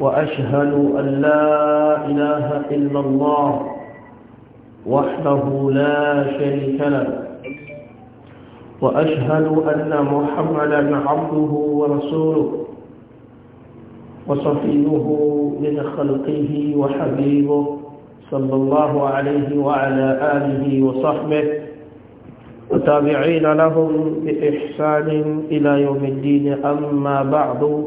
وأشهد أن لا إله إلا الله وحده لا شريك له وأشهد أن محمدا عبده ورسوله وصفيه من خلقه وحبيبه صلى الله عليه وعلى آله وصحبه وتابعين لهم بإحسان إلى يوم الدين أما بعد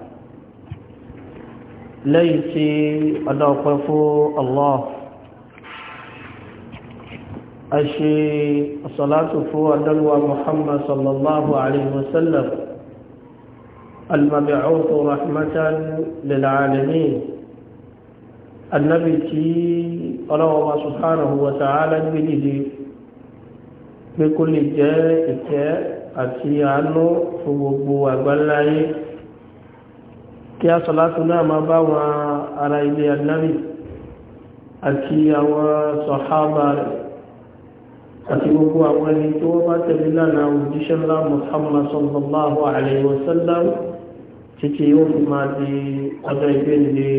lẹ́yìn tí ọ̀dá ọ̀pẹ́ fún Allah a ṣe salatu fún ọ̀dọ́lúwà Muhammad sallallahu alaihi wasallam al-mab'uth rahmatan lil alamin annabi tí ọlọ́wọ́ subhanahu wa ta'ala gbìdìdì pé kó lè jẹ́ ìkẹ́ àti àánú fún gbogbo àgbáláyé kí a sọ̀látù náà máa bá wọn ara ilé annabi àti àwọn sọ̀hábà rẹ̀ àti gbogbo àwọn ẹni tí wọ́n bá tẹ̀lé lánàá òjíṣẹ́ ńlá Muhammad sallallahu alaihi wasallam títí yóò fi máa di ọjọ́ ìgbéǹde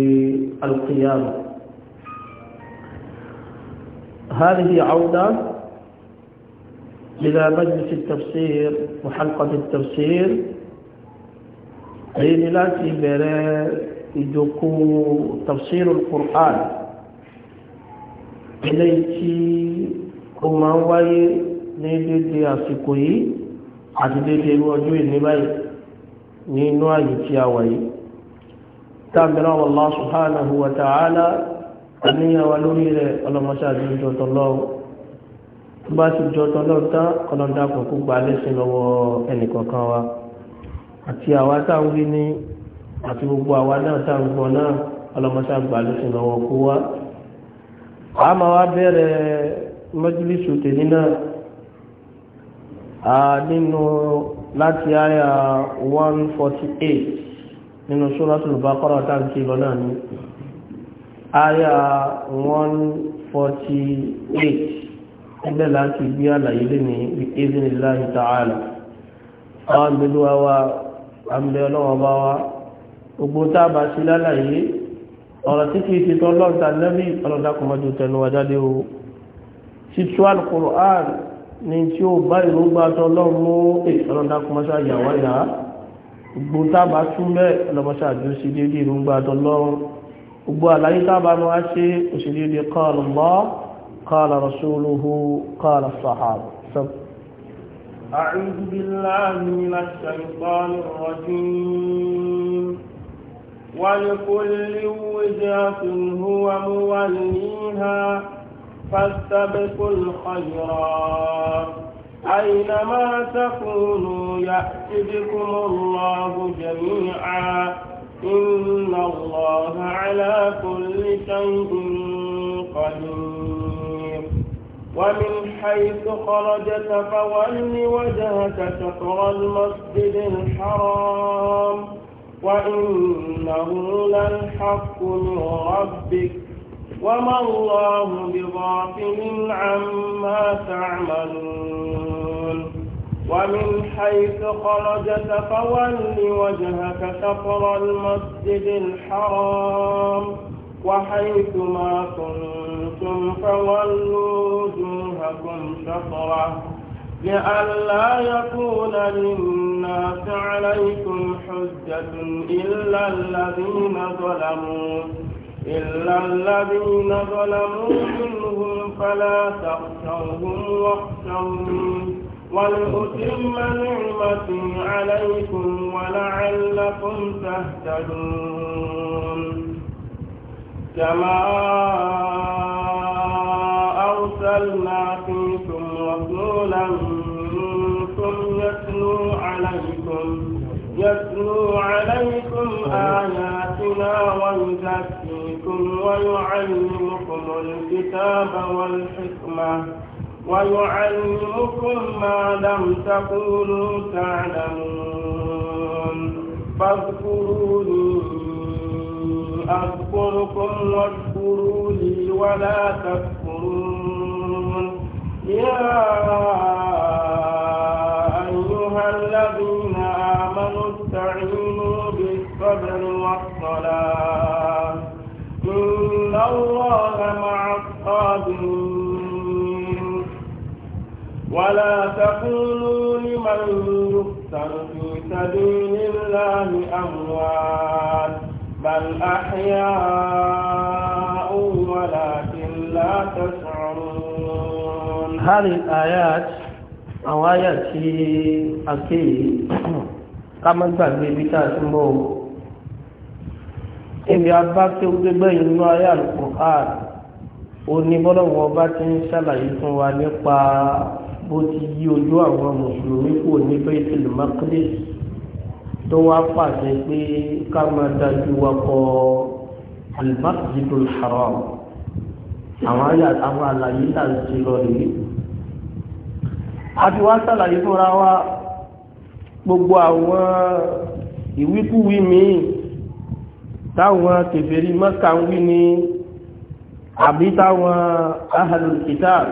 alqiyama هذه عودة إلى مجلس التفسير وحلقة التفسير èyí ni láti bẹ̀rẹ̀ ìjòkó tafsirul Qur'an ilé tí ó máa ń wáyé ní dédé àsìkò yìí àti dédé irú ọjọ́ ìní báyìí nínú àyè tí a wáyé tábìlá Allah subhanahu wa ta'ala àníyàn wa lórí rẹ̀ ọlọ́mọṣẹ́ àti ìjọtọ̀ lọ́wọ́ bá ti jọtọ̀ lọ́ta ọlọ́dà kọ̀ọ̀kú gba lẹ́sìn lọ́wọ́ ẹnìkọ̀ọ̀kan wa àti àwa táwọn rí ní àti gbogbo àwa náà táwọn gbọ́ náà ọlọ́mọṣá gbà ló sì lọ́wọ́ kó wá. a máa wá bẹ̀rẹ̀ mọ́júlísù tèmi náà nínú láti àyà eight, nínú Suratul Baqara táǹkì lọ náà ní àyà 148 ẹgbẹ́ láti gbé àlàyé lé ní ìdíniláhi ta'ala. àwọn ìgbèlú wa àmì ọlọ́wọ́ bá wá gbogbo tá a bá sí lálàyé ọ̀rọ̀ tí kìí ṣe tán lọ́ọ̀ta lẹ́bí ọlọ́dàkùnmọ́jú tẹnu wa jáde o títú alukur'an ní tí ó bá ìrógbà tán lọ́rùn mú eh, ọlọ́dàkùnmọ́ṣá yàwá yá gbogbo tá a bá tún bẹ́ẹ̀ ọlọ́mọṣá àjò sí déédé ìrógbà tán lọ́rùn gbogbo àlàyé tá a bá mọ́ á ṣe òṣèlédé qala Allah qala rasuluhu qala sahaba أعوذ بالله من الشيطان الرجيم ولكل وجهة هو موليها فاستبقوا الخيرات أينما تكونوا يأتي بكم الله جميعا إن الله على كل شيء قدير ومن حيث خرجت فول وجهك شطر المسجد الحرام وإنه للحق من ربك وما الله بغافل عما تعملون ومن حيث خرجت فول وجهك شطر المسجد الحرام وحيث ما كنتم فولوا وجوهكم شطره لئلا يكون للناس عليكم حجة إلا الذين ظلموا إلا الذين ظلموا منهم فلا تخشوهم واخشوني ولأتم نعمتي عليكم ولعلكم تهتدون كما أرسلنا فيكم رسولا منكم يتلو عليكم يتلو عليكم آياتنا ويزكيكم ويعلمكم الكتاب والحكمة ويعلمكم ما لم تقولوا تعلمون فاذكروني أذكركم واشكروا لي ولا تكفرون يا أيها الذين آمنوا استعينوا بالصبر والصلاة إن الله مع الصابرين ولا تقولوا لمن يقتل في سبيل الله أموات بل أحياء ولكن لا تشعرون هذه الآيات أو آيات أكيد كما تقول بتاسمه ibi abá tí ó gbégbé inú ayé alukur'an oníbọ́lọ́wọ́ bá ti ń ṣàlàyé fún wa nípa bó ti yí ojú àwọn mùsùlùmí kò ní Baitul Maqdis tó wá pàṣẹ pé ká máa dájú wa kọ al-Masjidul Haram àwọn àyà àwọn àlàyé là ń ṣe lọ rèé a ti wá sàlàyé fúnra wa gbogbo àwọn ìwíkúwí míì táwọn kèfèrí Mẹ́kà ń wí ni àbí táwọn ahlul kitab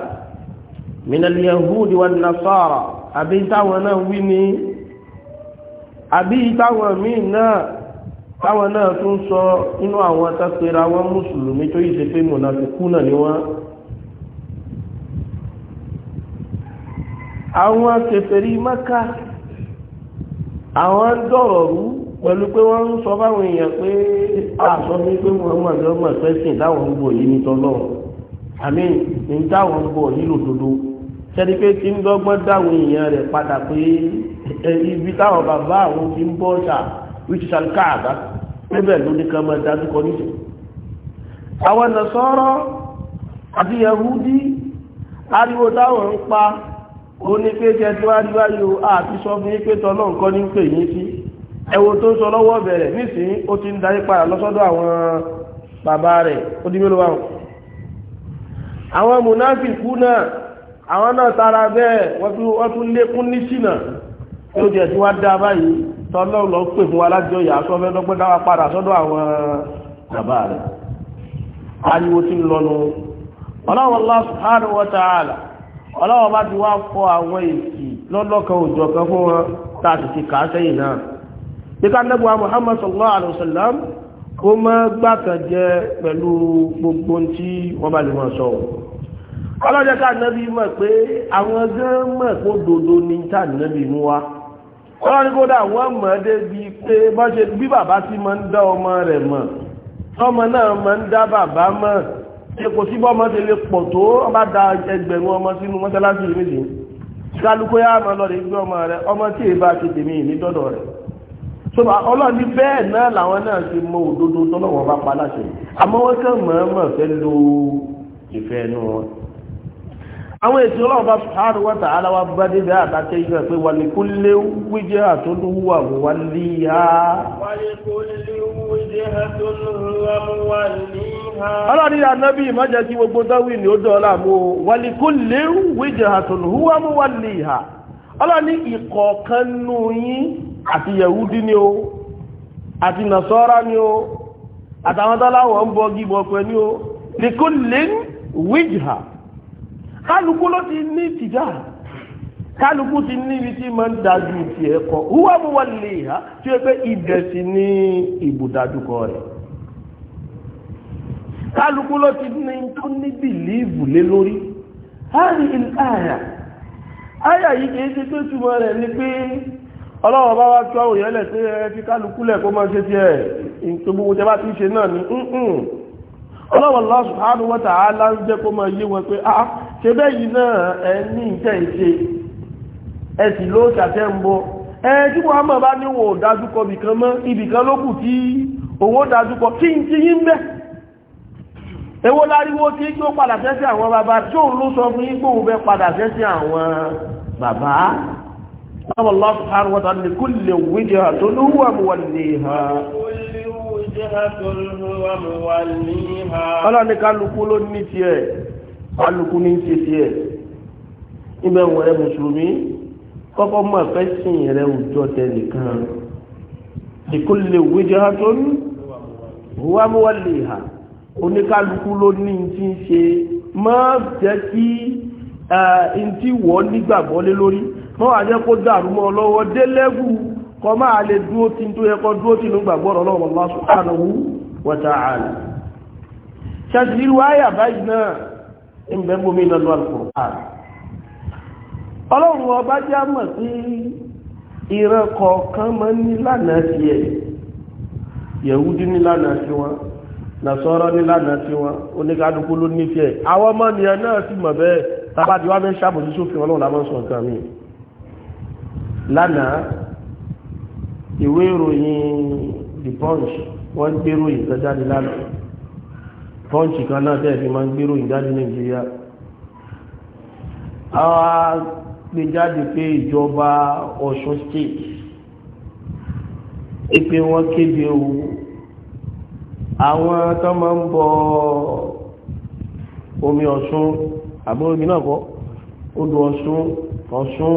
minal yahudi wan nasara àbí táwọn náà wí ni àbí táwọn míì náà táwọn náà tún sọ inú àwọn tápẹ́ra wọn mùsùlùmí tó yìí ṣe pé mùnàfikú náà ni wọ́n àwọn kèfèrí Mákà àwọn dọ̀rọ̀ rú pẹ̀lú pé wọ́n ń sọ báwọn èèyàn pé àṣọ ní pé Muhammad ọmọ ìfẹ́sìn táwọn ń bọ̀ yìí ní tọ́lọ́run àmì ní táwọn ń bọ̀ yìí lòdodo ṣẹ́ni pé tí ń dọ́gbọ́n dáwọn èèyàn rẹ̀ padà pé Eh, ibi táwọn bàbá àwọn ti ń bọ́ which is alkaaba níbẹ̀ ló ní kan máa dájú kọ ati àwọn nàṣọ́rọ́ àti yahudi ariwo táwọn ń pa ó ní pé jẹ́ tí àti sọ fún yín pé tọ́lọ́ nǹkan ní pè yín sí ẹ̀wò tó ń sọ lọ́wọ́ bẹ̀rẹ̀ nísìnyí ó ti ń darí padà lọ́sọ́dọ̀ àwọn bàbá rẹ̀ ó mélòó àwọn àwọn náà tó jẹ́ tí wá dá báyìí tọ́lọ́ lọ pè fún alájọ ìyá sọ́fẹ́ lọ́pẹ́ dáwà padà sọ́dọ̀ àwọn bàbá rẹ̀ ariwo tí lọ́nu Allah subhanahu wa ta'ala ọlọ́wọ́ bá ti wá fọ àwọn èsì lọ́lọ́kan òjò Muhammad sallallahu alaihi wasallam kó mọ́ gbàkànjẹ pẹ̀lú gbogbo tí wọ́n bá lè wọ́n sọ ọlọ́jọ́ ká nẹ́bí mọ̀ pé àwọn gán mọ̀ kó dodo ní tá nẹ́bí mú wa wọ́n ní kódà wọ́n mọ̀ débi pé bọ́ṣe bí bàbá sí máa ń dá ọmọ rẹ̀ mọ̀ tọ́mọ náà máa ń dá bàbá mọ̀ kò sí bọ́mọ ti lè pọ̀ tó ọba da ẹgbẹ̀rún ọmọ sínú mọ́sálásí méjì kálukú yá máa lọ́ọ̀rẹ́ gbé ọmọ rẹ̀ ọmọ tí èèbá ti tèmi ní dọ́dọ̀ rẹ̀ so ọlọ́run ní bẹ́ẹ̀ náà làwọn náà ti mọ òdodo tọ́lọ́wọ́n bá pa láṣẹ àmọ́ wọ́n kàn mọ̀ọ́mọ̀ fẹ́ lo ìfẹ́ ẹnu wọn àwọn èsì ọlọ́ọ̀bá subhanahu wa ta'ala wa bá dédé àtàkẹ́ pé wà ní kú lé wíjẹ́ àtúnúwà wà ní ha gbogbo ó mú wà ní kú lé wíjẹ́ wà ní ha ìkọ̀ọ̀kan nù yín àti yahudi ni o àti nasọ́ra ni àtàwọn ń bọ́ pẹ̀lú o ní kú lé kálukú ló ti ní tìjà kálukú ti ní ibi tí máa ń dájú ti ẹ̀ kọ́ wúwá mú wà lè ha tí ó pé ibẹ̀ sì ní ibùdájúkọ rẹ̀ kálukú ló ti ní tó ní bìlíìfù lé lórí hàrí ìlànà àyà yìí kìí ṣe tó túmọ̀ rẹ̀ ni pé ọlọ́wọ́ bá wá tó àwọn èèyàn lẹ̀ sí ẹ fi kálukú lẹ̀ kó máa ṣe tiẹ̀ ìtòbùkù tẹ bá ti ṣe náà ni ọlọ́wọ́ Allah subhanahu wa ta'ala ń jẹ́ kó máa yé wọn pé a ah, ṣe bẹ́yìí náà ẹ ní ìtẹ́ ìṣe ẹ sì ló ṣàṣẹ ń bọ ẹ tí Muhammad bá ní wọn ò dájúkọ ibìkan mọ́ ibìkan ló kù tí òun dájúkọ kí n ti yín bẹ́ èwo láriwo tí kí ó padà sẹ́sẹ́ àwọn bàbá tí òun ló sọ fún yín òun fẹ́ padà sẹ́sẹ́ àwọn bàbá ọlọ́wọ́ Allah subhanahu wa ta'ala ní kulli wajhatun huwa muwalliha ọlọ́ni kálukú ló ní tiẹ̀ kálukú ní ti tiẹ̀ ibẹ̀ wọ̀ ẹ́ mùsùlùmí kọ́kọ́ mọ̀ fẹ́ sìn rẹ̀ òjò tẹ̀lé kan ìkólè wajhatun huwa muwalliha oníkálukú ló ní ti ń ṣe má jẹ́ kí ntí wọ́ nígbàgbọ́ lé lórí má wà jẹ́ kó dàrú mọ́ ọ lọ́wọ́ délẹ́gùn kọ máa lè dúó tí tó yẹ kọ dúó tí ló gbàgbọ́ ọ̀rọ̀ lọ́wọ́ Allah subhanahu wa ta'ala ṣàṣìlú àyà báyìí náà ń bẹ́ gómi lọ́lọ́ al-Qur'an ọlọ́run ọba jẹ́ àmọ̀ sí ìran kọ̀ọ̀kan máa ní lánàá sí ẹ̀ Yahudi ní lánàá sí wọn Nasara ní lánàá sí lánàá ìwé ìròyìn the punch wọ́n gbé ròyìn kan jáde lánàá punch kan náà tẹ́ẹ̀ fi máa ń gbé ròyìn jáde a àwọn gbé jáde pé ìjọba ọ̀ṣun state ipe wọn kéde o àwọn tó máa ń bọ omi ọ̀ṣun àbí omi náà kọ́ odò ọ̀ṣun ọ̀ṣun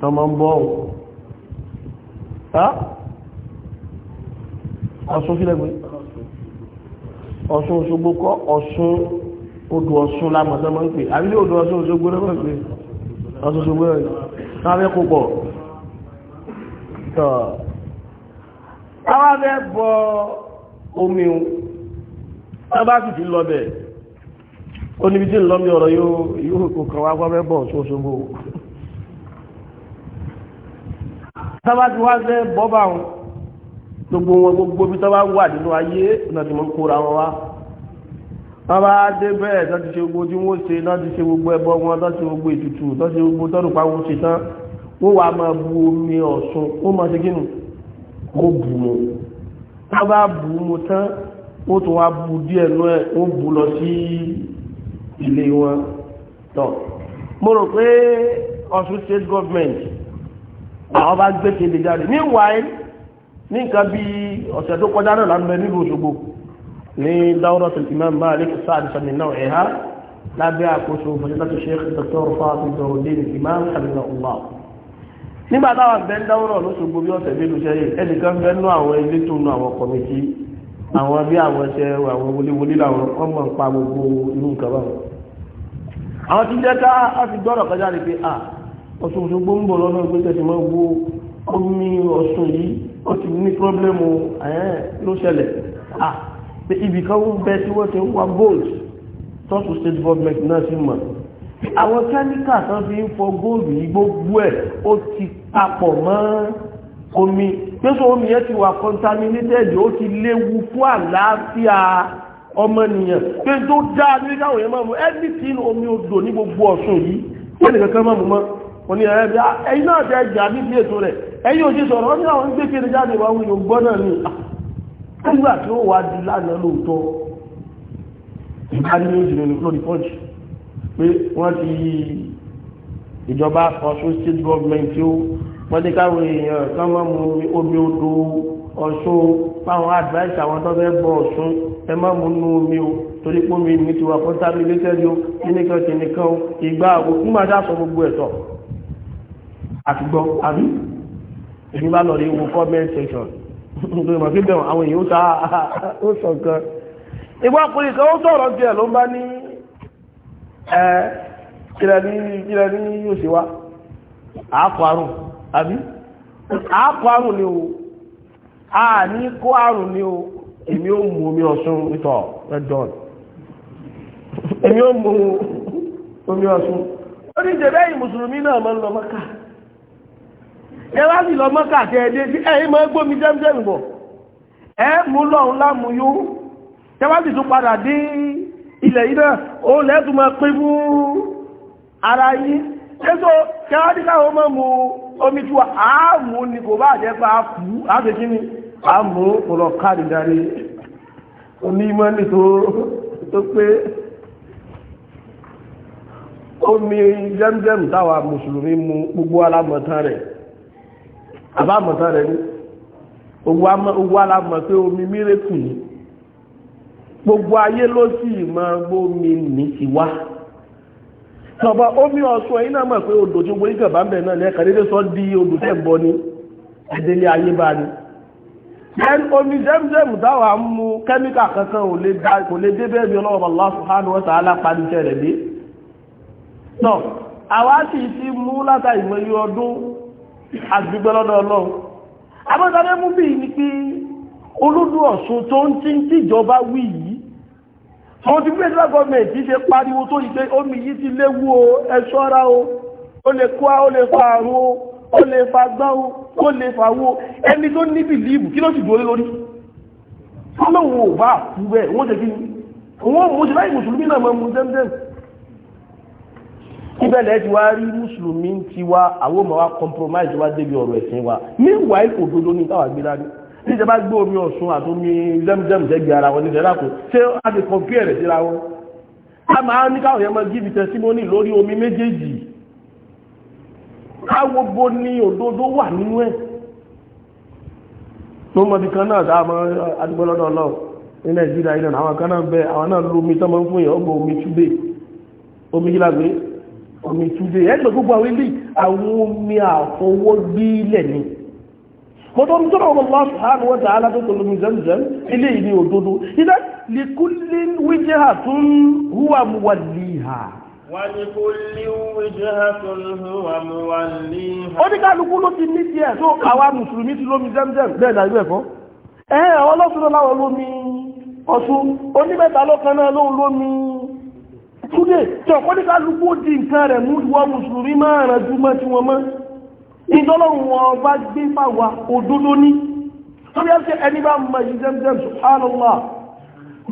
tó máa ń bọ̀ ọ̀hún ọ̀ṣun kílẹ̀gbẹ́ ọ̀ṣun òṣogbo kọ́ ọ̀ṣun odò ọ̀ṣun lámọ̀tọ́ mọ́ ń pè àbílẹ̀ odò ọ̀ṣun òṣogbo náà mọ́ ń pè ọ̀ṣun òṣogbo náà náà fẹ́ kó pọ̀ tọ́ àwọn afẹ́ bọ omi o wọ́n bá sì ti lọ bẹ̀ ó níbi tí ń lọ mi ọ̀rọ̀ yóò kò kàn wá gbọ́ fẹ́ sábà tí wọ́n fẹ́ bọ́ bá wọn gbogbo wọn gbogbo bí sábà wà nínú ayé náà ti mọ̀ ń kóra wọn wá wọ́n bá dé bẹ́ẹ̀ tó ti ṣe gbogbo tí wọ́n ṣe náà ti ṣe gbogbo ẹbọ wọn tó ti gbogbo ètùtù tó ti gbogbo tọ́nù pa wọn ṣe tán wọ́n wà máa bu omi ọ̀ṣun wọ́n máa ṣe kí nù kó bù mọ́ wọ́n bá bù mọ́ tán wọ́n tún wá bu díẹ̀ nú ẹ̀ wọ́n bu lọ sí ilé wọn tọ̀ mo rò pé Ọ̀ṣun state government àwọn bá gbé kéde jáde meanwhile ní nǹkan bí ọ̀sẹ̀ tó kọjá náà lábẹ́ nílùú Òṣogbo ní dáwọ́rọ̀tì Imam Malik sáàdì sami ẹ̀há lábẹ́ àkóso fòsítàtì Sheikh Dr. Fáàtì Dọ̀rọ̀dẹ́nì Imam Hamidullah nígbà táwọn abẹ́ ń dáwọ́rọ̀ lóṣogbo bí ọ̀sẹ̀ mélòó sẹ́yìn ẹnìkan fẹ́ nú àwọn ilé tó nu àwọn kọ̀mìtì àwọn bí àwọn ẹsẹ̀ àwọn wọléwọlé làwọn ọmọ ń pa gbogbo inú nǹkan báwọn ọ̀sùn òṣogbo ń bọ̀ lọ́nà ìgbésẹ̀sì mọ́ gbó omi ọ̀sùn yìí ó ti ní pọ́blẹ́mù ẹ̀ẹ́n ló ṣẹlẹ̀ ah pé ibì kan ń bẹ tí wọ́n ti ń wa gold tọ́tù state government náà sì mọ̀ àwọn kẹ́míkà kan fi ń fọ gold yìí gbogbo ẹ̀ ó ti papọ̀ mọ́ omi pẹ́sọ omi yẹn ti wà contaminated ó ti léwu fún àlàáfíà ọmọnìyàn pé tó dáa nígbà wọ̀nyẹn máa mú ẹni omi odò ní gbogbo ọ̀sùn yìí kí ẹnìkan kan máa mú mọ́ ó ní ẹ̀rẹ́ bí ẹ̀yìn náà tẹ́ jà níbi ètò rẹ̀ ẹ̀yìn òjì sọ̀rọ̀ ó ní àwọn ń gbé kiri jáde wá wúyọ gbọ́nà ní ah, nígbà tí ó wà di lánàá lóòótọ́ ìbáni méjì nínú lórí pọ́jù state government tí ó wọ́n ti káwọn èèyàn kan wọ́n mu omi odò Ọ̀ṣun fáwọn advice àwọn tó fẹ́ bọ̀ Ọ̀ṣun wà fún tábìlì tẹ́lẹ̀ o kíníkan kíníkan ìgbà àgbo fún màdá gbogbo ẹ̀tọ́ àtúgbọ́ àbí bá lọ rí comment section àwọn èèyàn ó sọ nǹkan kan ó sọ̀rọ̀ ló ń bá ní kílẹ̀ ní ni o a ní kó àrùn ni o èmi ó mu omi ìtọ̀ èmi ó omi ó ní ẹ wá sì lọ mọ́kà tẹ ẹ dé sí ẹ̀yìn mọ́ gbómi jẹ́mjẹ́m bọ̀ ẹ mú lọ́hùn lámúyó ẹ wá sì tún padà dé ilẹ̀ yìí náà ó lẹ́tù máa pín fún ara yín ẹ̀sọ́ ẹ káwọn mọ́ mu omi tí wà á mú ni kò bá jẹ́ pé a kú á fi kí ni a mú kọlọ káàdì darí onímọ̀ ní tó pé omi jẹ́mjẹ́m táwa mùsùlùmí mu gbogbo alámọ̀tán rẹ̀ àbámọ̀tán rẹ̀ ní owó alámọ̀ pé omi mírèkù ni gbogbo ayé ló sì máa gbómi ní ti wá tọba omi ọ̀ṣun ẹ̀yìn náà mọ̀ pé odò tí gbogbo ìgbàgbà bẹ̀ náà ní ẹ̀ka dédé sọ di odò tẹ̀ ń bọ ní ẹ̀dẹ́lé ayé bá ní omi jẹ́mjẹ́mù táwà ń mú kẹ́míkà kankan kò lè débẹ̀ bí ọlọ́wọ́ Allah subhanahu wa ta'ala alápàdé tẹ̀rẹ̀ dé náà àwa sì ti mú látà ìmọ̀ yí ọdún àgbègbè lọ́dọ̀ ọlọ́run abọ́tàbẹ́ mú bí ní pé olódù ọ̀ṣun tó ń tí ń tìjọba wí yìí mo ti gbé ìjọba gọọmenti ṣe pariwo tó yìí pé omi yìí ti léwu o ẹ ṣọ́ra o ó lè kó ó lè fa àrùn o ó lè fa gbọ́n o ó lè fa wo ẹni tó ní bìlíìbù kí ló sì dúró lórí ọlọ́run ò bá kú bẹ́ẹ̀ wọ́n ṣe kí ni wọ́n mo ṣe láì mùsùlùmí náà mọ́ mu dẹ́mdẹ́mù níbẹ̀lẹ̀ ti wá rí mùsùlùmí ti wá àwọn ọmọ wa compromise wá débi ọ̀rọ̀ ẹ̀sìn wa meanwhile òdodo ní táwa gbé dání ní ìjọba gbé omi ọ̀ṣun àtomi zemzem sẹ́gbẹ̀ẹ́ ara wọn ní ìjọba kò ṣé a ti compare síra wọn a máa ní káwọn yẹn máa give testimony lórí omi méjèèjì káwọn bo ni òdodo wà nínú ẹ̀ tó mọ̀ bí kan náà tá a máa adúgbò lọ́dọ̀ ọlọ́run ní nàìjíríà yìí náà àwọn omi túnde ẹgbẹ̀ gbogbo àwọn ilé àwọn omi àfọwọ́gbílẹ̀ ni mọ́tọ́rù tó rọrùn Allah subhanahu wa ta'ala tó tó lómi zamzam ilé ìní òdodo ìdá likulli wijhatun huwa muwalliha ó ní kálukú ló ti ní tiẹ̀ tó àwa mùsùlùmí ti lómi zamzam bẹ́ẹ̀ náà yóò ẹ̀fọ́ ẹ̀ẹ́ ọlọ́sùn láwọn lómi ọ̀ṣun oníbẹ̀ta lọ́kan náà lóhun lómi today tí ọ̀pọ̀ ní kálukú ó di nǹkan rẹ̀ mú ìwọ mùsùlùmí máa ràn jú mọ́ tí wọ́n mọ́ ìdọ́lọ́run wọn bá gbé fàwà òdodo ní tó bí ẹ́ ẹni bá mọ ìṣẹ́ Zemzem subhanallah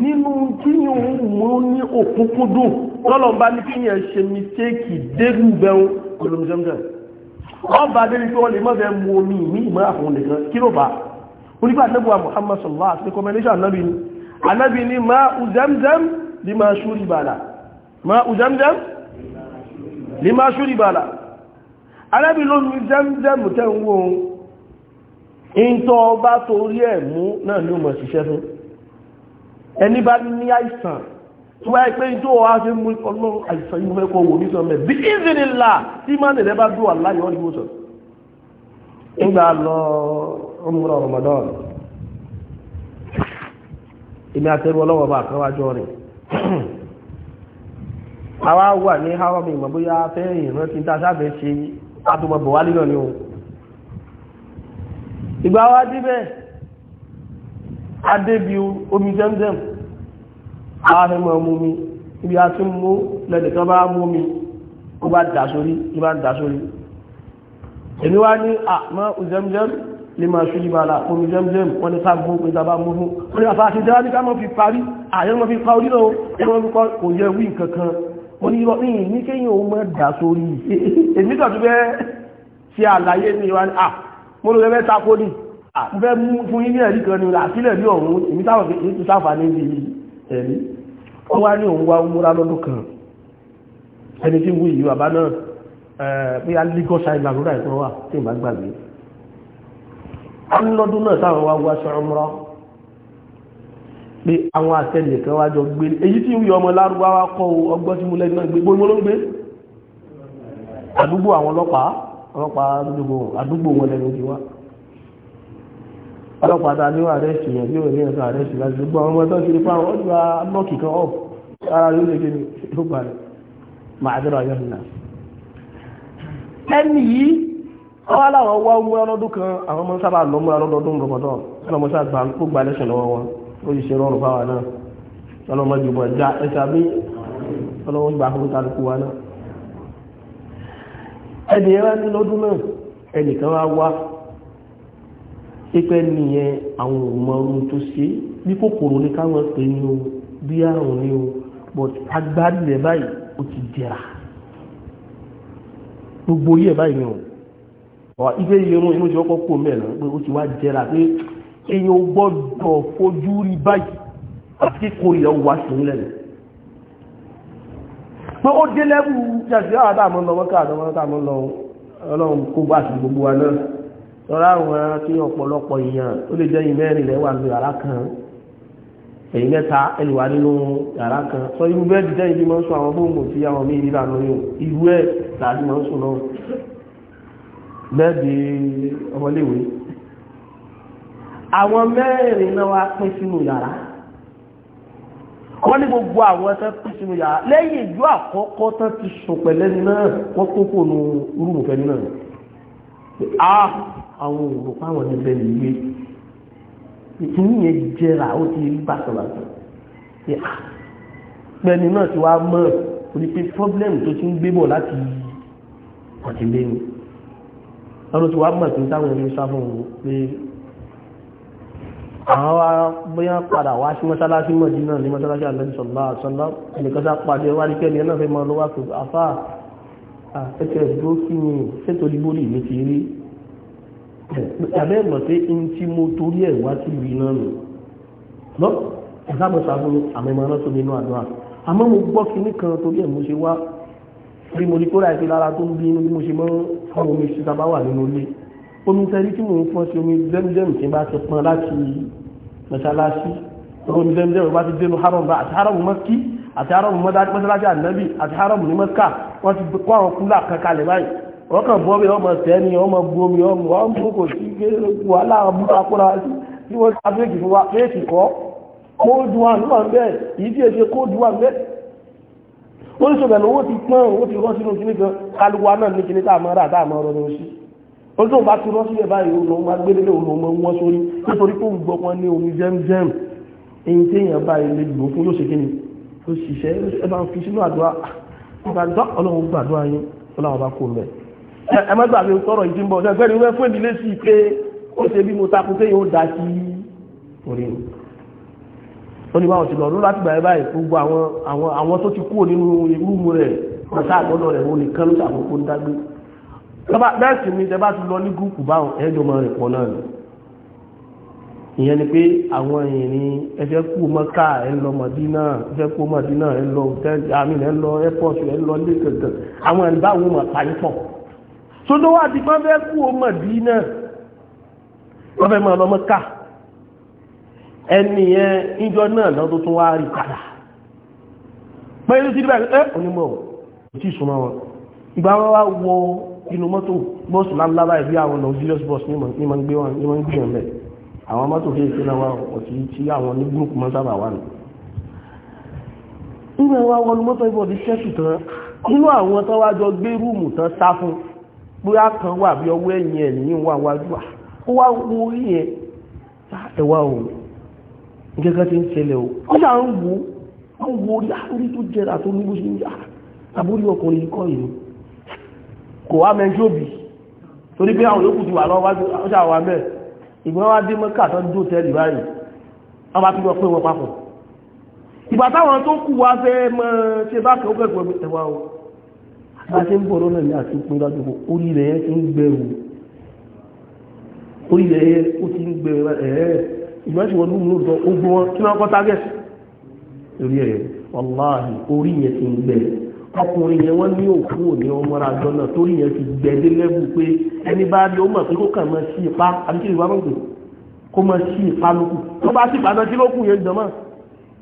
nínú tí yóò mú ní òkúnkúndùn lọ́lọ́ bá ní kí yẹn ṣe mistéèkì dérú bẹ́ẹ̀ Muhammad sallallahu alaihi wa sallam anábì ni anábì ni máa Zemzem bí máa ṣúrí bàdà Ma ùjẹ́mjẹ́m lè máa ṣúrí bàlá alẹ́bí ló ní jẹ́mjẹ́m tẹ́ ń wó ohun in tó bá torí ẹ̀ mú náà ní ọmọ ṣiṣẹ́ fún ẹni bá ní àìsàn tó bá pé tó wá fi mú ọlọ́run àìsàn yìí fẹ́ wò ní sọmẹ́ bí ìzìnlá tí máa nìrẹ́ bá dúwà láyé ọ́ ìwòsàn nígbà lọ ọmọ Ramadan èmi àtẹ́rù ọlọ́wọ́ bá kọ́wájọ́ rìn àwa wà ní haromi ìmọ̀ bóyá fẹ́ ìrántí tá a sáfẹ́ ṣe àtúmọ̀bọ̀ wálé náà ni o ìgbà wa débẹ̀ adébi omi jẹ́mjẹ́m ààrẹmọ̀ mú mi ibi a ti mú lẹ́dẹ̀kan bá mú mi ó bá dà sórí ó bá dà sórí èmi wá ní àmọ́ jẹ́mjẹ́m lè máa ṣú ìbára omi jẹ́mjẹ́m wọ́n ní káàkiri pé tàbá mú fún wọ́n ní àfáà ti dára ní ká mọ́ fi parí àyẹ́mọ́ fi pa orí náà wọ́n fi kọ́ kò yẹ wí nǹkan kan mo ní irọ́ ní ní kéyìn òun mọ́ dà sórí èmi tọ̀tún bẹ́ẹ̀ ṣe àlàyé ní ìwà à mo ló fẹ́ tako ní à mo fẹ́ mú fún yín ní ẹ̀rí kan ní àsílẹ̀ ní ọ̀hún èmi táwọn fi èyí ti sáfà ní ibi ẹ̀rí ó wá ní òun wá múra lọ́dún kan ẹni tí ń wú ìlú àbá náà bóyá Lagos Island lóra ìpínlẹ̀ wà tí ìbá gbàgbé á lọ́dún náà táwọn wá wá sọ́rọ́ mọ́rọ́ pé àwọn àtẹnì kan wá jọ gbé èyí tí ìwé ọmọ lárúbáwá kọ́ ọgbọ́n tí mo lẹ́nu náà gbé gbóyún ló ń gbé àdúgbò àwọn ọlọ́pàá ọlọ́pàá àdúgbò wọn lẹ́nu ti wá ọlọ́pàá ta ní àrẹ́sì yẹn yóò ní ẹ̀sán àrẹ́sì láti gbọ́ ọmọ tó ti pa ọ́ gba lọ́ọ̀kì kan ọ̀ ara yóò lè gbé ó sì ṣe rọrùn fáwọn náà ọlọ́mọ jùmọ̀ já ẹ̀sà bí ọlọ́wọ́ gbà fún kálukú wa náà ẹni ẹ̀rá ní lọ́dún náà ẹnìkan wá wá pípẹ́ nìyẹn àwọn ọmọ ohun tó ṣe bí kòkòrò ní káwọn pè ní o bí àrùn ní o but agbárí rẹ̀ báyìí ó ti dẹ̀ra gbogbo yẹ̀ báyìí ni o ìgbé yìí irun inú ti kọ́kọ́ kó mẹ́rin pé ó ti wá jẹ́ra pé èyàn ò gbọ́dọ̀ fojú rí báyìí àti kòrìyà wà sínú lẹ́nu pé ó dé lẹ́bù jàdí àdáàmọ́ ah, lọ mọ́ká àdáàmọ́ lọ ọlọ́run kó gbà sí gbogbo wa náà lọ́rọ̀ àwọn tí ọ̀pọ̀lọpọ̀ èèyàn ó lè jẹ́ ìmẹ́rin lẹ́wà ní yàrá kan èyí mẹ́ta ẹlùwà nínú yàrá kan sọ irú bẹ́ẹ̀ dìjẹ́ ibi mọ́ sún àwọn bóńgò tí àwọn míì rí lànà yòó irú ẹ̀ làdí mọ́ sún náà bẹ́ẹ̀ di ọmọléwèé àwọn mẹ́rin náà wá pín sínú yàrá wọ́n ní gbogbo àwọn ẹ̀sẹ̀ pín sínú yàrá lẹ́yìn ìjọ àkọ́kọ́ tán ti sùn pẹ̀lẹ́ni náà wọ́n tó kò nu rúùmù fẹ́ni náà ah àwọn òrùpá àwọn ẹgbẹ́ nìyí ìtìní yẹn jẹrà ó ti rí bàtàbàtà pẹ̀lú náà ti wá mọ́ onípe problem tó ti ń gbé bọ̀ láti ọ̀tí lé ní ọdún ti wá mọ̀ tó ń táwọn ẹgbẹ́ sá fún un pé àwọn wa bóyá padà wá sí mọ́sálásí Mọ̀dínà ní mọ́sálásí Ànábì sallallahu alaihi wasallam ẹnìkan sá pàdé wá rí kẹ́ni ẹ̀nà fẹ́ máa lọ wá pé àfà àtẹ́kẹ́ dúró kí ni ṣètò ìbò lè mi ti rí ẹ̀bẹ́ mọ̀ pé n tí mo torí ẹ̀ wá sí ibi náà nù lọ ẹ̀ka mọ̀ sá fún àmì ìmọ̀ náà tó nínú àdúrà àmọ́ mo gbọ́ kinní kan torí ẹ̀ mo ṣe wá bí mo rí kó omi tẹ́rí tí mò ń fọ́ sí omi dẹ́mdẹ́m tí bá ti pọn láti mọ́ṣáláṣí omi dẹ́mdẹ́m bá ti dénú haram bá àti haram mọ́kí àti haram mọ́ṣáláṣí ànábì àti haram ní mọ́ká wọ́n ti kọ́ àwọn kúlà kankalẹ̀ báyìí wọ́n kàn bọ́ mi ọmọ tẹ́ni ọmọ bu omi ọmọ ọmọ kò sí wàhálà àbúrò kóra tí wọ́n ti abéèkì fún wa péèkì kọ́ kóòdù wà níwà bẹ́ẹ̀ yìí tí èsè kóòdù wà bẹ́ẹ̀ wọ́n ní sọ̀bẹ̀ lówó ti pọ́n owó ti rọ́ sínú kíní kan náà ní kíní tá a mọ́ rà tá a olóòtú bá ti rọ́sílẹ̀ báyìí ó lọ́wọ́ agbélélé ó lọ́wọ́ wọ́n sórí nítorí kó gbọ́ wọn ní omi jẹ́mjẹ́m èyí tí èèyàn bá ilé lò fún yóò ni ó ṣiṣẹ́ ẹ bá ń fi sínú àdúrà ìgbàdọ́ ọlọ́run gbàdúrà yín ọlọ́run bá kó mẹ́ ẹ má gbàgbé tọrọ ìdí ń bọ̀ ọjọ́ ìgbẹ́ni wẹ́ fún ìdílé sí pé ó ṣe bí mo takun pé yóò dá sí orí mi ó ní báwọn ti lọ lọ láti gbà ẹ báyìí gbogbo àwọn àwọn tó ti kúrò nínú irú mu rẹ̀ ọ̀sá àgbọ̀dọ̀ rẹ̀ òun nìkan ló ṣàkóso ń dágbé bẹ́ẹ̀ sì ni tẹ́bá ti lọ ní gúúpù báwọn ẹjọ́ mọ́ rẹ̀ pọ̀ náà ni ìyẹn ni pé àwọn ìrìn ẹfẹ́ kú mọ́ká ẹlọ mọ̀dínà ẹfẹ́ kú mọ̀dínà ẹlọ hòtẹ́ẹ̀lì àmìn ẹlọ airport ẹlọ ilé kankan àwọn ẹ̀lùbá àwọn ọmọ àpáyé pọ̀ sódó wà ti pọ́n fẹ́ kú mọ̀dínà wọ́n fẹ́ mọ́ ọlọ mọ́ká ẹni yẹn ìjọ náà lọ́dún tó wá rí padà pẹ́ẹ́lú ti dí báyìí ẹ́ onímọ̀ ò tí ì súnmọ́ wọn ìgbà wọn wá wọ inú mọ́tò bọ́ọ̀sì lábálábá ìbí àwọn luxurious bus ní ma ń gbé wọn ní ma ń gbé wọn bẹ̀ àwọn mọ́tò fi ìpínlẹ̀ wa ọ̀tí tí àwọn ní gúrùpù mọ́ sábà wà ní. ìgbà wa wọnú mọ́tò ìbọ̀dí sẹ́sù tán nínú àwọn tó wájọ gbé rúùmù tán sá fún bóyá kan wà bí ọwọ́ ẹ̀yìn ẹ̀ ní wà wájú à ó wá yẹn ẹ̀wà òun gẹ́gẹ́ tí ń ṣẹlẹ̀ o ó ṣà ń wo ó ń wo orí tó jẹrà tó bó ṣe ń yà àbórí ọkùnrin kọ́ yìí kò wá mẹ́jú òbí torí pé àwọn yòókù ti wà lọ́wọ́ ọjà wà mẹ́ ìgbọ́n wá dé mọ́kà tó dó tẹ́lì báyìí wọ́n bá tún lọ pé wọ́n papọ̀ ìgbà táwọn tó kù wá fẹ́ mọ́ ṣe bá kẹ́ ó o bá ṣe ń bọ̀ lọ́nà ní àti pín lọ́dún orí rẹ̀ ti ń gbẹ̀rù orí rẹ̀ ó ti ń gbẹ̀rù ẹ̀ẹ́ ìgbọ́n ṣe wọ́n lúmú lóòótọ́ ó gbọ́n kí wọ́n kọ́ tágẹ̀ orí ọkùnrin yẹn wọ́n ní òkú òní ọmọra àjọ náà torí yẹn ti gbẹ̀dé lẹ́bù pé ẹni bá rí ó mọ̀ pé kó kàn mọ́ sí ipá àbíkí ìwà mọ̀ pé kó mọ́ sí ipá lókù tó bá sí ìpàdán tí lókù yẹn jọmọ́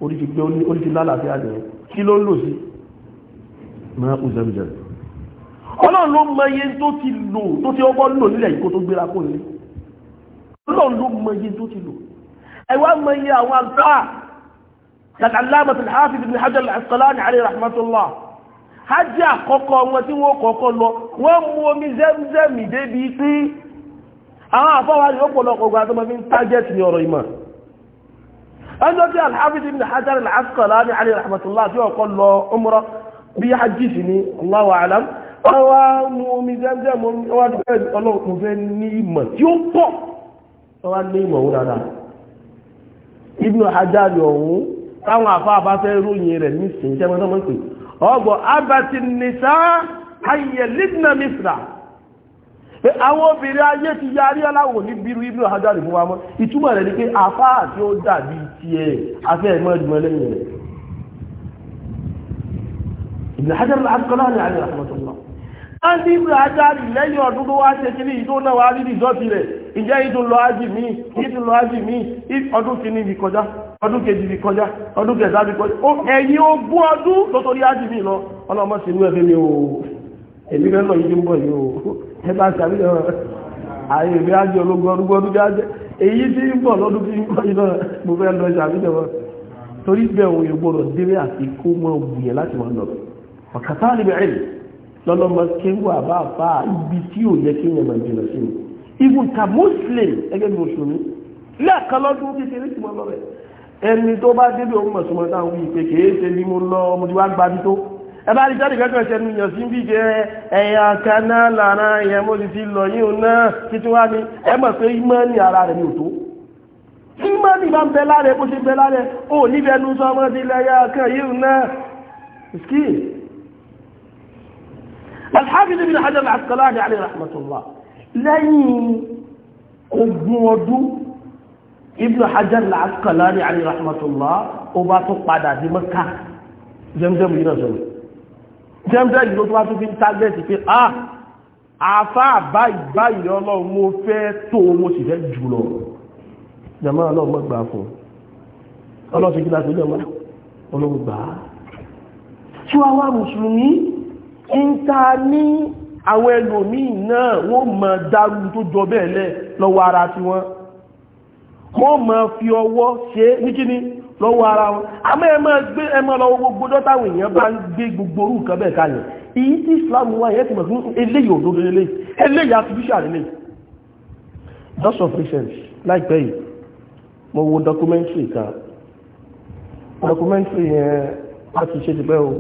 oríṣi gbé oríṣi lálàáfíà jẹ kí ló ń lò sí mọ́ òzẹ́mìjẹ́ ọlọ́run ló mọ iye tó ti lò tó ti ọgbọ́n lò nílẹ̀ yìí kó tó gbéra kó nílé ọlọ́run ló mọ iye tó ti lò ẹ̀wá hajj àkọ́kọ́ wọn tí wọ́n kọ́kọ́ lọ wọ́n mú omi zẹ́mzẹ́mì débi tí àwọn àfáwà ní ọ̀pọ̀lọpọ̀ ọgbà tó mọ́ fi ń tájẹ́tì ní ọ̀rọ̀ ìmọ̀ ẹjọ́ tí al-Hafiz ibn Hajar al-Asqalani alayhi rahmatullah tí ọkọ̀ lọ umra bí hajj sí ni Allahu a'lam wọ́n wá mú omi zẹ́mzẹ́mì wọ́n dúpẹ́ ọlọ́run fẹ́ ní ìmọ̀ tí ó pọ̀ wọ́n wá ní ìmọ̀ wúrà náà ibn Hajar ọ̀hún táwọn àfáà bá fẹ́ ròyìn rẹ̀ nísìnyí tẹ́mọ́tọ́mọ́ pè ọgbọ̀ abati nìsá Lidna misra àwọn obìnrin ayé ti yarí aláwò ní bírú ibùdó àjáde fún wa mọ́ ìtumọ̀ rẹ̀ ni pé ó dàbí ti ẹ̀ afẹ́ ẹ̀mọ́ ìdùnmọ́ lẹ́yìn rẹ̀ Ibn Hajar al-Asqalani alayhi rahmatullah andi ibn Hajar lẹ́yìn ọdún tó wá ṣe kiri ìdó náà wá rí rẹ̀ ìjẹ́ ọdún ìkọjá ọdún kejì bí kọjá ọdún kẹta bí kọjá ó ẹ̀yìn ogún ọdún tó torí ájì mi lọ ọlọ́mọ sí inú ẹ̀fẹ́ mi ò èmi rẹ̀ lọ yìí ń bọ̀ yìí ò ẹ bá sàbí ọ ààyè èmi ájì ológun ọdún ọdún kí ájẹ èyí tí ń bọ̀ lọ́dún kí ń bọ̀ yìí náà mo fẹ́ lọ sàbí ọ torí bẹ́ẹ̀ òun ìgbọ́dọ̀ délé àti kó mọ́ ògùnyẹ̀ láti wọn lọ ọ̀kàtà ni bẹ́ẹ̀ lọ́lọ́mọ kéwà bá bá ibi tí ò yẹ kéèyàn máa jìnà sí ni ibùta muslim ẹgẹ́ bí mùsùlùmí lẹ́ẹ̀kan lọ́dún kékeré tí wọ́n lọ rẹ̀ ẹni tó bá débi òun mọ̀sùnmọ̀ táwọn wí pé kìí ṣe ní mo lọ mo ti wá gba bí tó ẹ bá rí jáde kẹ́kọ̀ọ́ ṣẹnu yàn sí bí jẹ ẹ̀yà kaná lára ẹ̀yà mo ti ti lọ yín òun náà títí wá ní ẹ mọ̀ pé ìmọ̀ọ́nì ara rẹ̀ ni ò tó ìmọ̀ọ́nì bá ń bẹ lára bó ṣe bẹ lára ò níbi ẹnu sọ ọmọ ti lẹ̀ ẹ̀yà kan yìí òun náà ski alhafiz ibn hajar al ibn hajar al-asqalani alayhi rahmatullah ó bá tún padà sí mọ́ká jẹ́mjẹ́m yìí náà sọ̀rọ̀ jẹ́mjẹ́m yìí ló tún wá tún fi ń tágẹ́ẹ̀tì pé a ah, àfá báyìí báyìí ọlọ́run mo fẹ́ tó mo sì fẹ́ jù lọ jẹ́mọ́ ọlọ́run mọ́ gbà fún ọlọ́run sì kí láti ilé ọmọ ọlọ́run gbà á tí wá wá ta ní àwọn ẹlòmíì náà wọ́n mọ̀ dárú tó jọ bẹ́ẹ̀ lẹ́ lọ́wọ́ ara tiwọn wọ́n máa fi ọwọ́ ṣe ní kíní lọ́wọ́ ara wọn àmọ́ ẹ máa gbé ẹ máa lọ́wọ́ gbogbo dọ́tàwọn èèyàn bá ń gbé gbogbo orú nǹkan bẹ́ẹ̀ kalẹ̀ èyí tí Islam wá yẹn ti mọ̀ fún eléyìí òdodo eléyìí eléyìí artificial eléyìí just of patience láìpẹ́ yìí mo wo documentary kan documentary yẹn láti ṣe ti pẹ́ o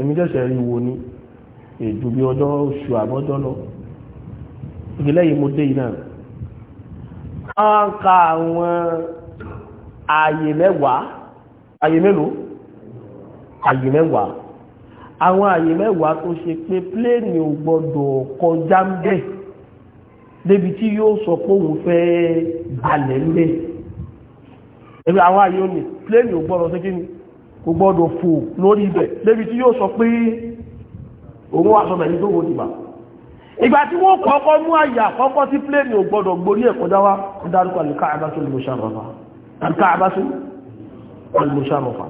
èmi jẹ́sẹ̀ rí wo ni èdè bí ọjọ́ oṣù àbọ́jọ́ lọ ìgbélẹ́yìn mo dé yìí náà wọ́n ń ka àwọn ààyè mẹ́wàá ààyè mélòó ààyè mẹ́wàá àwọn ààyè mẹ́wàá tó ṣe pé pléènì ò gbọ́dọ̀ kọjá ń bẹ̀ débi tí yóò sọ pé òun fẹ́ balẹ̀ ń bẹ̀ ẹ̀rọ àwọn ààyè òní pléènì ò gbọ́dọ̀ ṣe kí ni kò gbọ́dọ̀ fò lórí ibẹ̀ débi tí yóò sọ pé òun wà sọ bẹ̀ ní tó wọ́n ti bà ìgbà tí wọ́n kọ́kọ́ mú àyà kọ́kọ́ tí pléènì ò gbọ́dọ̀ gborí ẹ̀ kọjá wá dárúkọ alìkáàbásùn alìmọ̀ṣàrọ̀fà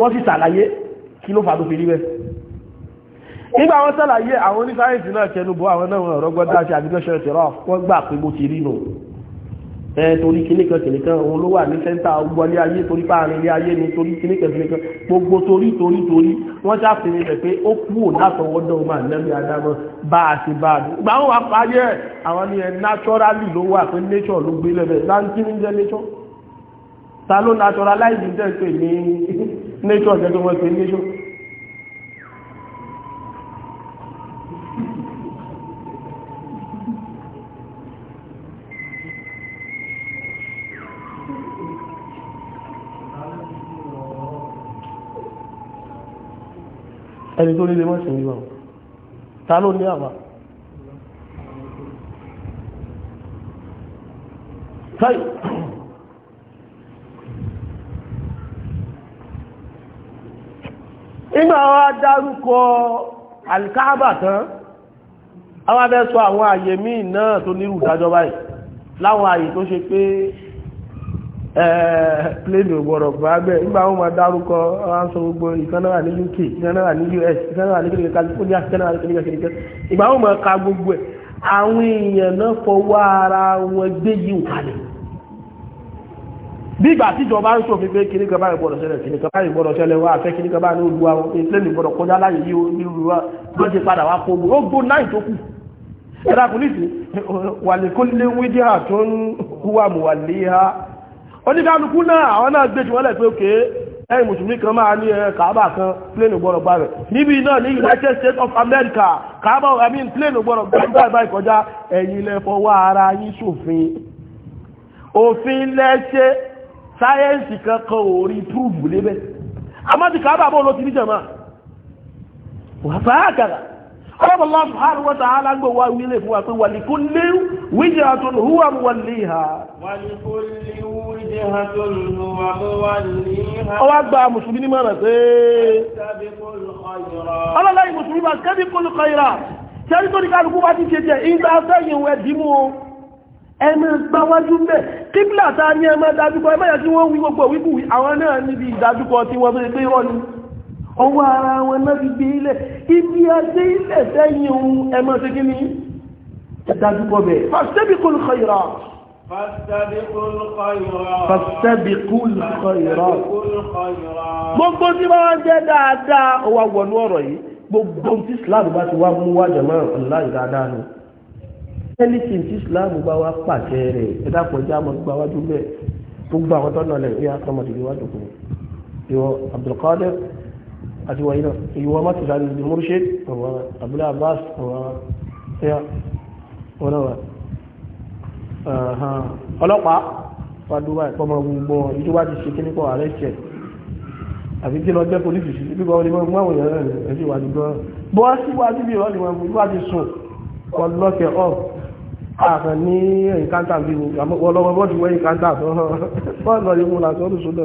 wọ́n sì sàlàyé kí ló fà tó fi rí bẹ́ẹ̀ nígbà wọ́n sàlàyé àwọn oníṣáyẹ̀nsì náà tẹnubọ́ àwọn náà rọgbọ́dá àti àdígbẹ́sẹ̀ tẹ̀rọ wọ́n gbà pé bó ti ẹ torí kìnnìkan kìnnìkan òun ló wà ní sẹ́ńtà wọlé ayé torí páàrin ilé ayé ni torí kìnnìkan kìnnìkan gbogbo torí torí torí wọ́n ṣàfihàn rẹ̀ pé ó kú ò látọwọ́dọ̀ ọmọ ànẹ́bí adámọ́ bá a ṣe bá a dùn. ìgbà wọn apáyẹ àwọn ni ẹ naturally ló wà pé nature ló gbé lẹ́bẹ̀ẹ́ láńkì ní jẹ́ nature ta ló naturalize ní tẹ́ pé ní nature jẹ́ tó wọ́n pé nature ẹni tó líle mọ́sí ìwà ta ló ní àwà táì nígbà wá dárúkọ alkaaba tán àwọn abẹ́ sọ àwọn àyè míì náà tó nírù dájọ́ báyìí láwọn àyè tó ṣe pé Eh, plane ò gbọ́dọ̀ bá bẹ́ẹ̀ nígbà wọn máa dárúkọ wọn gbogbo ìkànnà ní UK ìkànnà wà ní US ìkànnà ní kékeré California ìkànnà ní kékeré kékeré ìgbà wọn máa ka gbogbo ẹ àwọn èèyàn náà fọwọ́ ara wọn gbé yìí kalẹ̀ bí ìgbà tíjọba ń ṣòfin pé kíní kan báyìí kíní kan báyìí wá kíní kan wa padà oníkálukú náà àwọn náà gbé jù wọ́n lẹ̀ pé òkè ẹ̀yìn mùsùlùmí kan máa ní eh, kàábà kan plane gbọ́dọ̀ gbà rẹ̀ níbi náà ní United States of America kàábà I mean plane gbọ́dọ̀ gbà báyìí kọjá ẹ̀yin lẹ fọwọ́ ara yín ṣòfin òfin lẹ́ṣẹ́ sáyẹ́ǹsì kankan ò rí púrùbù lébẹ̀ àmọ́ ti kàábà bọ́ ló ti rí jẹ̀mọ́ wà fàákàrà Allah subhanahu wa ta'ala gbọ́ wá wílé fún wa pé wàlíkúnlé wijhatun huwa muwalliha. wàlíkúnlé wijhatun huwa muwalliha. ọwọ́ gba mùsùlùmí ní mọ̀ràn pé. ọlọ́láyìn mùsùlùmí bá sabiqul khairat. sẹ́ni tó ní kálukú bá ti ṣe jẹ́ ìgbà sẹ́yìn wẹ̀ dìímú o. ẹnu gbáwájú bẹ́ẹ̀ kíbla ta ni ẹ máa dájú kọ ẹ máa wọ́n wí gbogbo wíkú àwọn náà níbi ìdájú tí wọ́n fi gbé rọ́ ni ọwọ́ ara wọn náà fi gbé ilẹ̀ ibi adé ilẹ̀ sẹ́yìn ohun ẹmọ sí kí ni ẹ̀dájúkọ bẹ̀ fastabiqul khairat fastabiqul khairat fastabiqul khairat gbogbo tí wọ́n jẹ́ dáadáa ó wà ọ̀rọ̀ yìí gbogbo tí Islam bá ti wá mú wá jẹ̀mọ́ ọ̀láì dáadáa nù anything tí Islam bá wá pàṣẹ rẹ̀ ẹ̀dá pọ̀já mọ̀ gbáwájú bẹ́ẹ̀ gbogbo àwọn tọ́nà àti wọ̀nyí náà ìwọ má ti sáré ìdí múrṣẹ́ ọ̀wọ́n abúlé abbas ọ̀wọ́n ẹ̀yà wọn náà wà ọlọ́pàá wà dubai pọ́mọ gbogbo ìjọ bá ti ṣe kí nípa ààrẹ ṣẹ àfi kí lọ jẹ́ polisi sí bí wọ́n lè mọ́ àwọn èèyàn rẹ̀ ẹ̀sìn wà ní gan bó wá sí wá síbi ìwọ́n lè mọ́ wá ti sùn wọ́n lọ́kẹ̀ ọ̀ àkàn ní ìkántà bí wọ́n lọ́wọ́ bọ́ọ̀dù wẹ́ ìkántà tó hàn wọ́n lọ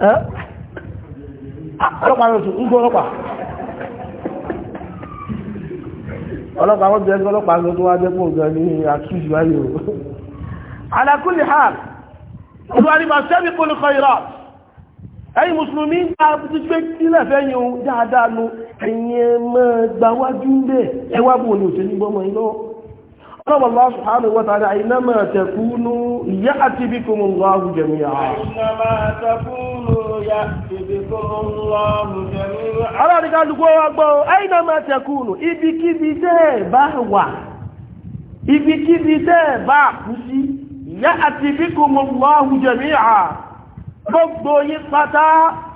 ọlọ́pàá ló sùn ń gbọ́ ọlọ́pàá ọlọ́pàá wọ́n jẹ́ ọlọ́pàá ló tó wá jẹ́ pọ̀ gan ní àtúnṣe wáyé o ala kulli hal olùwárí máa sẹ́bi kó ní kọ́ ìrọ̀ ti gbé sílẹ̀ fẹ́yìn dáadáa nu ẹ̀yin ẹ̀ gbáwájú bẹ́ẹ̀ ẹ wá bò ní òṣèlú قال الله سبحانه وتعالى أينما تكونوا يأتي بكم الله جميعا أينما تكونوا يأتي بكم الله جميعا أنا رجال لقوة أينما تكونوا إبي كبي تبهوى إبي كبي تبهوى يأتي بكم الله جميعا gbogbo yín pátá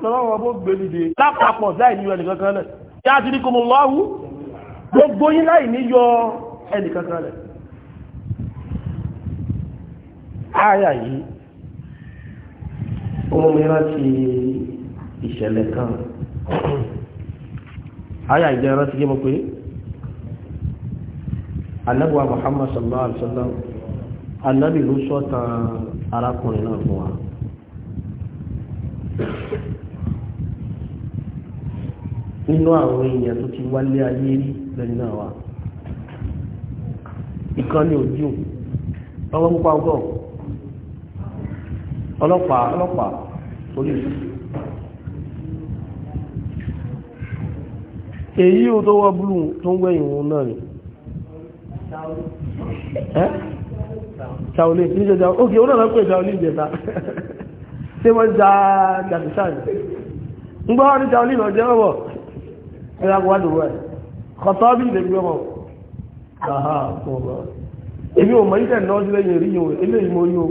lọ́wọ́ bó gbèlìdè lápapọ̀ láì ní ẹnìkankan lẹ̀ yá ti ní kòmọ̀lọ́wọ́ gbogbo yín láì ní yọ lẹ̀ ááyà yìí ó mú mi rántí ìṣẹ̀lẹ̀ kan ááyà ìjẹ́ rántí gé mọ́ pé anábùwà Muhammad sallallahu alaihi wasallam ló sọ́tàn arákùnrin náà fún wa nínú àwọn èèyàn tó ti wálé ayé rí lẹ́yìn náà wa ọlọ́pàá ọlọ́pàá police èyí o tó wọ́ búlù tó ń gbẹ̀yìn òun náà ni ṣàolé ní jẹ́ ṣàolé òkè onáà pẹ̀ ṣàolé ìjẹta tí wọ́n já jàdìsáàjì ń gbọ́ ní ṣàolé lọ jẹ́ ọwọ́ ẹgbẹ́gbẹ́gbẹ́gbẹ́ rẹ̀ kọ̀tọ́ bí ilẹ̀ gbẹ́mọ̀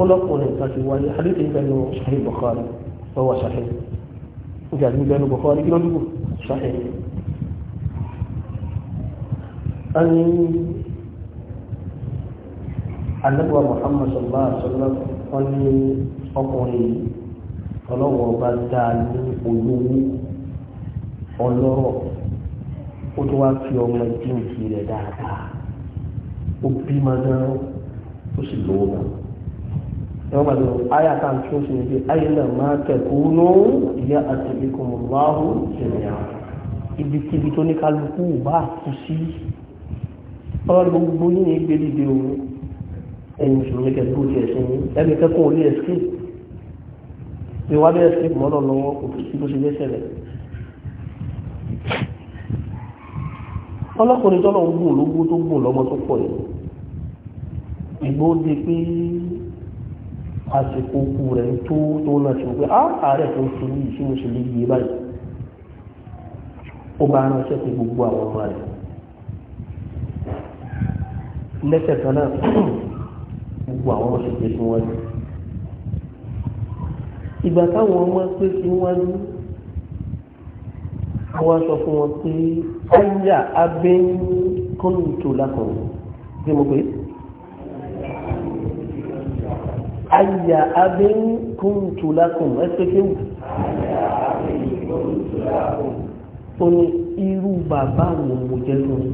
ọlọ́kùnrin kan ti wáyé àdéhùn ìgbẹ́nu sahih bukhari ọwọ́ sahih ìgbàgbé ìgbẹ́nu bukhari kí ló dúró sahih. an annabuwa muhammad sallallahu alaihi wasallam wọn ní ọkùnrin ọlọ́wọ́ bá dá ní olówó ọlọ́rọ̀ ó tó wá fi ọmọ ìdí òkè rẹ̀ dáadáa ó bímọ náà ó sì lówó náà yau ma zo aya ta cikin shi ne aina ma ta kuno ya asibikum Allah jami'a ibikíbi tó ní kálukú bá kú sí ọ̀rọ̀ gbogbo yìí ní gbé dìde o ẹ̀yin mùsùlùmí kẹ tó tiẹ̀ sí ẹni kẹ́kọ̀ọ́ ò ní escape bí wàá bí escape mọ́tò lọ́wọ́ kò sí bó ṣe lẹ́sẹ̀ rẹ̀ ọlọ́kùnrin tọ́lọ́ ń gùn lógún tó gùn lọ́mọ tó pọ̀ yìí ìgbó de pé àsìkò kú rẹ̀ tó tó náà ṣe pé á ah, ààrẹ tó ṣe ní ìṣúná ṣe lè gbé báyìí ó bá ránṣẹ́ pé gbogbo àwọn ọmọ rẹ̀ lẹ́sẹ̀ kan náà gbogbo àwọn ọmọ ṣe pé kí wọ́n rí ìgbà táwọn ọmọ pé kí wọ́n rí àwọn aṣọ fún wọn pé ayé abẹ́ńkọ́nù tó lákọ̀ọ́ bí mo pè é. ayà abin kúntùlákùn ẹ́sẹ̀kéwù ó ní irú bàbá wo mo jẹ́ fún mi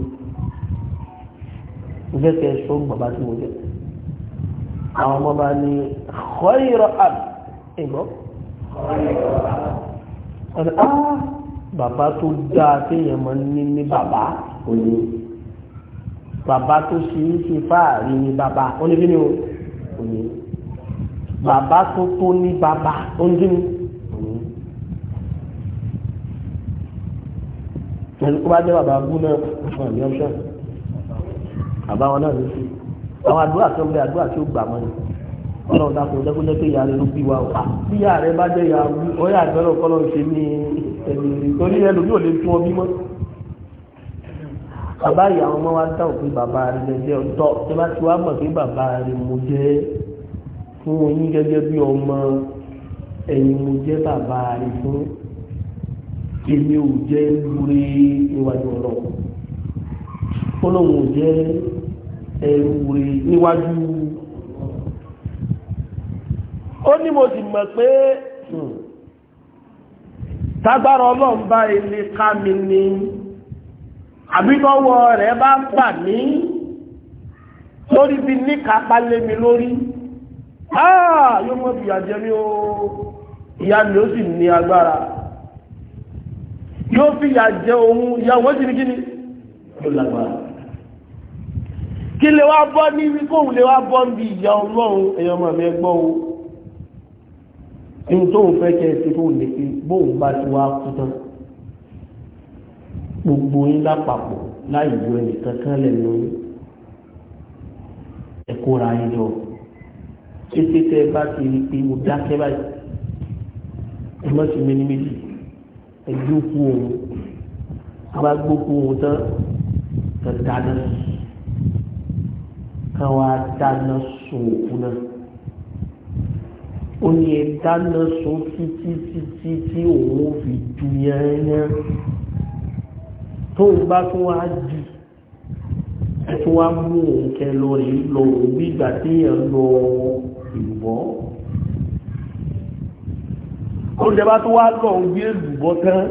mo fẹ́ kẹ́ ẹ sọ́run bàbá tí mo jẹ́ àwọn ọmọ bá ní khayra ab ẹ̀gbọ́n ọ̀nà á ah, bàbá tó dáa téèyàn máa ń ní ní bàbá òní bàbá tó ṣe é ṣe fáàrí ní bàbá òní kí ni o òní bàbá tó tó ní bàbá tó ń dín ní. pẹ̀lú kó bá jẹ́ bàbá bú náà wọn ní ọ́ṣọ́ bàbá wọn náà ló fi àwọn àdúrà tó ń bẹ àdúrà tí ó gbà mọ́ ni ọlọ́run dàpọ̀ jẹ́kúnjẹ́ pé ìyá rẹ ló bí wa o bí ìyá rẹ bá jẹ́ ìyá wú ọyá àgbẹ̀rẹ̀ ọkọlọ́ ṣe ní ẹ̀mí torí ẹ lòmí ò lè tún mọ́. bàbá ìyá ọmọ wa dáhùn pé bàbá rẹ lẹ́jẹ́ ọ̀tọ̀ tí wọ́n ti wá mọ̀ pé bàbá rẹ mo jẹ́ fún oyún gẹ́gẹ́ bí ọmọ ẹ̀yin mo jẹ́ bàbá rẹ̀ fún èmi ò jẹ́ lórí níwájú ọlọ́run kọ́lọ́hún ò jẹ́ ẹrù rẹ̀ níwájú ó ní mo sì mọ̀ pé hmm, tágbára ọlọ́run bá ilé ká mi ni àbíkọ́wọ́ rẹ̀ bá gbà mí lórí bí níkàápá lé mi lórí áà ah, yóò mọ́ fìyà jẹ mí o ìyá ni ó sì ní agbára yóò fìyà jẹ ohun ìyá wọ́n sì ní kíni ó lágbára kí lè wá bọ́ ní wíkóhùn lè wá bọ́ níbi ìyá ọlọ́run èèyàn mọ̀ mi ẹgbọ́ o ní tóun fẹ́ kẹ́ ẹ ti fóun lè fi bóun bá ti wá kú tán gbogbo yín lápapọ̀ láì yọ ẹnìkan kan lẹ́nu ẹ̀kọ́ra yín lọ kété tẹ ẹ bá ti rí i pé mo dákẹ́ báyìí ẹ má ti mẹ́ni méjì ẹ gbókù òun a bá gbókù òun tán ẹ dáná kan wá dáná sun òkú náà ó ní dáná sun títí títí tí òun fi ju yányán tóun bá tún wá jù ẹ tún wá mú òun kẹ lọ rí lọ òun bí ìgbà lọ ọ èlùbọ́ oúnjẹ bá tó wá lọ ń gbé èlùbọ́ tán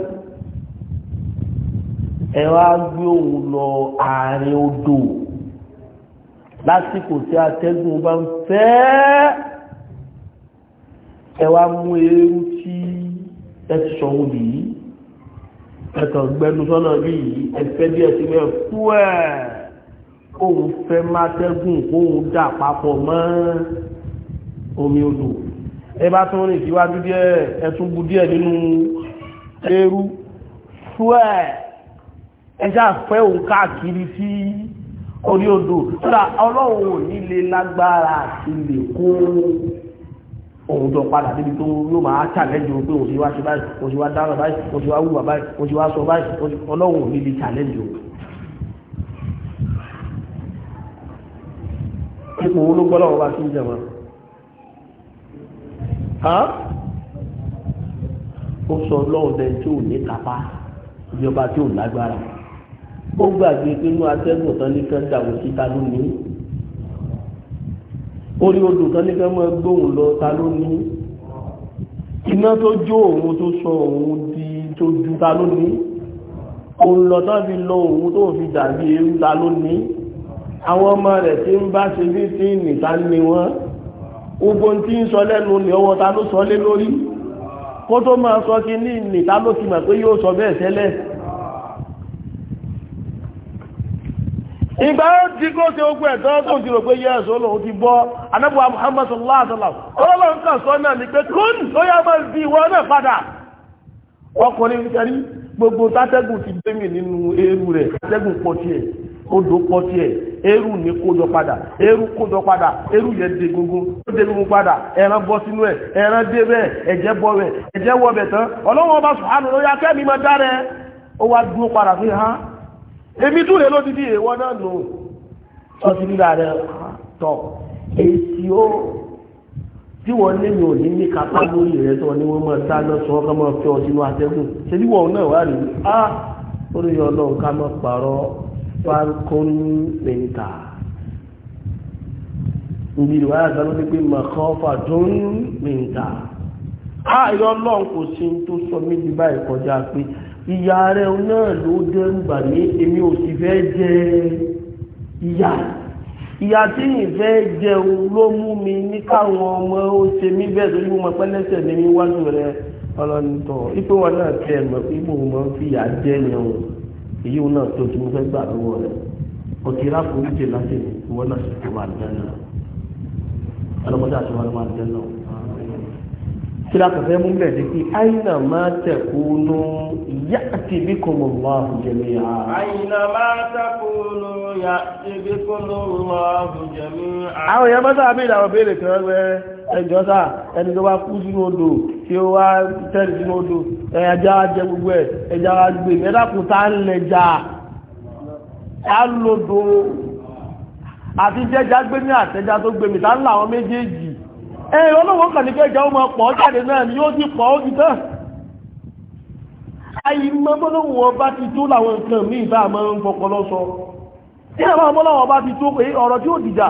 ẹ wá gbé òun lọ àárín odò lásìkò tí atẹ́gùn bá ń fẹ́ ẹ wá mú eérú tí ẹ ti sọ̀hún yìí ẹ̀kàn gbẹnu sọ́nà bí ẹ̀fẹ́ díẹ̀ sí mẹ́ fú ẹ̀ kóun fẹ́ má tẹ́gùn kóun dà papọ̀ mọ́ omi odò ẹ bá tún rìn síwájú díẹ̀ ẹ tún bu díẹ̀ nínú eérú fúẹ̀ ẹ ṣàfẹ́ òun káàkiri sí orí odò kódà ọlọ́run ò ní lè lágbára àti lè kó òun jọ padà níbi tó yóò máa challenge o pé òṣèwà ṣe báyìí òṣèwà dára báyìí òṣèwà wùwà báyìí òṣèwà sọ báyìí ọlọ́run ò ní lè challenge o. ipò olóngbọ́lọ́wọ́ bá ti ń jẹun ó sọ lọ́wọ́ dẹni tí ò ní kápá ìjọba tí ò lágbára ó gbàgbé pé inú atẹ́gùn tán ní kán dàwó síta lónìí orí odò tán ní kán máa gbóhùn lọ ta lónìí iná tó jó òun tó sọ òun di tó ju ta lónìí òun lọ tán fi lọ òun tó fi dàbí ewu ta lónìí àwọn ọmọ rẹ̀ tí ń bá ṣe bí tí nìta ni wọ́n. gbogbo tí ń sọ lẹ́nu ní ọwọ́ ta ló sọ lé lórí kó tó máa sọ kí ní ìta ló ti mọ̀ pé yóò sọ bẹ́ẹ̀ ìgbà ó ti kó ṣe ogun ẹ̀tọ́ tó ti rò pé yẹ́s olóhun ti bọ́ sọ náà ni pé kún yá máa ìwọ náà padà ọkùnrin kẹrí gbogbo tátẹ́gùn ti gbé mi nínú eérú rẹ̀ pọ̀ odò pọ̀ tiẹ̀ eru ní kójọ padà eru kójọ padà eru yẹ de gungun o de gungun padà ẹran bọ sínú ẹ ẹran dé bẹ́ẹ̀ ẹ̀jẹ̀ bọ bẹ́ẹ̀ ẹ̀jẹ̀ wọ tán ọlọ́wọ́n ọba sùhánù ló yá máa ó wá dúró padà fi hàn èmi tún lè lódìdí náà nù ọtí èsì ó tí lé mi ò ní ní kápá lórí tó máa dá máa ọ sínú farkon minta níbi ìwà àtàló ní pé makọ́fà tó ń minta a ìyọ́ lọ́n kò sí tó sọ méjì báyìí kọjá pé ìyá rẹ̀ náà ló dé ń bà ní èmi ò sì fẹ́ jẹ ìyá ìyá tí yìí fẹ́ jẹun ló mú mi ní káwọn ọmọ ó ṣe mí bẹ́ẹ̀ tó yíwọ́n pẹ́lẹ́sẹ̀ ní níwájú rẹ̀ ọlọ́nitọ̀ ipò wọn náà tẹ̀ mọ̀ pé mo máa ń fìyà jẹ́ yẹn o èyí wọn náà tó tí mo fẹ́ gbà lọ́wọ́ rẹ̀ òkè ráàpù méjì láti wọn náà sì tó wà lẹ́nu ọlọ́mọdé àti wọn máa jẹ́ náà. kí la kọ̀fẹ́ mú bẹ̀ dé pé àyìnà máa tẹ̀kú nù yá àti ibi kò mọ̀ wá àbújẹ̀mí ha. àyìnà máa tẹ̀kú nù yá ibi kò mọ̀ wá àbújẹ̀mí ha. àwọn èèyàn bá sábà bí ìdàgbàsókè rẹ̀ ẹjọ́ sá ẹni tó wá kú sínú odò tí ó wá tẹ́lì sínú odò ẹja wá jẹ gbogbo ẹ̀ ẹja wá gbé mẹ́tàkùn tá ń lẹja á lòdò àti jẹ́já gbé ní àtẹ́já tó gbé mi tá ń là àwọn méjèèjì ẹ olówó kàn ní kẹjọ ọmọ pọ̀ jáde náà ni ó ti pọ̀ ó ti tán àìmọ́ bọ́lọ́wọ́ ọba ti tó làwọn nǹkan míì bá a máa ń fọpọlọ sọ tí àwọn ọmọlọ́wọ́ ọba ti tó pé ọ̀rọ̀ tí ó dìjà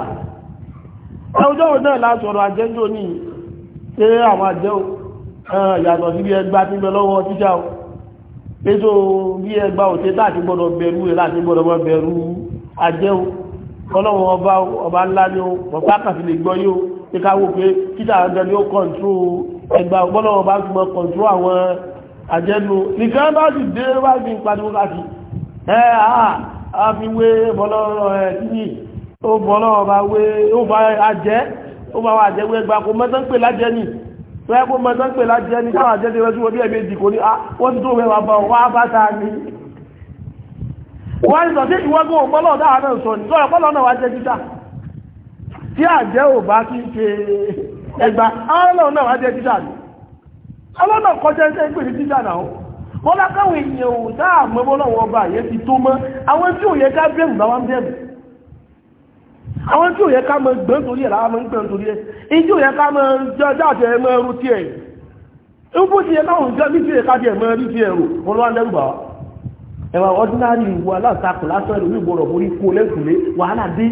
àwùjọ òun náà láti ọ̀rọ̀ àjẹ́jọ́ ní ṣé àwọn àjẹ́ ò yàtọ̀ sí bí ẹgbà tí ń bẹ lọ́wọ́ tíṣà ò ètò bí ẹgbà ò ṣe láti gbọ́dọ̀ bẹ̀rù rẹ̀ láti gbọ́dọ̀ mọ́ bẹ̀rù àjẹ́ ò ọlọ́run ọba ọba ńlá ni ó ọba kàfi lè gbọ́ yóò ṣe ká wò pé tíṣà ni ó kọ̀ǹtró ẹgbà ọgbọ́lọ́run ọba fi mọ kọ̀ǹtró àwọn ó bọ́ lọ́wọ́ bá wé ó bá ajẹ́ ó bá wà jẹ́ wé gba kó mọ́tọ́ ń pè lájẹ́ nì tó yẹ kó mọ́tọ́ ń pè lájẹ́ nì káwọn àjẹ́ déwẹ́ síwọ́ bí ẹ̀mí èjì kò ní ah, wọ́n ti tó mẹ́wàá bá wọ́n á bá ta ni. wọ́n á sọ sí ìwọ́gbọ́n òpọ́lọ́ dáhà náà sọ ní sọ̀rọ̀ pọ́lọ́ náà wá jẹ́ títà tí àjẹ́ ò bá kí ṣe ẹgbà ọlọ́run náà wá jẹ́ títà ní ọlọ́nà kọjá ẹgbẹ́ ìpè ní títà náà wọ́n lákàwọn èèyàn ò dáàmọ́ ọlọ́run ọba àyẹ́ ti tó mọ́ àwọn tí ò yẹ ká bẹ̀rù bá wá ń bẹ̀rù àwọn tí ò yẹ ká mọ gbọ́n torí ẹ̀ láwọn mọ ń ẹ̀ ìdí ò yẹ ká mọ jọjọ́ àti ẹ̀mọ ẹrú ti yẹ káwọn jọ bí tí ẹ̀ ká di ẹ̀mọ ẹrú tí wọn ẹ̀wà ordinary ìwọ aláǹtakùn lásán ẹ̀rù ìgbọ̀rọ̀ mórí kó lẹ́kùnlé wàhálà dé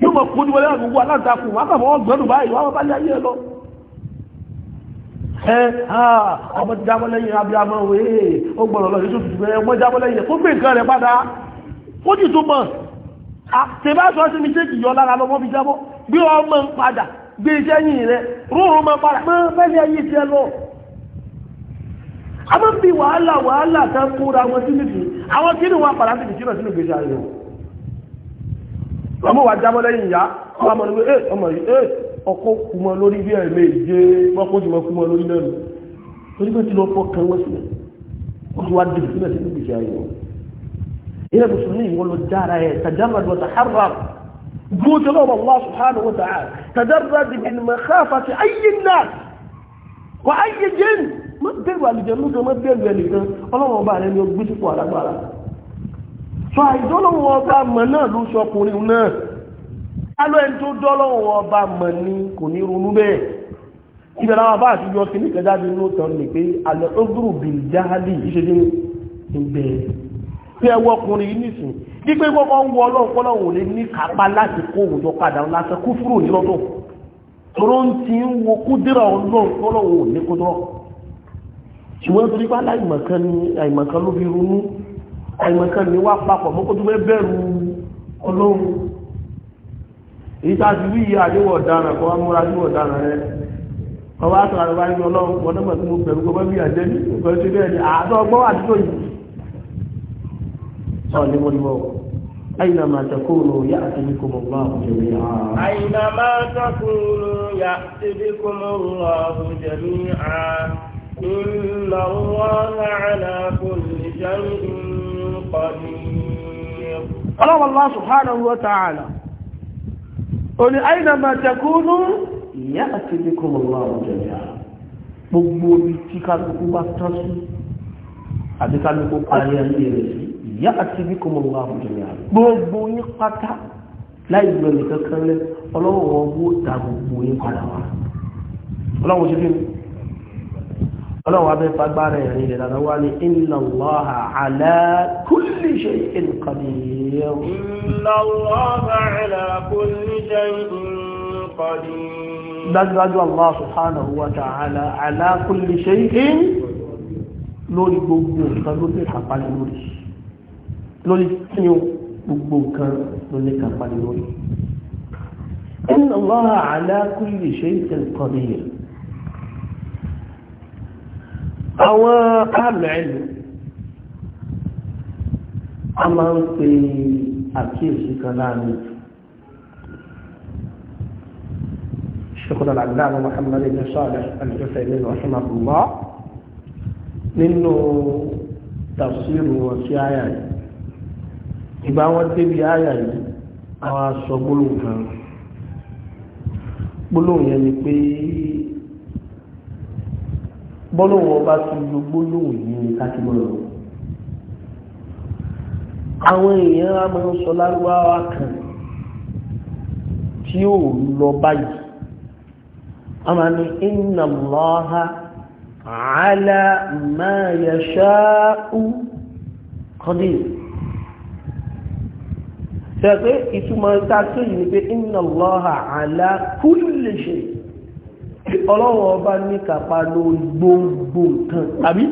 yóò aláǹtakùn wà kàfọ́ báyìí lẹ́yìn àtẹ̀bá sọ sí mistake yọ lára lọ́mọ́ fi jábọ́ bí wọ́n mọ́ ń padà gbé iṣẹ́ yìí rẹ̀ rúrùn mọ́ padà mọ́ fẹ́lẹ̀ ayé ti lọ. a máa ń bí wàhálà wàhálà kan kóra wọn sí nìfín àwọn kí ni wọn padà sí ìṣirò sínú gbèsè ayé wọn. lọ́mọ wa jábọ́ lẹ́yìn ìyá wọn mọ̀ ní pé ọmọ yìí ẹ ọkọ kú mọ lórí bí ẹ méje bọ́kọ́ jù mọ kú mọ lórí lẹ́nu torí pé tí lọ fọ́ ilẹ̀ mùsùlùmí ìwọ ló dára ẹ̀ tajarrad wa taharrar gbóòjọ́ lọ́wọ́ Allah subhanahu wa ta'ala tajarrad min makhafati ayé náà wà ayé jẹ́ni má bẹ̀rù àlùjẹ̀mú kan má bẹ̀rù ẹ̀ nìkan ọlọ́run ọba rẹ̀ ni ó gbé sípò alágbára sọ àìdọ́lọ́run ọba mọ̀ náà ló sọ ọkùnrin náà alọ́ ẹni tó dọ́lọ́run ọba mọ̀ ni kò ní ronú bẹ́ẹ̀ ibẹ̀ láwọn bá àti yọ sí ní kẹjáde ní ó tán ní pé alẹ́ ó gbúrò bìí jáhálì ìṣẹ́jú ń bẹ̀rẹ̀ pé ẹwọ ọkùnrin yìí nìsín dípé kọ́kọ́ ń wọ ọlọ́run kọ́lọ́run ò lè ní kápá láti kó òun jọ padà lásán kú fúrò nílọ́dọ̀ tóró ń ti ń wo kúdírà ọlọ́run kọ́lọ́run ò ní kúdọ́ ṣùgbọ́n torí pé aláìmọ̀kan ni àìmọ̀kan ló fi ronú àìmọ̀kan ni wá papọ̀ mọ́kó tó fẹ́ bẹ̀rù ọlọ́run èyí tá a ti wí àdéwọ̀ ọ̀daràn kọ́ amúra àdéwọ̀ ọ̀daràn rẹ ọba àtàrà rẹ wáyé ọlọ́run kọ́ náà mọ̀ tí mo bẹ̀rù kọ́ bá bí àjẹ́ ní nǹkan صالم الموت أينما تكونوا يأتي بكم الله جميعا أينما تكونوا يأتي بكم الله جميعا إن الله على كل شيء قدير قال الله سبحانه وتعالى قل أينما تكونوا يأتي بكم الله جميعا gbogbo omi tí kálukú bá tán sí àti kálukú parí ayé rẹ̀ sí yá àti bí kò mọ̀ wá àbújá ní àná gbogbo yín pátá láì gbọ́ nìkan kan lẹ́ ọlọ́wọ́ wọn bó ta gbogbo yín padà wá ọlọ́wọ́ ṣe fíìmù ọlọ́wọ́ abẹ́ fagbára ẹ̀rin rẹ̀ lára wá ní inna Allaha ala kulli shay'in qadir inna Allaha ala kulli shay'in qadir dájúdájú Allah subhanahu wa ta'ala ala kulli shay'in lórí gbogbo nǹkan ló fi kàpá lórí kí ni gbogbo nǹkan lórí kápá ni lórí. inna Allaha ala kulli shay'in qadir àwọn àmẹ́lú a máa ń pe àkíyèsí kan láàrin ṣekúnlá àgbàmù Muhammad ibn Salih al-Uthaymeen rahimahullah nínú tafsiru wọn sí àyà yìí ìgbà wọn débi àyà yìí àwọn aṣọ gbólóhùn kan gbólóhùn yẹn ni pé bọ́lọ́wọ́ bá ti lo gbólóhùn yìí ní kákìbọ̀lọ́ àwọn èèyàn a máa ń sọ lárúbáwá kan tí ó lọ báyìí a máa ní inna Allaha ala ma yasha'u qadir sẹ́gbẹ́ ìtumọ̀ ìtàtún yìí ni pé inna Allaha ala kulli shay ọlọ́wọ́ ọba ní kàpá lórí gbogbo nǹkan tàbí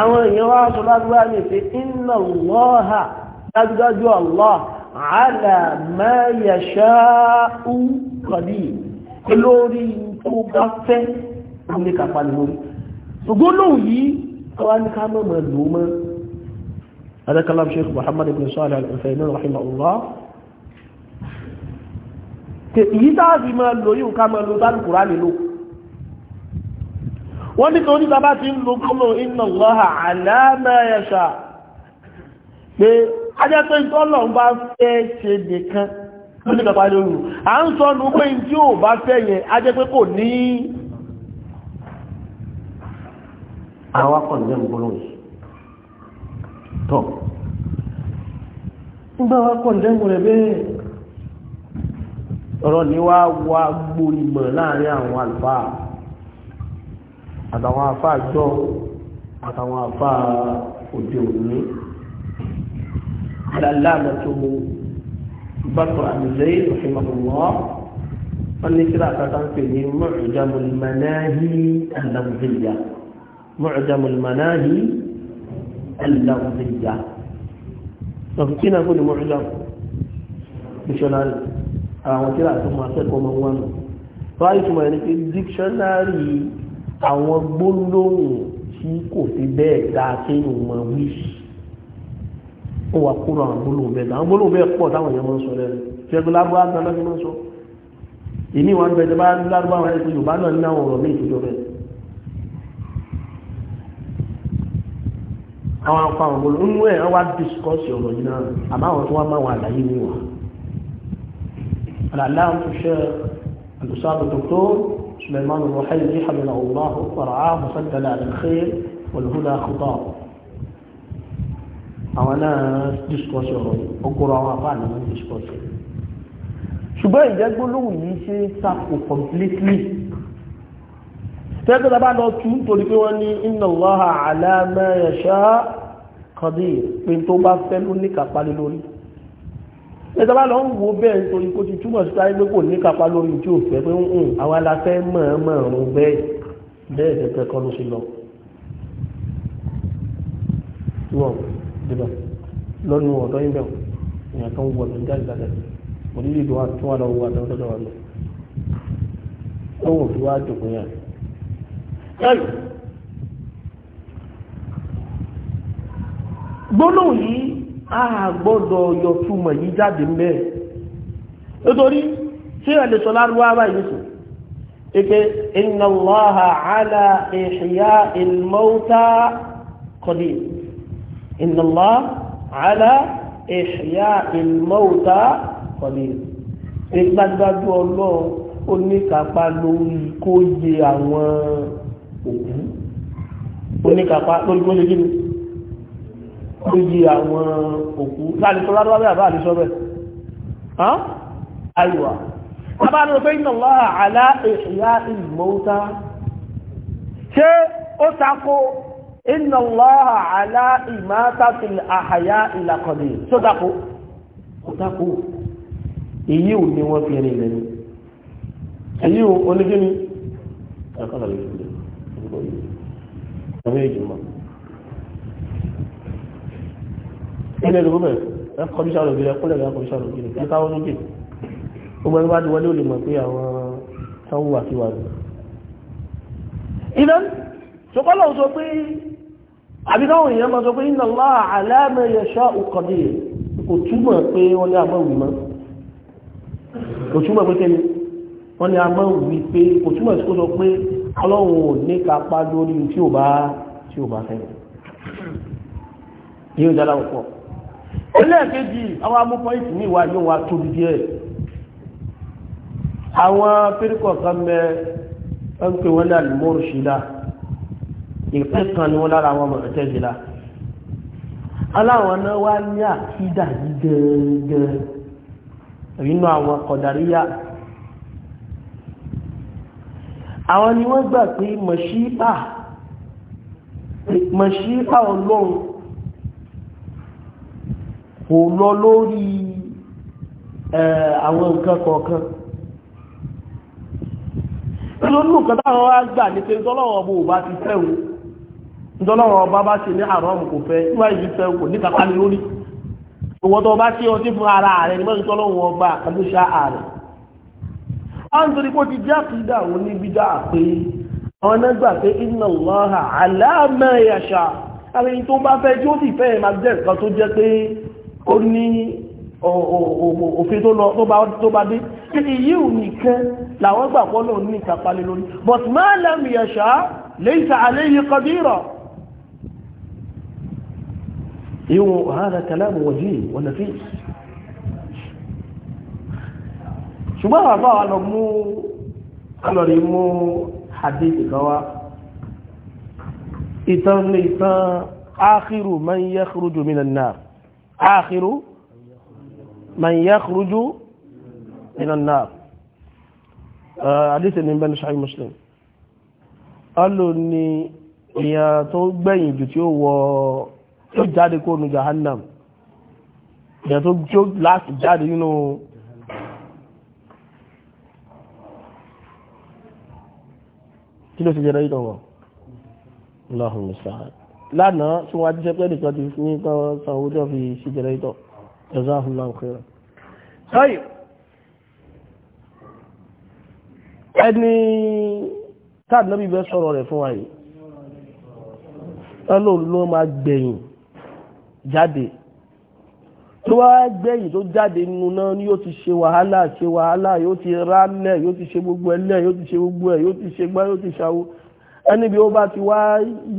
àwọn èèyàn wá sọ lágbára ní pé inna Allaha dájúdájú Allah ala ma yasha'u qadir lórí tó bá fẹ́ ní kàpá lórí ṣùgbọ́n lóhùn yìí ní ká mọ̀mọ̀ lò mọ́ هذا كلام شيخ محمد بن صالح العثيمين رحمه الله èyí tá a fi máa lò yíò ká máa lò bá lùkùrá nílò wọ́n ní torí bàbá ti ń lo gbọ́nà inna Allaha ala ma yasha pé ajẹ́pẹ́ ìtọ́lọ̀ ń bá fẹ́ ṣe nìkan ló ní bàbá lórí à ń sọ nù pé tí ò bá fẹ́ yẹn ajẹ́pẹ́ kò ní àwọn akọ̀nìyàn gbọ́nà yìí tọ́ nígbà wá kọ̀ndẹ́mù rẹ̀ bẹ́ẹ̀ ọ̀rọ̀ ni wá wá gbórímọ̀ láàrin àwọn àlùfáà àtàwọn àfáà jọ àtàwọn àfáà òde òní alàlámà tó mú bàtọ̀ àmìlẹ́ ìrọ̀ṣẹ́mọ̀lọ́ wọ́n ní síra àtàtà ń pè ní mu'jamul manahi al-lafziyya mu'jamul اللفظية فكنا كل معجم dictionary àwọn tíra tó máa fẹ́kọ́ ma wọ́n nù ráyì tó máa ní pé dictionary àwọn gbólóhùn tí kò fi bẹ́ẹ̀ dá kéèyàn mọ wí ó wà kúrò àwọn gbólóhùn bẹ́ẹ̀ àwọn gbólóhùn bẹ́ẹ̀ pọ̀ táwọn èèyàn máa ń sọ lẹ́nu ṣẹ́gun lágbára gan lọ́sí máa ń sọ èmi wà ń bẹ̀rẹ̀ bá lárúbáwá ẹ̀kọ́ yorùbá náà ní àwọn àwọn akọ àwọn ọmọ nínú ẹ̀ wá discuss ọ̀rọ̀ yìí náà àmọ́ àwọn tó wá máa wà láyé ní wa àlàlá ń ṣiṣẹ́ àlùsáàbù dr suleiman ruhail ní hamila allah fara'a musaddala al-khair wal-huda khutab àwọn náà discuss ọ̀rọ̀ yìí ọ̀gọ̀rọ̀ àwọn afá ni wọ́n discuss ṣùgbọ́n ìjẹ́gbólóhùn yìí ṣe é sàkó completely tẹ́gbẹ́ tàbá lọ tún torí pé wọ́n ní inna Allaha ala ma yasha qadir pé tó bá fẹ́ ló ní kápá lé lórí ẹ tàbá lọ ń wo bẹ́ẹ̀ nítorí kó ti túmọ̀ sí táyé pé kò lórí tí ò fẹ́ pé ń hùn àwọn aláfẹ́ mọ̀ọ́mọ̀ bẹ́ẹ̀ bẹ́ẹ̀ kẹ́kẹ́ kọ́ ló ṣe lọ. wọ́n dìbò lọ́nu ọ̀dọ́ ẹ̀rù gbólóhùn yìí a gbọ́dọ̀ yọ túmọ̀ yìí jáde mẹ́ nítorí tí ẹ̀ lè sọ lárúbá báyìí sùn ike inna Allaha ala ihya'il mawta qadir inna Allaha ala ihya'il mawta ìgbàgbàgbà ọlọ́run oníkàpá lórí kó yẹ àwọn òkú oníkàpá lórí kó lè gínú lórí àwọn òkú láàrísọ́ lárúwábẹ́ àbá àrísọ́ bẹ̀ àìwà abáàrí rẹ̀ pé inna Allaha ala ihya'il mawta ṣe ó takó inna Allaha ala imatatil ahya'i laqadir ṣó takó ó takó èyí ò ní wọ́n fi rìn lẹ́nu àsìkò yìí ọmọ èjì mọ́ ilẹ̀ ìlú bẹ̀rẹ̀ ẹ kọjú sáré ògiri ẹkúnlẹ̀ rẹ̀ kọjú sáré ògiri ẹ káwọn níbi gbogbo ẹni wá ti wọlé olè mọ̀ pé àwọn sanwó àtiwà rẹ̀ iná sọkọ́lọ̀ sọ pé àbí káwọn èèyàn máa sọ pé inna Allah ala ma yasha'u qadir kò túmọ̀ pé wọ́n ní àmọ́ wì mọ́ kò túmọ̀ pé kẹ́ni wọ́n ní àmọ́ wì pé kò túmọ̀ sí kó sọ pé ọlọ́run ò ní kápá lórí tí ò bá tí ò bá fẹ́rẹ̀ yíò dára pọ̀ ẹlẹ́ẹ̀kejì àwọn amúpọ́ìtì ní ìwà yóò wá tóbi díẹ̀ àwọn pírikọ̀ kan mẹ ń pè wọ́n ní àlùmọ́rùsílà ìpín kan ni wọ́n lára àwọn ọmọ ìtẹ́sílà aláwọn náà wá ní àkídà yìí gẹ́gẹ́ inú àwọn kọ̀dàríyà àwọn ni wọ́n gbà pé mọ̀ṣípà mọ̀ṣípà ọlọ́run kò lọ lórí àwọn nǹkan kọ̀ọ̀kan lónú nǹkan táwọn wá gbà ní pé ntọ́lọ́wọ́ ọba ò bá ti fẹ́hùn ntọ́lọ́wọ́ ọba bá ṣe ní àrọ́mù kò fẹ́ níwá ìdí fẹ́hùn kò ní kápá ní lórí ìwọ́n tó bá ṣe ọtí fún ara rẹ̀ nígbà ntọ́lọ́wọ́ ọba àkàndóṣà ààrẹ a ń torí kó ti já kìdá òun ní bídá pé àwọn náà gbà pé inna Allaha ala ma yasha àwọn tó bá fẹ́ tí ó sì fẹ́ máa jẹ́ nǹkan tó jẹ́ pé ó ní òfin tó bá dé èyí ò nìkan làwọn gbà pọ́ ní ìtàpálẹ̀ lórí but ma lam yasha laysa alayhi qadira ìwọ̀n hada kalamu wajih wa ṣùgbọ́n àwọn àbáwá lọ mú alọ̀rí mú hadith kan wá ìtàn ní ìtàn áàkìrù man yakhruju minan nar áàkìrù man yakhruju minan nar hadith ní bẹ́ẹ̀ ní ṣáì muslim ọlọ́ ni èèyàn tó gbẹ̀yìn jù tí ó wọ jáde kó nu jahannam èèyàn tó jáde nínú kí ló fi jẹ́ lọ́yìn lọ́wọ́ lọ́hùn mùsàá lánàá tí wọ́n adíṣẹ́ pé nìkan ti ní kọ́ san owó tó fi ṣe jẹ́ lọ́yìn lọ́ jazakumullahu khairan. sọ́yì tó wá gbẹ̀yìn tó jáde nínú náà ni yóò ti ṣe wàhálà ṣe wàhálà yóò ti rálẹ̀ yóò ti ṣe gbogbo ẹlẹ̀ yóò ti ṣe gbogbo ẹ̀ yóò ti ṣe gbá yóò ti ṣàwó ẹni bí ó bá ti wá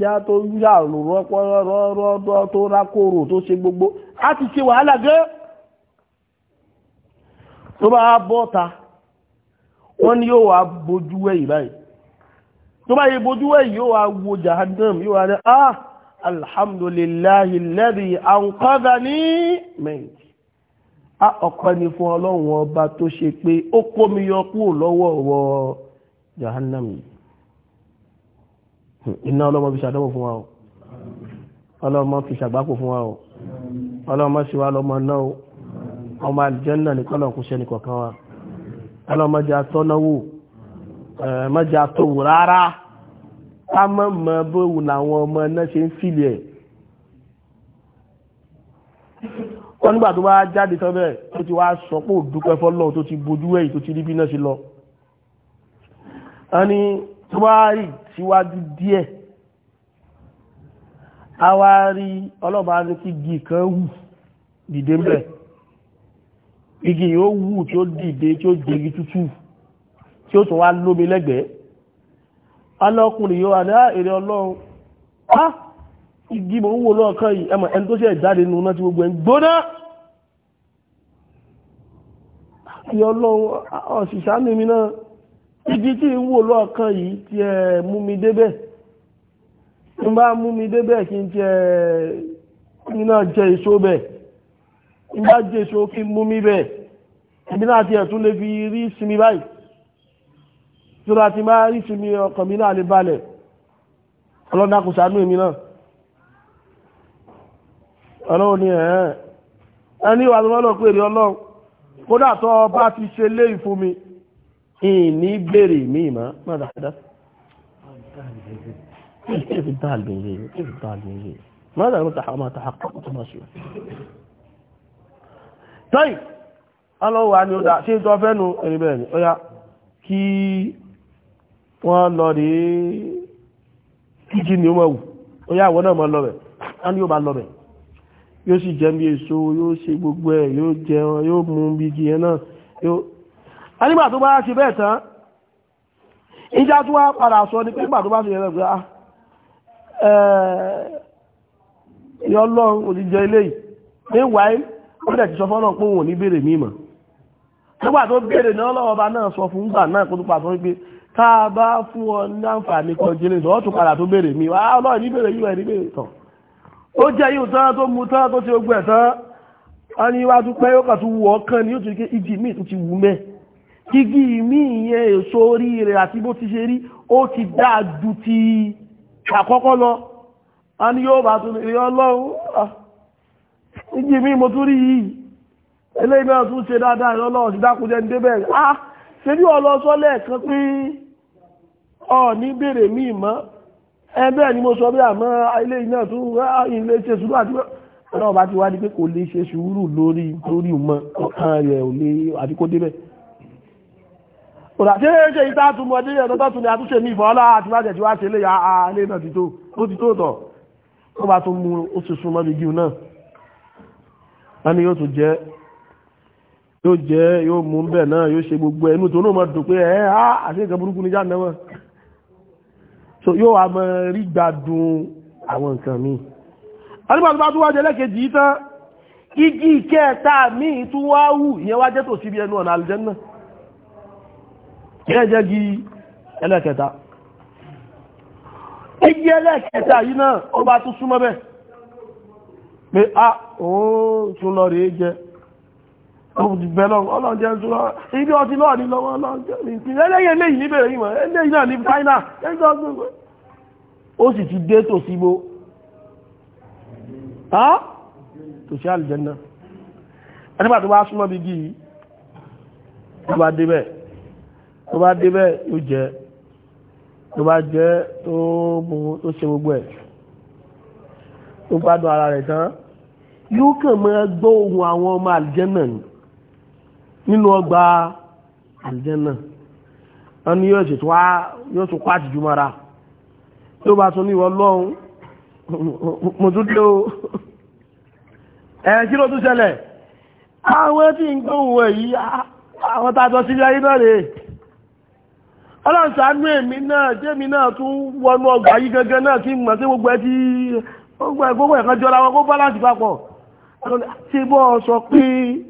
yá tó yà rọpọrọrọ tó rákòrò tó ṣe gbogbo á ti ṣe wàhálà gẹ́ tó bá bọ́ta wọ́n ni yóò wá bojú wẹ̀yìn báyìí tó bá yẹ bojú wẹ̀yìn yóò wá wo jahannam yóò wá rẹ̀ ah alhamdulillahi alladhi anqadhani mẹ́yìn a ọ̀pẹ́ ni fún ọlọ́run ọba tó ṣe pé ó kó mi yọ kúrò lọ́wọ́ wọ jahannam yìí hmm, iná ọlọ́mọ fi ṣàdánwò fún wa o ọlọ́mọ fi ṣàgbákò fún wa o ọlọ́mọ sì wá lọ́mọ náà o ọmọ àlìjẹ́nà nìkan náà kò ṣẹ́ni kọ̀ọ̀kan wa ọlọ́mọ jẹ́ atọ́náwò ẹ̀ẹ́mọ́jẹ́ atọ́wò rárá ká mọ̀ mọ̀ bóòwù làwọn ọmọ náà ṣe ń fìlì ẹ̀ wọ́n nígbà tó bá jáde tán bẹ́ẹ̀ tó ti wá sọ pé òdúpẹ́ fọ́lọ́ tó ti bojú ẹ̀yìn tó ti rí bí náà ṣe lọ wọ́n ní tó bá rí síwájú díẹ̀ a wá rí ọlọ́ba ní kí igi kan wù dìde ń bẹ̀ igi yóò wù tí ó dìde tí ó jẹ́gi tútù tí ó tún wá lómi lẹ́gbẹ̀ẹ́ alọ́kùnrin yóò àdá ah, èrè ọlọ́run á ah, igi mò ń wò lọ́ọ̀kan yìí ẹmọ̀ ẹni tó ṣe ìjáde nù náà ti gbogbo ẹ̀ gbóná ìyá ọlọ́run ọ̀ṣìṣà ní náà igi tí ń wò lọ́ọ̀kan yìí ti ẹ̀ mú mi débẹ̀ ń bá mú mi débẹ̀ kí n ti ẹ̀ mi náà jẹ èso bẹ̀ ń bá jẹ èso kí n mú mi bẹ̀ èmi náà ti ẹ̀ tún lè fi rí sinmi báyìí tó ti máa rí fi mi ọkàn mi náà lè balẹ̀ ọlọ́dà kò sànú èmi náà ọlọ́run ni ẹ̀ẹ́ ẹni wà lọ́wọ́ ọlọ́run kódà tó bá ti ṣe léyìn fún mi ìní mi wọ́n lọ rí kíjì ní ọmọ wù ó yá àwọn náà mọ́ lọ́bẹ̀ tán yóò bá lọ́bẹ̀ yóò sì jẹ́ bí èso yóò ṣe gbogbo ẹ̀ yóò jẹun yóò mú bí igi ẹ̀ náà yóò anígbà tó bá ṣe bẹ́ẹ̀ tán ìjà tó wá padà sọ ní pé tó bá ṣe yẹn lẹ́gbẹ̀ẹ́ ẹ̀ẹ́ ah, eh, yọlọ́run òdìjọ ilé yìí meanwhile ó dẹ̀ ti sọ fọ́nà pé òun ò ní béèrè mímọ̀ nígbà tó béèrè náà lọ́wọ́ ọba náà sọ fún gbà náà kó tó pàṣọ wípé tá a bá fún ọ ní àǹfààní kan jílé ìsọ̀ ọ́tún padà tó béèrè mi wá ah, ọlọ́run ní béèrè yíò ẹ̀rí béèrè tán ó jẹ́ yíò tán tó mu tán tó ti ogun ẹ̀ a ní wá tún pẹ́ yóò kà tún wù ọ́ ni yóò tún ké igi míì tún ti wù mẹ́ igi míì yẹn èso orí rẹ̀ àti bó ti ṣe rí ó ti dáa ju ti àkọ́kọ́ lọ a ní yóò bá tún rí ọlọ́run ah, igi míì mo tún rí yìí eléyìí náà tún ṣe dáadáa ọlọ́run ti dákúnjẹ́ ní débẹ̀ ah ṣe bí ọlọ́sọ lẹ́ẹ̀kan pé ọ̀ní bèrè mí mọ́ ẹgbẹ́ ni mo sọ bí àmọ́ ilé iná tó ilé ṣe sùúrù àti ọ̀nà ọba ti wá di pé kò lè ṣe sùúrù lórí lórí mọ́ ọ̀kan rẹ̀ ò lè àti kó débẹ̀ òdàṣe ni àtúnṣe ní ìfọ́lá àti tí ya alé náà ti tó ó ti tó tọ̀ ó bá tún mú yóò jẹ yóò mú bẹ́ẹ̀ náà yóò ṣe gbogbo ẹnu tó náà máa dùn pé ẹ á àti nǹkan burúkú ní jáde náà so yóò wá mọ rí gbádùn àwọn nǹkan míì alúgbàtúgbà tó wá jẹ lẹ́kẹ̀ẹ́jì yìí tán igi ìkẹta míì tún wá wù ìyẹn wá jẹ́ tòsí bí ẹnu ọ̀nà àlùjànnà ìyẹn jẹ́ gi ẹlẹ́kẹta igi ẹlẹ́kẹta yìí náà ọba tún ó sì ti dé tó sí bó tó sí àlìjẹ́nà ẹnìbà tó bá súnmọ́ bí gí tó bá débẹ̀ tó bá débẹ̀ yóò jẹ́ tó bá jẹ́ tó mú tó ṣe gbogbo ẹ̀ tó gbádùn ara rẹ̀ tán yóò kàn mọ́ gbọ́ ohun àwọn ọmọ àlìjẹ́nà ni nínú ọgbà àlìjẹ́nà wọn ni yóò ṣètò yóò tún pàtì jù mara tí ó bá tún ní ọlọ́run mo tún dé o ẹ̀ kí ló tún ṣẹlẹ̀ àwọn tí ń gbóhùn ẹ̀ yìí àwọn tàjọ sílẹ̀ ayé náà rèé ọlọ́sàánú èmi náà jẹ́mi náà tún wọnú ọgbà yí gẹ́gẹ́ náà kí mọ̀ sí gbogbo ẹ tí gbogbo ẹ̀kan jọra wọn kó bá láti papọ̀ ṣe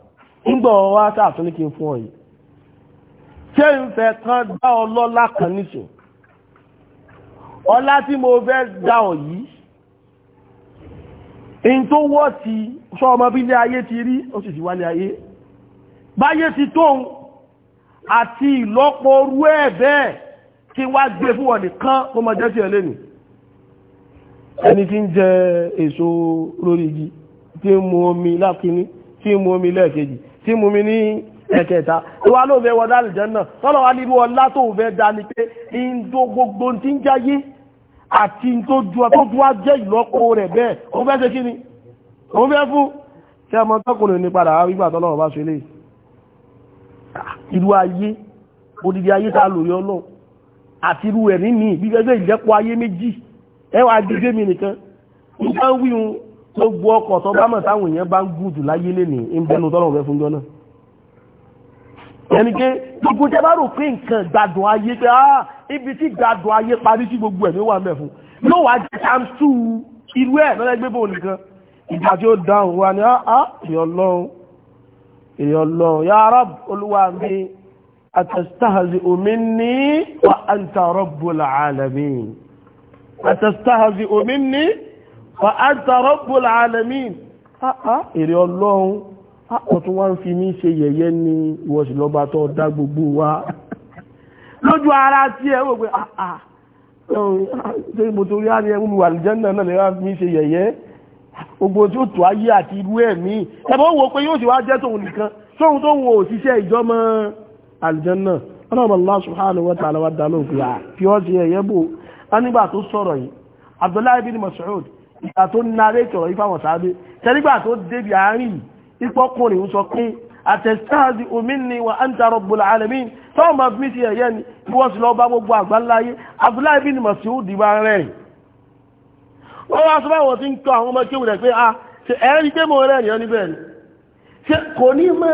ńgbọ̀ wá sáàtún ní kí n fún ọ yìí ṣé n fẹ́ kan dá ọ lọ́lá kan nìṣó ọlá tí mo fẹ́ dá ọ yìí in tó wọ́ ti sọ ọmọ bí ilé ayé ti rí ó sì ti wálé ayé báyé ti tóun àti ìlọ́pọ̀ orú ẹ̀ kí wá gbé fún ọ nìkan kó mọ jẹ́ sí ẹ ẹni tí ń jẹ èso lórí igi tí ń mu omi lákínní tí ń mu omi lẹ́ẹ̀kejì tí mú mi ní ẹ̀kẹta tó wá ló fẹ́ wọ́n dálìjẹ́ náà tọ́lọ̀ wá nínú ọlá tó fẹ́ dá ni pé ìndó gbogbo tí ń jáyé àti tó ju ọtọ́jú á jẹ́ ìlọ́po rẹ̀ bẹ́ẹ̀ òun fẹ́ ṣe kí ni òun fẹ́ fún tí ọmọ tọkùnrin ní padà wá wígbà tọ́lọ̀ bá ṣe lè irú ayé odidi ayé tá lórí ọlọ́run àti irú ẹ̀rí mi bí gẹ́gẹ́ ìlẹ́pọ̀ ayé méjì ẹwà gẹ́gẹ́ mi nìkan nǹkan wíhun gbogbo ọkọ̀ tó bá mọ̀ táwọn èèyàn bá ń gùn jù láyé lè ní ìbẹnu tọ́lọ̀ rẹ̀ fún jọ́nà ẹni pé gbogbo tẹ́ bá rò pé nǹkan gbádùn ayé pé ah ibi tí gbádùn ayé parí sí gbogbo ẹ̀ ní wà mẹ́ fún yóò wá jẹ́ ṣàmṣù irú ẹ̀ lọ́lẹ́ gbé bò nìkan ìgbà tí ó dáhùn wa ni ah ìyọlọ́run ah, ìyọlọ́run ya Rabb olúwa mi atastahzi'u wa anta rabbul alamin atastahzi'u minni wa anta rabbul alamin ah, ah, èrè ọlọ́run ọ̀tún ah, wá ń fi mí ṣe yẹ̀yẹ́ ní ìwọ̀sí lọ́ba tó dá gbogbo wa lójú ara tí ẹ wò pé ṣe mo torí á ní ẹmú mi wà lìjẹ́nà náà lè fi mí ṣe yẹ̀yẹ́ gbogbo tí ó tó ayé àti irú ẹ̀ mí ẹ̀bọ́n wo pé yóò sì wá jẹ́ tòun nìkan tóun tó wọ òṣìṣẹ́ ìjọmọ àlìjẹ́nà ọlọ́run Allah subhanahu wa ta'ala wa dá lóògùn à fi ọ́ ṣe yẹ̀yẹ́ bò á nígbà tó sọ̀rọ̀ yìí Abdullahi bin Mas'ud ìgbà tó narẹ́ ìtọ̀rọ̀ ifá wọn sáábé tẹ́lígbà tó débi àárín ìpọ́kùnrin ń sọ pé àtẹ̀sáàdì òmìnir wa ń tarọ̀ bọ̀lá alẹ́mí tọ́wọ́n máa fi ṣe ẹ̀yẹ́ ni bí wọ́n sì lọ bá gbogbo àgbáńláyé Abdullahi bin Mas'ud bá rẹ̀rìn wọ́n wá sọ báwọn tí ń tọ́ àwọn ọmọ kéwù rẹ̀ pé a ah, ṣe ẹ̀rí pé mo rẹ̀rìn ọ níbẹ̀ ni ṣe kò ní mọ́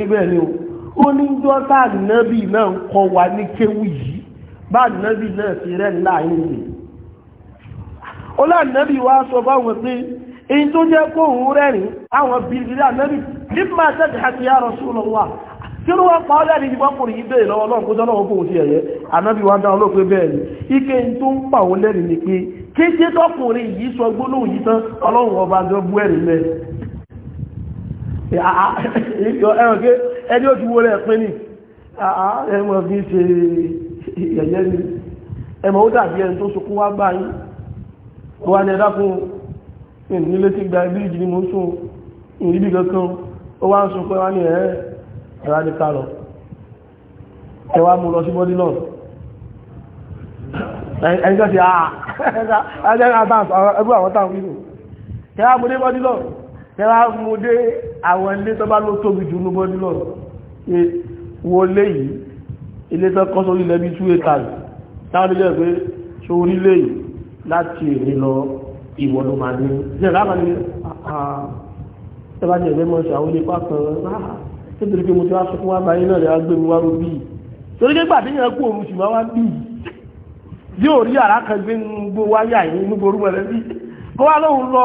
yà ó ní jọ́tà nábì náà ń kọ wa ní kéwù yìí bá nábì náà ti rẹ̀ ńlá ìrìn olóònábì wá sọ báwọn pé èyí tó jẹ́ kó òun rẹ̀rìn àwọn bìrìbìrì ànábì ní máa tẹ́jì àti yá Rasulullah kí ló wá pa ọ́ kò rí kó sí ẹ̀yẹ ike tó ń pa òun lẹ́rìn ni ẹ̀rọ ah, ah, pé ẹni ó ti wo rẹ̀ pín ní ah, ẹmọ bí ṣe yẹ̀yẹ́ ni ẹmọ ó dàbí ẹni tó sọkún wá gbá yín wà ní ẹ̀dákun nílé tí gba ibi ìjì ni mo sùn ìrìbí kankan ó wá ń sọ pé wá ní ẹ̀ ẹ̀rọ adìka lọ ẹ wá mú lọ sí bọ́dí náà ẹni tó ti àà ẹgbẹ́ àwọn táwọn wíwò ẹ wá mú dé bọ́dí náà tẹ́wà mú dé àwọn ilé tó bá ló tóbi jù lóbọ́ nílọ̀ wo lé yìí ilé tó kọ́ sórí lẹ́bí 2 acres táwọn ilé ẹgbẹ́ sórí lé yìí láti èrè lọ ìwọ̀ ló máa ní ṣe láàmà ní tẹ́bàjẹ́ ẹgbẹ́ mọ́ṣẹ́ àwọn ilé pàtàkì tẹ́bìrì pé mo ti wá sọ fún wa báyìí náà lè gbé mi wá rú torí pé gbàdé yẹn kú òru sì wá bíi yóò rí àrá kan wáyà yìí nígboro mọ̀lẹ́bí kó wá lóun lọ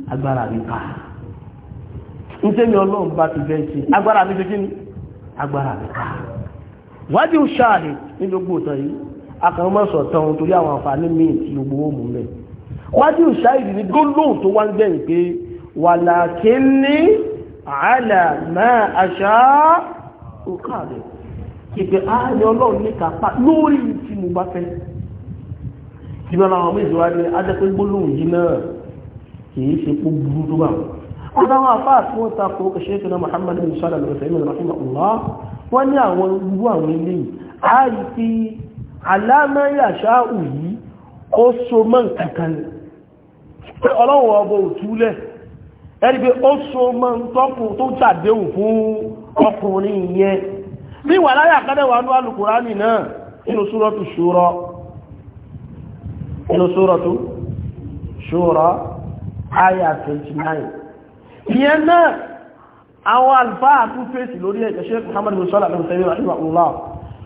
agbára mi ká ntẹ́mi ọlọ́run bá ti bẹ́ẹ̀ ṣe agbára mi ṣe kí ni agbára mi ká wájú ṣáàlì ní gbogbo ìtàn yìí akànmọ́sọ̀ tán torí àwọn àǹfààní míì tí gbogbo ó mú mẹ́ wájú ṣáàlì ní gbólóhùn tó wá ń gbẹ̀yìn pé wàlàkínní àlà máa àṣà òkà rẹ̀ ìpè ààrẹ ọlọ́run ní kápá lórí tí mo bá fẹ́ ìbára àwọn méjì wá adẹ́pẹ́gbólóhùn yìí náà kìí ṣe kó burú tó bá wọn. wọ́n dáwọn afáà tí wọ́n takò ṣẹ́tù náà Muhammad bin sọ́lá lọ́wọ́ sẹ́yìn rahimahullah wọ́n ní àwọn irú àwọn so mọ́ nǹkankan pé ọlọ́run ọbọ̀ òtúlẹ̀ ẹni pé ó so mọ́ tọ́pù tó jàdéhùn fún ọkùnrin yẹn bí wà láyà kádẹ́ wà náà inú inú aya 29 ìyẹn náà àwọn alfáà tún fèsì lórí ẹ̀jẹ̀ Sheikh Muhammad bin Salih al-Uthaymeen rahimahullah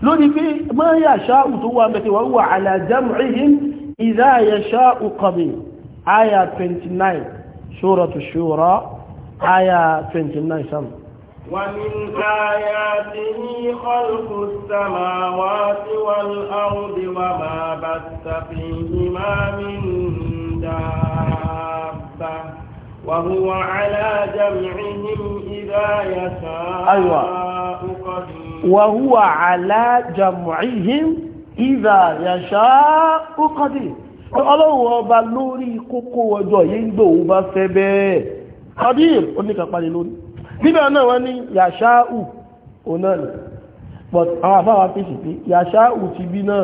lórí pé ma yasha'u tó wà mẹ́tẹ̀ wà wà ala jam'ihim idha yasha'u qabil aya 29 suratu shura aya 29 sam ومن آياته خلق السماوات والأرض وما بث فيهما من دار ربه وهو على جمعهم إذا يشاء أيوة. قدير وهو على جمعهم إذا يشاء قدير ọlọ́run ọba lórí kókó ọjọ́ yìí ń gbò bá fẹ́ bẹ́ẹ̀ qadir oníkàpàdé lórí níbẹ̀ náà wọ́n ní yàṣáù onáà ni but àwọn àfáwà fèsì pé yàṣáù ti bí náà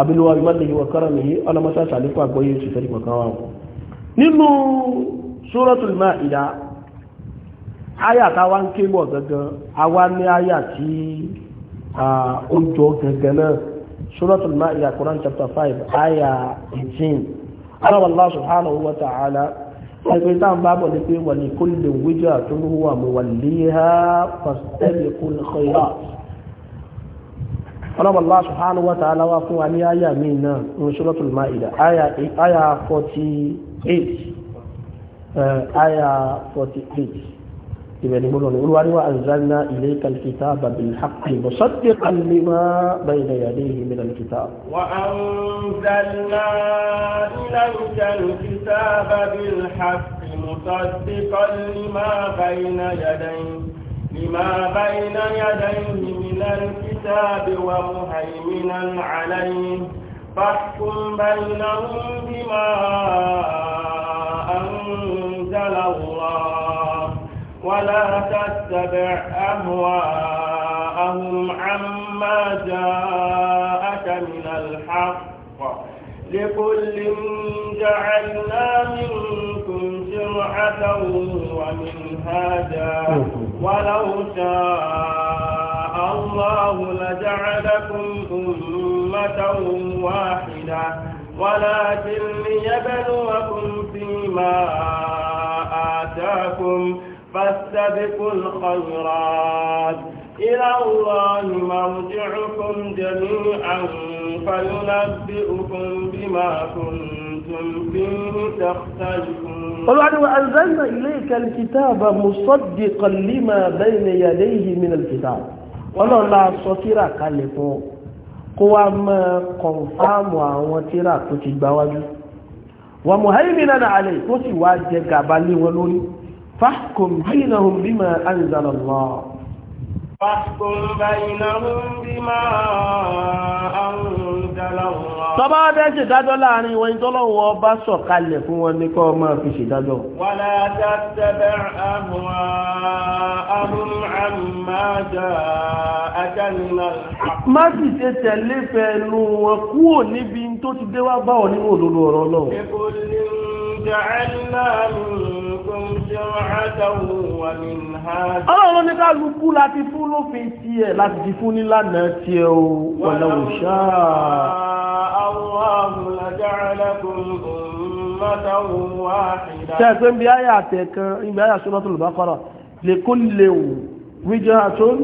abiluwa imadayi wa karamihi ọlọmọta sàlékún àgbọ́yé oṣù fẹ́ ìpọ̀kan wa nínú suratul Maida àyà táwa ń ké bọ̀ gangan àwa ní àyà tí ó jọ gangan náà suratul Maida Quran chapter five àyà eighteen aláwọ̀ Allah subhanahu wa ta'ala ẹgbẹ́ táwọn bá bọ̀ ní pé wa likulli wijatun huwa muwalliha fastabiqul khayrat ọlọ́pàá Allah subhanahu wa ta'ala wá fún wa ní àyà mi náà ní Suratul Ma'idah àyà 48 àyà 48 ibẹ̀ ni gbọ́dọ̀ ní olúwa ni wa anzalna ilayka al-kitaba bil-haqqi musaddiqan lima bayna yadayhi min al-kitab. wa anzalna ilayka al-kitaba bil-haqqi musaddiqan lima bayna yadayhi. لما بين يديه من الكتاب ومهيمنا عليه فاحكم بينهم بما أنزل الله ولا تتبع أهواءهم عما جاءك من الحق لكل جعلنا منكم شرعة ومنهاجا ولو شاء الله لجعلكم أمة واحدة ولكن ليبلوكم فيما آتاكم فاستبقوا الخيرات إلى الله مرجعكم جميعا فينبئكم بما كنتم olùwádìí anzalna ilayka alkitaba musaddiqan lima bayna yadayhi min alkitab ọlọ́run la sọ tíra kalẹ̀ fún kó wá máa kọ̀nfàmù àwọn tíra tó ti gbá wájú wa muhaiminan alayhi tó sì wá jẹ gàbálé wọn lórí fahkum bainahum bima anzala Allah tọ́bá dẹ́ ṣèdájọ́ láàrin wọn tọ́lọ́wọ́ bá sọ̀kalẹ̀ fún wọn ní kọ́ máa fi ṣèdájọ́ wàlá tàbẹ̀ àwọn ahùn àmàjà ajánilá má sì ṣe tẹ̀lé fẹ́ẹ̀lú wọn kúrò níbi tó ti dé wá báwọn nínú òdodo ọ̀rọ̀ náà ọlọ́run ní kálukú láti fún lófin tiẹ̀ láti ti fún nílànà tiẹ̀ o wọ̀nà òṣà. tẹ́ẹ̀pẹ́ ń bí ayé àtẹ̀kan ìgbé ayé Suratul Baqara likulli wijhatun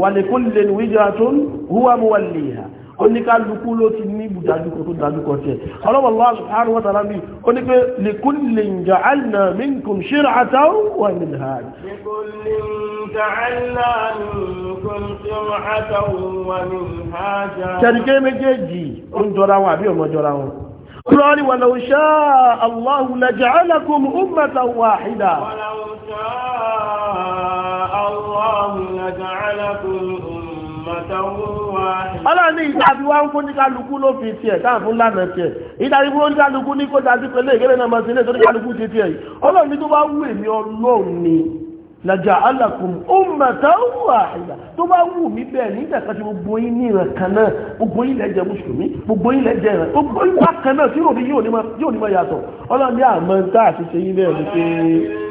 wa likulli wijhatun huwa muwalliha oníkálukú ló ti ní ibùdájúkọ tó dájúkọ tiẹ̀ Allah subhanahu wa ta'ala ó ní pé likullin ja'alna minkum shir'atan wa minhaj likullin ja'alna minkum shir'atan wa minhaja ṣẹ̀ríkẹ́ méjèèjì ó ń jọra wọn àbí ọmọ jọra wọn قال ولو شاء الله لجعلكم أمة ọlọ́run ní ìdábí wá ń fún ní kálukú ló fi tiẹ̀ táà fún lánàá tiẹ̀ ìdábí fún ní kálukú ní kó dájú pé lè gẹ́lẹ́ náà máa sílẹ̀ tó ní kálukú ti tiẹ̀ yìí ọlọ́run ní tó bá wù èmi ọlọ́run ni làjà alákùn ummatan wahida tó bá wù mí bẹ́ẹ̀ nígbà kan tí gbogbo yín ní ìran kan náà gbogbo yín lẹ jẹ́ ni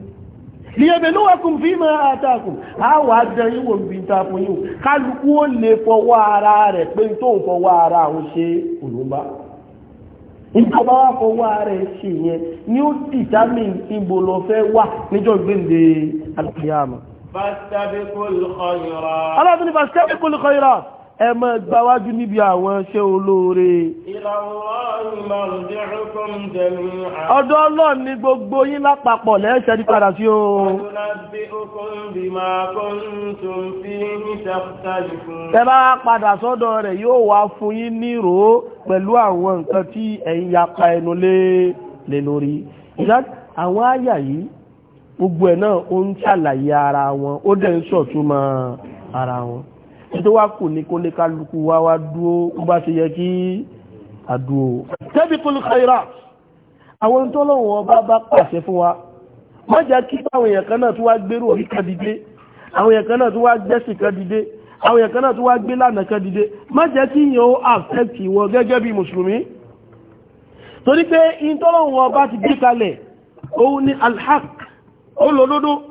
liyẹ̀bẹ̀lúwẹ̀kùn fi máa àtàkùn àwọ̀ àjẹ́ ìwò ìbìta fún yíò kálukú ó lè fọwọ́ ara rẹ̀ pé tó ń ara àwọn ṣe òlúmbá ìjọba wá fọwọ́ ara ẹ̀ ṣe yẹn ni ó dìtámì ìbò lọ fẹ́ wà níjọ́ gbéǹde alùpùpù yàmà. fàṣẹ́bí kò lùkọ́ yìí rà ẹ máa gbáwájú níbi àwọn ṣẹ́ olóore. ọ̀dọ̀ ọlọ́run ni gbogbo yín lápapọ̀ lẹ́ẹ̀ṣẹ́ ní padà sí o. ẹ bá padà sọ́dọ̀ rẹ̀ yóò wá fún yín nírò pẹ̀lú àwọn nǹkan tí ẹ̀yin yapa ẹnu lé lórí. àwọn àyà yìí gbogbo ẹ̀ náà ó ń ṣàlàyé ara wọn ó dẹ̀ ń sọ̀túnmọ́ ara wọn nítorí wá kù ní kó lè kálukú wá wá dúó ó bá ṣe yẹ kí àdúó tẹ́bí tó lè kẹ́ra àwọn tó lọ́wọ́ ọba bá pàṣẹ fún wa má jẹ́ kí àwọn èèyàn kan náà tó wá gbérò orí kan gbé lànà kan dìde má jẹ́ kí yẹn ó affect gẹ́gẹ́ bí mùsùlùmí torí pé ìtọ́lọ́wọ́ ọba ti gbé kalẹ̀ òun ni alhaq ó lòdòdó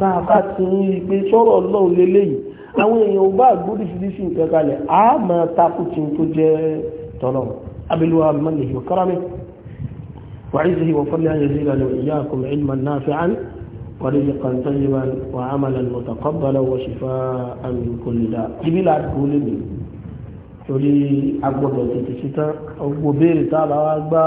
tá a bá ti ń rí i pé sọ̀rọ̀ ọlọ́run lélẹ́yìí àwọn èèyàn ò bá gbórí fìdíṣì nǹkan kalẹ̀ á máa takú tí tó jẹ́ tọ́lọ̀ abiluwa mọ́lẹ̀ yóò kára mi وعزه وفضل أن يزيدنا وإياكم علما نافعا ورزقا طيبا وعملا متقبلا وشفاء من كل داء ibi la kúlé mi torí agbọ́dọ̀ tètè síta ọgbọ béèrè tá a bá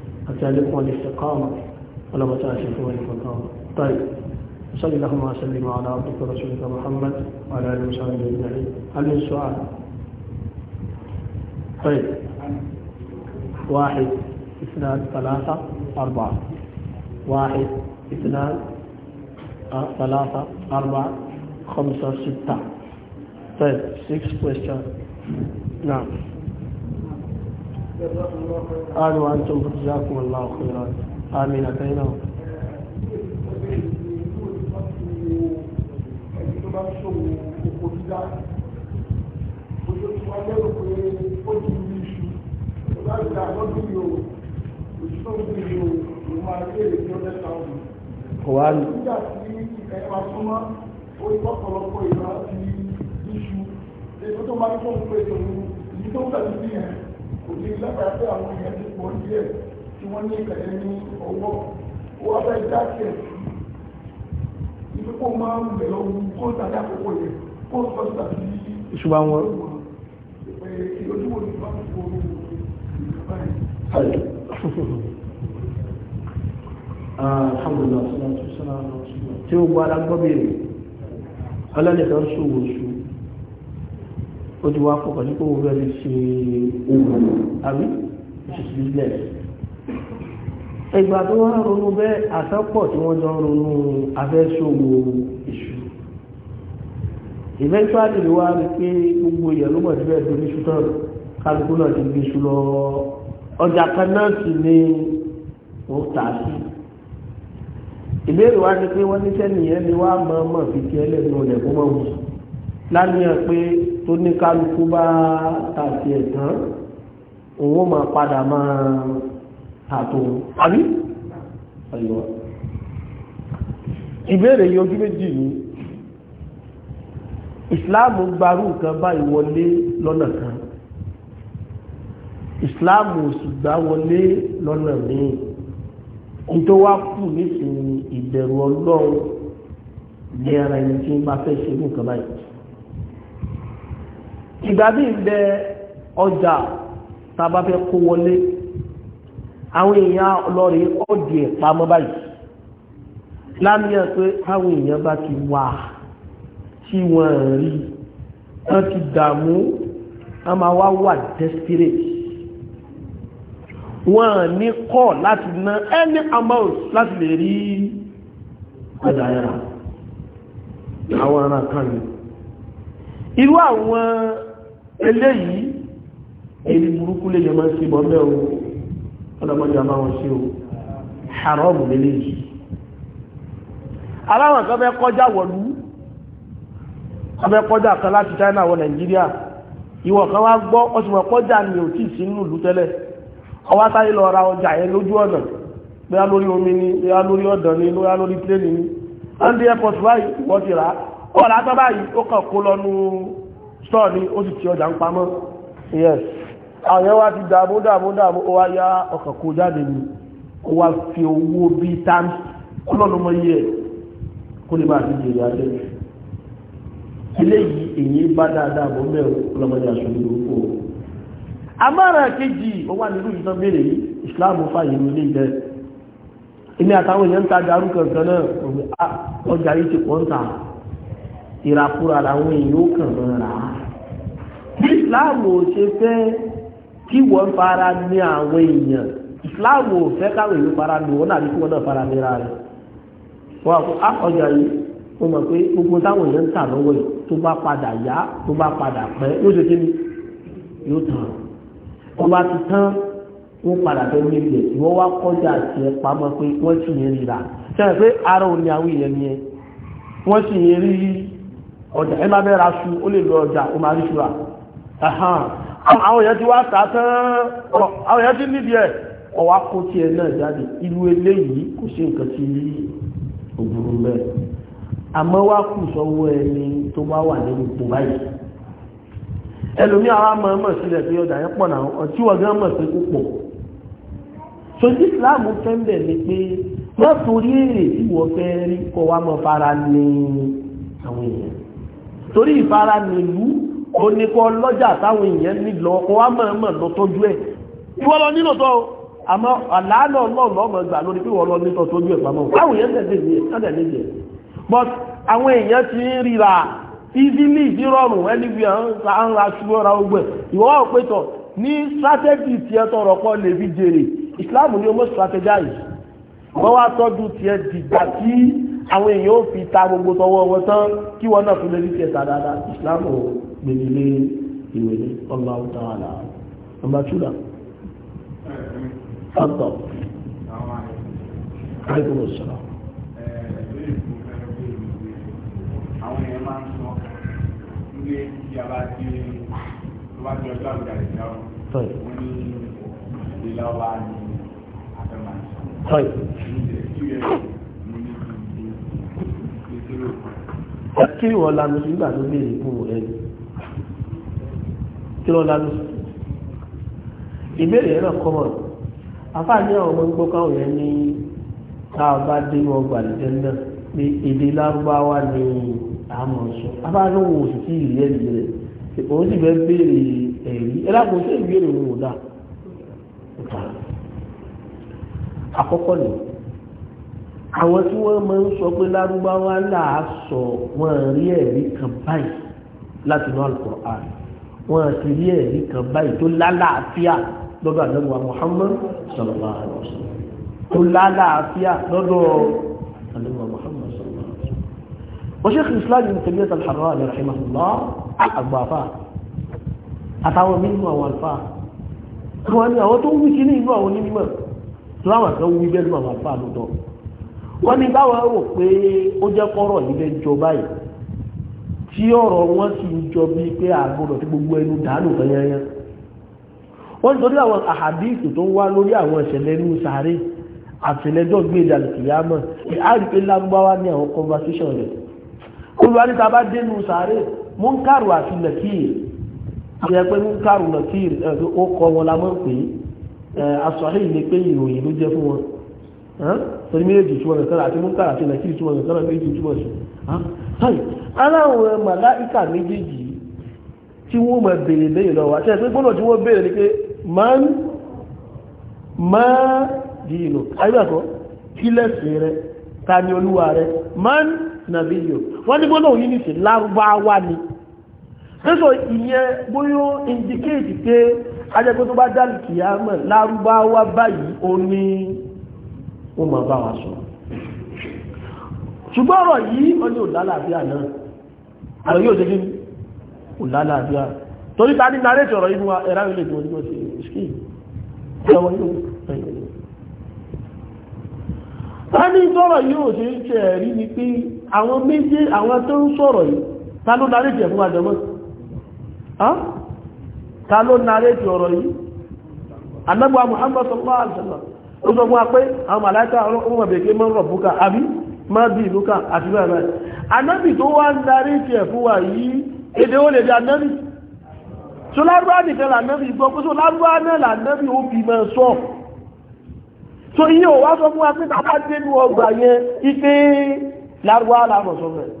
أتالكم الاستقامة ولا متأسفوا الفقامة طيب صلى الله وسلم على عبدك ورسولك محمد وعلى آله وصحبه أجمعين هل من سؤال؟ طيب واحد اثنان ثلاثة أربعة واحد اثنان ثلاثة أربعة خمسة ستة طيب 6 questions نعم قالوا أنتم جزاكم الله خيرا آمين بينهم Wàá ní. Nígbà tí ẹ̀ka súnmọ́, ó ń tọ́pọ̀lọpọ̀ ìlú àti iṣu. Èso tó máa ń tó ń pè tó ní, ìdí tó ń tẹ̀lé sí yẹn kò ní lábàá pé àwọn èèyàn ti pọ̀ díẹ̀ tí wọ́n ní ìkẹ̀lẹ́ ní owó wọ́n fẹ́ jáde ìfipò máa ń bẹ̀rẹ̀ ohun kó tàbí àkókò yẹn kó sọ tàbí ìṣúwà wọn. ìlójúwò ní wọ́n ti fọ́ ìjọba yẹn. alhamdulillah sọ́nà tó sọ́nà tí ó gbára gbọ́ bèèrè ọlọ́nìkan ṣòwò ṣòwò ó ti wá fọkàn ní kó wọ́n fẹ́ ṣe owó àbí ṣe business. ìgbà tó wá ronú bẹ́ẹ̀ àtọ́pọ̀ tí wọ́n jọ ń ronú afẹ́ṣòwò iṣu. eventually ló wá rí pé gbogbo èèyàn ló mọ̀ síbẹ̀ tó ní ṣútọ́ kálukú náà ti gbé ṣu lọ ọjà kan náà sì ni ó tà sí ìbéèrè wa ni pé wọ́n ní sẹ́niyẹn ni wọ́n á mọ̀ ọmọ fi tiẹ́ lẹ́nu rẹ̀ mọ̀ wù sí lánìyàn pé tó ní kálukú bá tàbí ẹ̀tàn òun máa padà máa tàtò àbí ọ̀yọ́ ìbéèrè yìí ojú méjì ni ìsìláàmù gbarú nǹkan báyìí wọlé lọ́nà kan ìsìláàmù sì gbá wọlé lọ́nà míì nítorí wá kù nísìnyí ìbẹ̀rù ọlọ́run lẹ́ra ẹni tí ń bá fẹ́ ṣe nǹkan báyìí ìgbà bí ìbẹ ọjà tàbá fẹ́ kó wọlé àwọn èèyàn lọ́rẹ̀ ọ̀dì ẹ̀ pamọ́ báyìí lámìyàn pé àwọn èèyàn bá ti wà tí wọ́n rí wọ́n ti dààmú wọ́n máa wá wà desperate wọ́n ní kọ́ láti ná any amount láti lè rí ọjà yẹn àwọn ará kan ní irú àwọn eléyìí èyí burúkú lè yẹ máa ń síbọ̀ mẹ́ o ọlọ́mọdé a máa wọ́n sí o haramu lélẹ́yìí aláwọn kan fẹ́ kọjá wọ̀lú abẹ́ kọjá kan láti China wọ Nàìjíríà ìwọ̀ kan wá gbọ́ ọ̀sùnwọ̀n kọjá ni ò tí sí nílùú tẹ́lẹ̀ ọwá sáyé lọ ra ọjà yẹn lójú ọ̀nà bóyá lórí omi ni bóyá lórí ọ̀dàn ni bóyá lórí pléènì ni andy airport báyìí wọ́n ti rà á ọ̀rá tán báyìí ó kàn kó lọ stọọ ni ó sì ti ọjà ń pamọ́ yes àwọn wa ti dààmú dààmú dààmú ó wá yá ọkàn jáde ó wá fi owó bíi tán ọlọ́run mọ kó lè máa fi jèrè èyí bá dáadáa bọ́ mẹ́rin ọlọ́mọdé aṣọ ìràkúrà làwọn èèyàn ó kàn máa rà á bí ìsìláàmù ò ṣe fẹ́ kí wọ́n fara ní àwọn èèyàn ìsìláàmù ò fẹ́ káwọn èèyàn fara ní wọn àbí kí wọ́n náà fara nira rẹ̀ wọ́n àpò ah, ọjà yìí ó mọ̀ pé gbogbo táwọn èèyàn ń tà lọ́wọ́ yìí tó bá padà yá tó bá padà pẹ́ yóò ṣe kí ni yóò tàn ọba ti tán wọ́n padà fẹ́ ní ilẹ̀ tí wọ́n wá kọjá àti ẹ pamọ́ pé wọ́n sì yẹn rí ra ṣe é pé ara òní àwọn èèyàn yẹn wọ́n sì yẹn rí ọjà ẹ máa bẹ́ra su ó lè lọ ọjà ó máa rí ṣúra àwọn èèyàn ti wá tà tán àwọn èèyàn ti níbi ẹ̀ ọwá kó tí ẹ náà jáde irú eléyìí kò sí nǹkan tí òbúrú bẹ́ẹ̀ àmọ́ wá kù sọ́wọ́ ẹni tó bá wà nínú ipò báyìí ẹlòmí àwọn àmọ́ mọ̀ sílẹ̀ pé ọjà yẹn pọ̀ náà ọtí wọ́n gán mọ̀ sí púpọ̀ sojú Islam fẹ́ńbẹ̀ ni pé wọ́n torí èrè tí wọ́n fẹ́ rí kọ́ wa mọ̀ fara ní àwọn èèyàn torí ìfara nílùú ó ní kọ́ lọ́jà táwọn èèyàn nílọ kọ́ wá mọ̀ọ́mọ̀ lọ tọ́jú ẹ̀ ìwọ lọ nílò tọ́ àmọ́ àlàálọ̀ ọlọ́ọ̀lọ́mọ̀ gbà lórí pé wọ́n lọ nítọ́ tọ́jú ẹ̀ pamọ́ àwọn èèyàn tẹ̀lé ní ẹ̀ but àwọn èèyàn ti ń ríra easily ìdírọ̀rùn ẹni bí à ń ra ṣúgbọ́ra ogbẹ̀ ìwọ́ òpétọ̀ ní strategy ni ó mọ́ strategize wọ́n wá tọ́jú tiẹ̀ àwọn èèyàn ó fi ta gbogbo tọwọ́ wọn tán kí wọ́n náà fún lórí kẹta dáadáa islam ò gbèdé lé ìwé ní ọlá ọ̀tá àlà ọmọ túlà ọ̀tọ̀ àìkúrò sọ̀rọ̀. àwọn kí wọ́n lanu sí ìgbà tó béèrè fún rẹ̀ kí wọ́n lanu sí ìbéèrè yẹn náà kọ́mọ̀ afáàní àwọn ọmọ gbọ́ káwọn yẹn ní tá a bá dé wọn náà èdè lárúbáwá ni àmọ̀ sọ ò sì sí àwọn tí wọ́n máa ń sọ pé lárúbáwá làá sọ wọ́n rí ẹ̀rí kan báyìí láti inú Al-Qur'an wọ́n ti rí ẹ̀rí kan báyìí tó lálàáfíà lọ́dọ̀ àdẹ́wà Muhammad sallallahu alaihi tó lálàáfíà lọ́dọ̀ àdẹ́wà Muhammad sallallahu alaihi wọ́n Sheikh Islam ibn Taymiyyah al-Harrani rahimahullah àgbàfà àtàwọn mímú àwọn àlùfà wọ́n ní àwọn tó ń wí kí ní ìlú àwọn onímọ̀ wọ́n ní báwọn rò pé ó jẹ́ kọ́rọ̀ nílé jọ tí ọ̀rọ̀ wọn sì ń jọ bí pé àgbọ̀dọ̀ tí gbogbo ẹnu wọ́n nítorí àwọn àhàdíìsì tó ń wá lórí àwọn ìṣẹ̀lẹ̀ inú sàárè àtìlẹ́jọ́ gbé ìdàlù kìyàmọ̀ lágbáwá ní àwọn conversation rẹ̀ olùwà níta bá dé inú sàárè mú ń kàrò àti mú ń kàrò ó fún wọn torí méjèèjì túmọ̀ nà sára àti múkà àti nàkìrì túmọ̀ nà sára méjèèjì túmọ̀ sí. aláwọn màláìkà méjèèjì tí wọ́n mọ̀ béèrè lẹ́yìn lọ́wọ́ àti ẹ̀sìn gbọ́dọ̀ tí wọ́n béèrè ni pé máa man máa di ìlò kí lẹ́sìn ó ma bá wa sọ ṣùgbọ́n ọ̀rọ̀ yìí wọ́n ní òlálàáfíà náà àwọn yóò dégé òlálàáfíà torí ta ní naréjì ọ̀rọ̀ inú ẹ̀rá ilé ìdíwọ̀n nígbà tí ìṣkì ẹwọ́n yóò tẹ̀yẹ̀ ni pé àwọn méje àwọn tó ń sọ̀rọ̀ yìí ta ló naréjì ẹ̀fún àjọmọ́ ó sọ fún wa pé àwọn màláìka ọmọ bèké mọ́ rọ̀ búkà àbí má bí ìlúkà àti bẹ́ẹ̀ bẹ́ẹ̀ anábì tó wá ń darí tiẹ̀ fún wa yìí èdè ó lè di anábì so lárúbá nìkan lànábì gbọ́ pé so lárúbá náà lànábì ó fi máa sọ so iye ò wá sọ fún wa pé bàbá dénú ọgbà yẹn ike lárúbá làmọ̀ sọ fẹ́ẹ́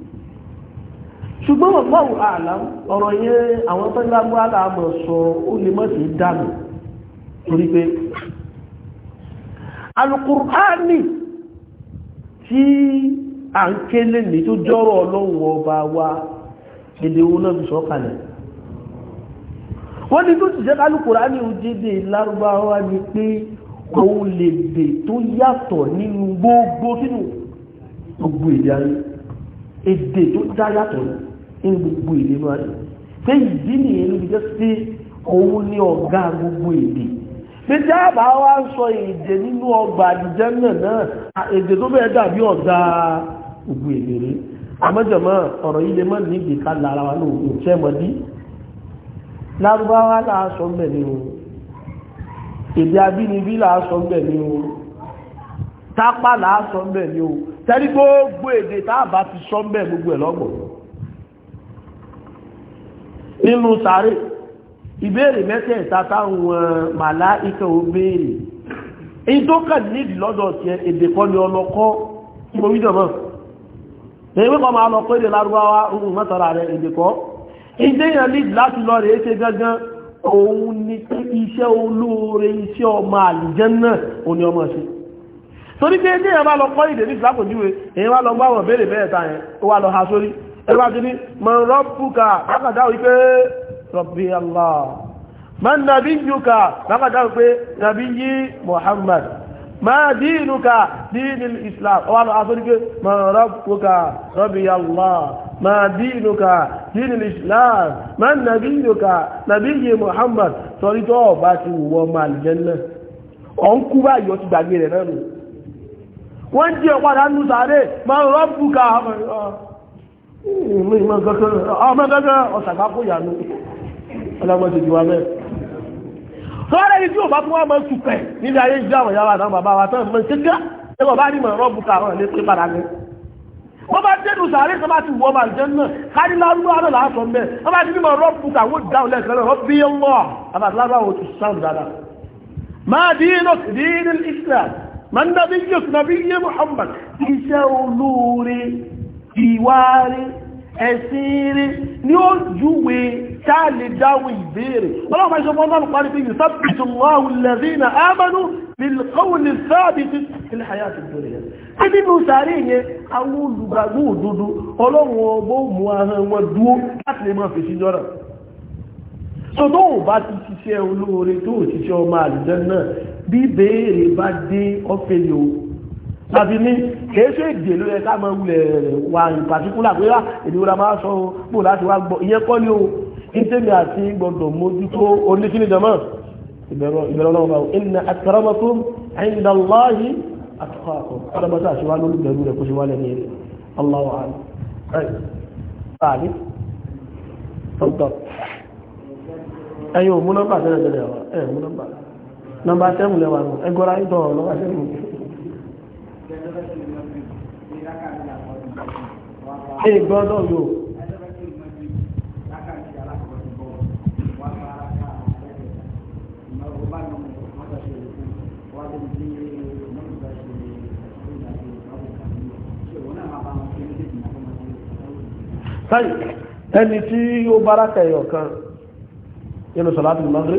ṣùgbọ́n ọ̀pọ̀wò àlá ọ̀rọ̀ yẹn àwọn tó lágbára àmọ̀ sọ ó lè mọ́ sí dànù torí pé alukur'ani tí a ń ké lè ní tó jọ́rọ̀ ọlọ́run ọba wa èdè owó náà fi sọ kalẹ̀ wọ́n ni tó ti jẹ́ alukur'ani òjèdè lárúbáwá ni pé òun lè dè tó yàtọ̀ nínú gbogbo sínú gbogbo èdè ayé èdè tó dá yàtọ̀ nínú ní gbogbo èdè máa ní pé ìdí nìyẹn ló fi jẹ́ sí òun ní ọ̀gá gbogbo èdè pé tí a bá wá ń sọ èdè nínú ọgbà àdìjẹ́ náà náà èdè tó bẹ́ẹ̀ dàbí ọ̀gá gbogbo èdè rẹ̀ àmọ́jọ̀mọ́ ọ̀rọ̀ yìí lè mọ́ ní ìgbèká lára wa lóògùn tẹ́ mọ́ bí lárúbáwá láàṣọ ń bẹ̀ ní o èdè gbogbo èdè táàbá ti sọ gbogbo ẹ̀ nínú sáré ìbéèrè mẹ́tẹ̀ẹ̀ta táwọn eh, màlá ikẹ̀ ò béèrè èyí tó kà nídìí lọ́dọ̀ ti èdè kọ́ ni ọlọ́kọ́ mo wí dọ̀mọ́ èyí kọ́ máa lọ́kọ́ èdè lárúbáwá ohun mọ́tara rẹ̀ èdè kọ́ ìdéyàn nídìí ni iṣẹ́ olóore iṣẹ́ ọmọ àlìjẹ́nà òní ọmọ ṣe torí pé ẹgbẹ́ yẹn bá lọ kọ́ ìdè ní ìsìlápòjúwe èyí wá lọ bá wọn béèrè bẹ́ẹ̀ ta lọ ha sórí ẹgbà ti ní man rabbuka lákàdá wípé rabbi allah man muhammad ma dinuka dinil islam ọwọ́n lọ asọ́ wípé man rabbuka rabbi ma dinuka muhammad sọrí tó ọba ti wọ́ ọmọ àlùjànnà ọ̀n kú báyọ̀ ti gbàgbé rẹ̀ náà nù wọ́n jẹ́ ọ̀padà ìmú ìmọ̀ kankan ọmọ kankan ọ̀sàkà kó yà ní ọlọ́mọdé ju wa mẹ́rin tọ́lá ẹni tí ò bá fún wa máa ń sùpẹ̀ nílé ayé ìjọ àwọn ìyáwó àtàwọn bàbá wa tán mọ̀ kékeré ẹ bọ̀ bá rí mọ̀ rọ́ọ̀bù ká àwọn ẹ̀lẹ́pẹ́ padà ní. wọ́n bá dénú sàárè tó bá ti wọ́ bá jẹ́ náà kárí lárúbá náà lásán mẹ́ wọ́n bá ti ìwà rí ẹ̀sìn rí ní ó júwe táàlì dáwọn ìbéèrè ọlọ́pàá ìṣọ́pọ̀ náà parí pé yìí sábìtì lọ́wọ́ lẹ́rìnà ámánú nílùkọ́wùlì sábìtì ilẹ̀ àyàtì torí ẹ̀ tí nínú sàárè yẹn àwọn olùgbàgbọ́ òdodo ọlọ́run ọgbọ́ mú ahọ́n wọn dúó láti lè tàbí ní kéèṣe èdè ló yẹ ká máa wulẹ̀ wà ní pàtíkúlà pé ah, èdè wo la máa sọ o bò láti wá gbọ́ ìyẹn kọ́ ni o ìtẹ̀mí àti gbọ́dọ̀ mójútó oníkíní jọmọ́ ìbẹ̀rẹ̀ ọlọ́run bá wọ inna akramakum inda Allahi atqakum ọlọ́mọta àṣewá lórí bẹ̀rù rẹ̀ kó ṣe wá lẹ́ni rẹ̀ Allahu àmì ẹ̀yin ò mú nọ́mbà tẹ́lẹ̀ tẹ́lẹ̀ ẹ̀ mú nọ́mbà nọ́mbà tẹ́mù lẹ́wà ẹgọ́ra ìtọ̀ nọ́mbà tẹ́mù ẹ gbọ́dọ̀ lò. sáyì ẹni tí ó bára kẹyọ kan nínú sọ̀látù mọ́rí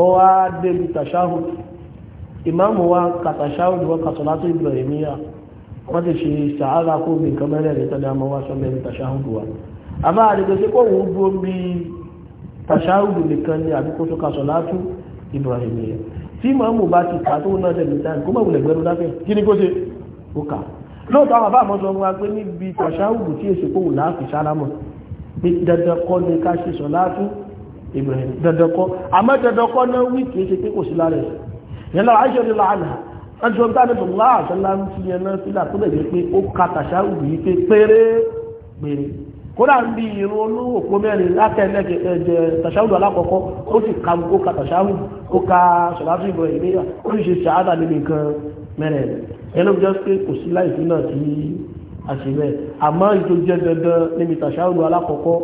ó wá débi tàṣáhùd ìmáàmù wa kàtàṣáhùd wọ́n kàtàṣáhùd Ibrahimiyya wọ́n ti ṣe sàárà kó bí nǹkan mẹ́rẹ̀ rẹ̀ tọ́lá ọmọ wá sọ́lẹ̀ ní tàṣáhùdù wa a máa rí pé sípò òun dúró bí tàṣáhùdù nìkan ní àbíkó tó ka sọ̀látù Ibrahim yẹn tí màmú bá ti kà náà tẹ̀lé táì kó mọ̀wùlẹ̀ gbẹ́rú dákẹ́ kí ni kó ṣe ó kà lóòótọ́ àwọn àbáàmọ́ sọ wa pé níbi tàṣáhùdù tí èsì kó wùlá fi sáramọ̀ pé dandan kọ́ ni ká ṣe sọ̀látù Ibrahim dandan àmọ́ dandan náà wí kì ṣe pé kò sí lára ẹ̀ yẹn lọ àìṣe wọ́n ti sọ bí táàdé bọ̀lá àṣẹlá ń fi ẹ̀nà sílà tó lè jẹ́ pé ó ka tàṣáwù yìí pé péré péré kódà ń bi irun olówó kó mẹ́rin látẹ̀lẹ́gẹ̀ ẹ̀jẹ̀ tàṣáwù alákọ̀ọ́kọ́ ó sì ka ó ka tàṣáwù ó ka sọ̀láṣù ìbọn ìléyà ó sì ṣe ṣàádà níbi nǹkan mẹ́rẹ̀ ẹ̀lú jẹ́ pé kò sí láìsí náà tí a àmọ́ ètò jẹ́ dandan níbi tàṣáwù alákọ̀ọ́kọ́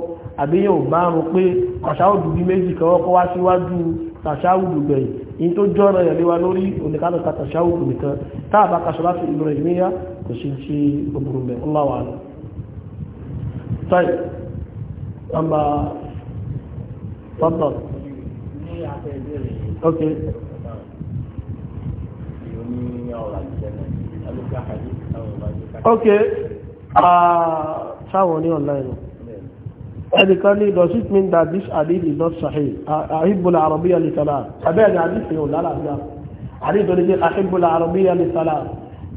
àbíyàn ò bá rún pé tàṣáwù bí méjì kan kọ́ wá síwájú tàṣáwù gbẹ̀yìn in tó jọ́rọ̀ yẹ̀ léwa lórí oníkàlù kàtà ṣáwùkù nìkan táà bá kaṣọ láti ìlú rẹ̀ níyà kò sí ti gbogbo rẹ̀ ọláwà rẹ̀ tàì nàmbà fọ́tọ̀ ok ok ah, ṣáwọn ní ọ̀la ẹnìkan ní does it mean that this hadith is not sahih ahibul arabiya li salam abẹ́ ni hadith yóò lálàáfíà hadith tó ní jẹ́ ahibul arabiya li salam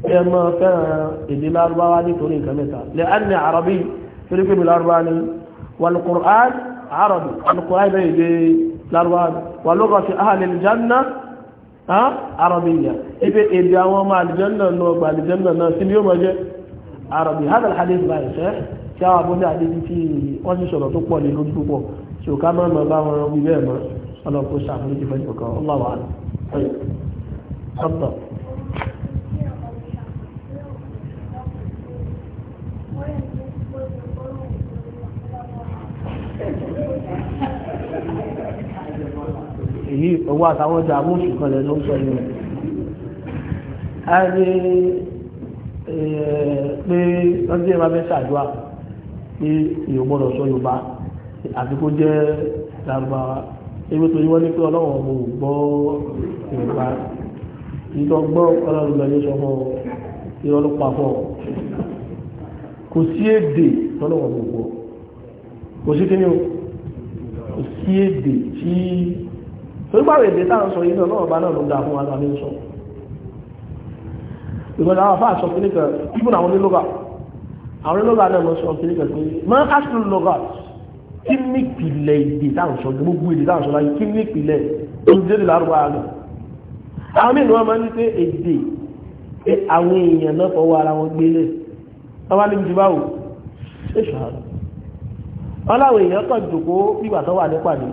ẹ mọ fẹ́ràn èdè lárúbáwá nítorí nǹkan mẹ́ta lè á ní arabi torí pé mi lárúbá ni wal qur'an arabi wal qur'an bẹ́ẹ̀ èdè lárúbáwá wal lughati ahli aljanna arabiya ibi èdè àwọn ọmọ aljanna lọ gba aljanna náà sí ni yóò mọ jẹ arabi hadal hadith báyìí sẹ́ẹ̀ ṣáà bóde àdébí tí wọ́n ti sọ̀rọ̀ tó pọ̀ lé lórí púpọ̀ tí ò ká má mọ̀ bá wọn wí bẹ́ẹ̀ mọ́ ọlọ́pọ̀ sàmúlò ti fẹ́ kọ̀ọ̀kan ọlọ́wà ọ̀tọ̀. èyí owó àtàwọn ọjà amóṣù kan lẹ́nu sọ yìí a eh, pé wọ́n jẹ́ ìrọ̀lẹ́ pé èèyàn gbọ́dọ̀ sọ yorùbá àti kó jẹ́ lárúbáwá ebi tó yí wọ́n ní pé ọlọ́wọ́n mo gbọ́ yorùbá ìtọ́ gbọ́ ọlọ́run lọ ní sọmọ irọ́ ló pa fọ́ kò sí èdè tọ́lọ́wọ́n mo gbọ́ kò sí kí ni o kò sí èdè tí torí báwo èdè táwọn sọ yìí náà lọ́wọ́ bá náà ló dà fún wa láti sọ ìgbọ́dọ̀ àwọn afáàsọ kìnnìkan ibùdó àwọn onílọ́gbà àwọn olóògbà náà lọ sọ kiri kan pé mọ asùn lọgà kí ní ìpìlẹ̀ èdè táwọn sọ gbogbo èdè táwọn sọ láyé kí ní ìpìlẹ̀ olùdédè lárúbá lọ àwọn mìíràn wọn máa ń pé èdè pé àwọn èèyàn náà fọwọ́ ara wọn gbélé wọn bá níbi tí báwò ṣe ṣàárọ̀ wọn láwọn èèyàn kàn jòkó bígbà tó wà nípàdé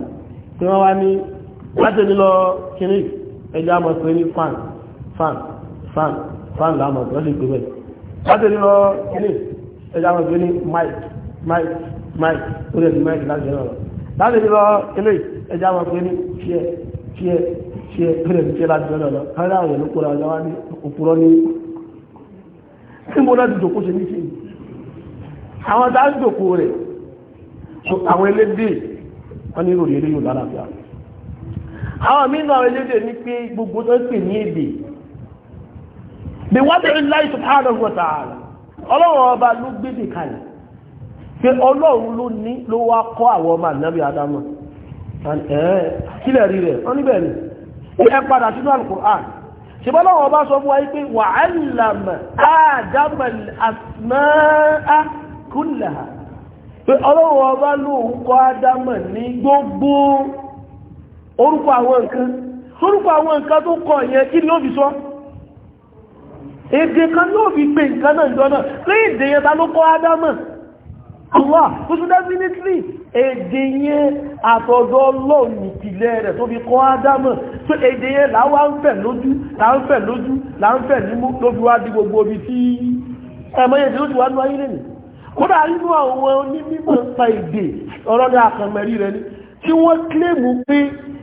pé wọn wá ní láti ní lọ kiri ẹjọ́ àmọ́ pé ní fan fan fan fan láàmọ̀ tó ṣe pé bẹ́ẹ̀ láti ní lọ kiri ẹja wọn fi ní mike mike mike ó lè ní mike láti jẹ́ lọ láti ní lọ ilé ẹja wọn fi ní ṣe ṣe ṣe ó lè ní ṣe láti jẹ́ lọ kárí àwọn ìlú kóra ọjọ́ wá ní òpùrọ́ ní níbo láti jòkó ṣe ní ṣe àwọn tá a jòkó rẹ̀ àwọn elédè wọn ní ìròyìn eléyìí ò lálàáfíà àwọn mínú àwọn elédè ní pé gbogbo tó ń pè ní èdè bí wọ́n bẹ̀rẹ̀ láì subhanahu wa ta'ala ọlọ́run ọba ló gbébè kalẹ̀ pé ọlọ́run ló ní ló wá kọ́ àwọn ọmọ ànábì adamu kílẹ̀ rí rẹ̀ wọ́n níbẹ̀ ni ẹ padà sínú Al-Qur'an ṣùgbọ́n ọba sọ fún wa pé wa 'allama èdè kan ló fi pé nǹkan náà jọ náà lé èdè yẹn ta ló kọ́ ádámọ̀ Allah ó tún definitely èdè yẹn àtọ̀dọ̀ ọlọ́run ìpìlẹ̀ rẹ̀ tó fi kọ́ ádámọ̀ tó èdè yẹn láwá ń fẹ̀ lójú là ń fẹ̀ lójú là ń fẹ̀ nímú ló fi wá di gbogbo omi tí ẹ̀mọ́yẹ̀ tí ó ti wá ní ayé lẹ́nu kódà nínú àwọn onímọ̀ pa èdè ọ̀rọ̀ ní àkànmẹ́rí rẹ̀ ni tí wọ́n kílèmù pé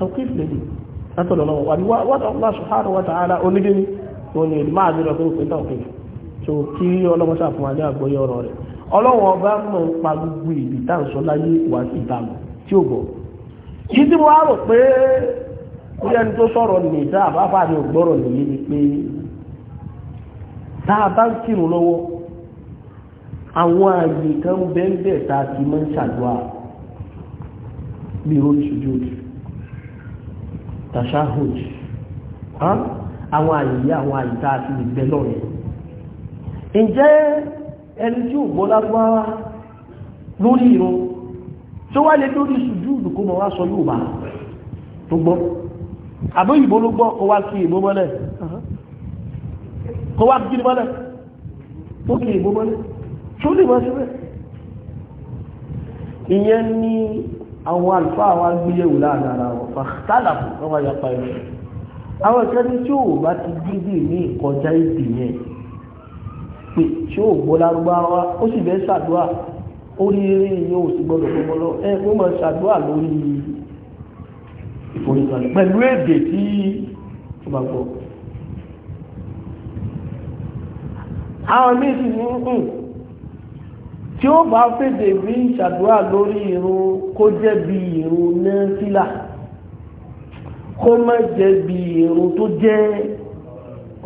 àtọ̀kí ìfìlẹ̀ látọ̀dọ̀ náà wà ní wọ́n Allah subhanahu wa ta'ala onídìní wọn ni èdè na dúró fún ìpínlẹ̀ òkè wa ọba mọ̀ gbogbo ìbí táǹsọ láyé wà sí ìbámu a àwọn àyè kan bẹ́ẹ̀ bẹ́ẹ̀ tá ti máa ń ṣàdúrà bí irú tashahud àwọn àyè àwọn àyè tá a ti lè bẹ lọ́rẹ̀ ǹjẹ́ ẹni tí ò gbọ́ lágbára lórí irun tó wá lè lórí sùjúùdù kó mọ̀ wá sọ Yorùbá tó gbọ́ àbí ìbò ló gbọ́ kó wá kí ìbò mọ́lẹ̀ kó wá kí mọ́lẹ̀ tó kí ìbò mọ́lẹ̀ tó lè wá síbẹ̀ ìyẹn ni àwọn àlùfáà àwọn agbéyẹ̀wò láàára wọn fàtàlàpù wọn wáyà pa ẹ̀rọ àwọn ìṣẹ́ni tí ò bá ti gbígbì ní ìkọjá ìdì yẹn pé tí ò gbọ́ lárúbáwá ó sì fẹ́ ṣàdúrà oríire yìí ò sì gbọ́dọ̀ gbọ́mọlọ ẹ kó mọ̀ ṣàdúrà lórí ìforíkalẹ̀ pẹ̀lú èdè tí ó bá gbọ́. àwọn méjì ní hmm, tí ó bá fèdè bí ìṣàdúrà lórí irun kó jẹ́ bí irun náà fílà kó má jẹ́ bí irun tó jẹ́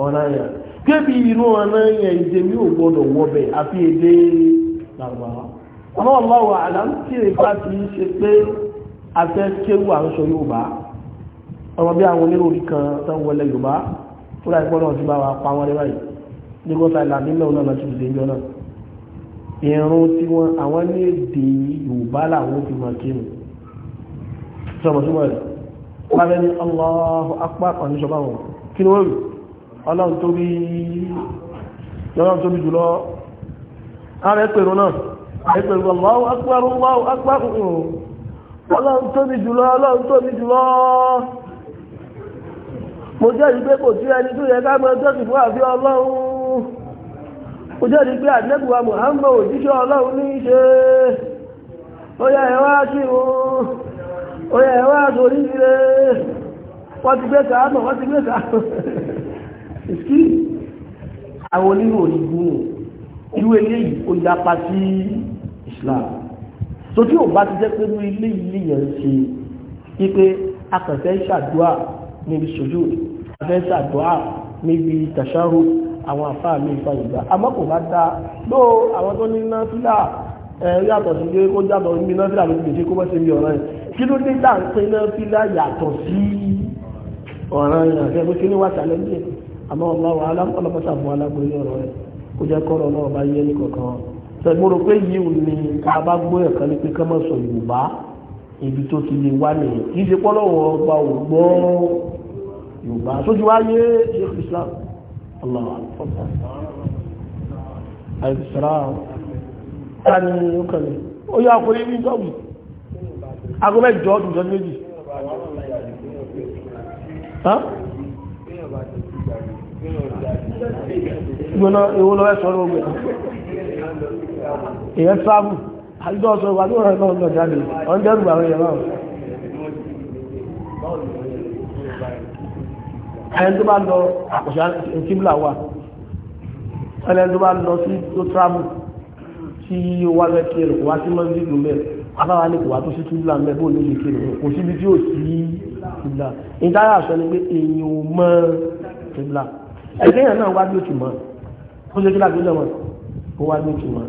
ọ̀ranyàn kébi irun ọ̀ranyàn èdè mi ò gbọdọ̀ wọbẹ̀ àfi èdè làwọn àwọn ọlọ́wọ́ àlàntìrì bá ti ṣe pé afẹ́ kéwù à ń sọ Yorùbá ọmọ bí àwọn onírúurú kan tó ń wọlé Yorùbá fúlàní gbọ́dọ̀ ti bá wa pa wọn lẹ́wàá yìí Lagos Island nílẹ̀ òun náà ti dìde ìjọ náà irun tí wọ́n àwọn ní èdè Yorùbá làwọn fi máa kí wọn sọmọsọmọ rẹ̀ pàbẹ́ ní Allahu Akbar kan ní sọba wọn kí ni wọ́n rí ọlọ́run tóbi lọ́rọ̀ tóbi jùlọ ààrẹ pẹ̀rù náà ẹgbẹ̀rù Allahu Akbar ó jẹ́ rí pé àdínẹ́bùwà Muhammad òjíṣẹ́ ọlọ́run ní í ṣe ó yẹ ẹ̀wá sí wọn ó yẹ ẹ̀wá sórí ire wọ́n ti gbé sàánù wọ́n ti gbé sàánù ìsí àwọn onírò onígun irú eléyìí ó yapa sí Islam tó tí ò bá ti jẹ́ pé ní ilé ilé yẹn ṣe wípé akànfẹ́ ṣàdúà níbi sùjúdù afẹ́ ṣàdúà níbi àwọn àfáà mi ìgbà ìgbà àmọ́ kò bá dá ló àwọn tó ní náfílà yàtọ̀ sí pé ó jàtọ̀ ní náfílà ló ti lè ṣe kó bá ṣe bí ọ̀ràn yìí kí ló dé dá ń pín náfílà yàtọ̀ sí ọ̀ràn yìí àti ẹgbẹ́ kí ní wà sálẹ̀ díẹ̀ àmọ́ Allahu a'lam ọlọ́pàá sàbọ̀ alágbóyè ọ̀rọ̀ rẹ̀ kó jẹ́ kọ́rọ̀ náà bá yẹ ní kọ̀ọ̀kan sẹgbọrọ pé yìí ò ní kábà gbọ́ ẹ̀kan ní pé ká má sọ yorùbá ibi tó ti lè wá nìyẹn kì í ṣe pọ́lọ́wọ́ ọba ò gbọ́ yorùbá الله àìsàn ta ni ó kẹ̀lẹ̀ ó yá kó yí ní jọ́bù agọ́mẹ́ jọ́ ọdún jọ méjì gbọ́nà ewu lọ́wẹ́ sọ lọ́wọ́ gbẹ̀rẹ̀ èyẹ sáàbù àjọ́ ọ̀sọ̀ ìwà ní ọ̀rọ̀ ìlọ́ọ̀lọ́ jáde ọ̀ndẹ́rù àwọn èèyàn náà ẹni tó bá lọ àkọ̀ṣà kíbla wà ẹni tó bá lọ sí tó travel tí ó wá fẹ́ kí ẹ̀rọ wá sí mọ́sí ìlú mẹ́ afáwa ní kò wá tó sí kíbla mẹ́ bó ní lè kí ẹ̀rọ kò síbi tí ó sí kíbla ìdára sọ ni pé èyàn ò mọ kíbla ẹgbẹ́ yẹn náà wá bí ó ti mọ́ ó ṣe kíbla kíbla wọn ó wá bí ó ti mọ́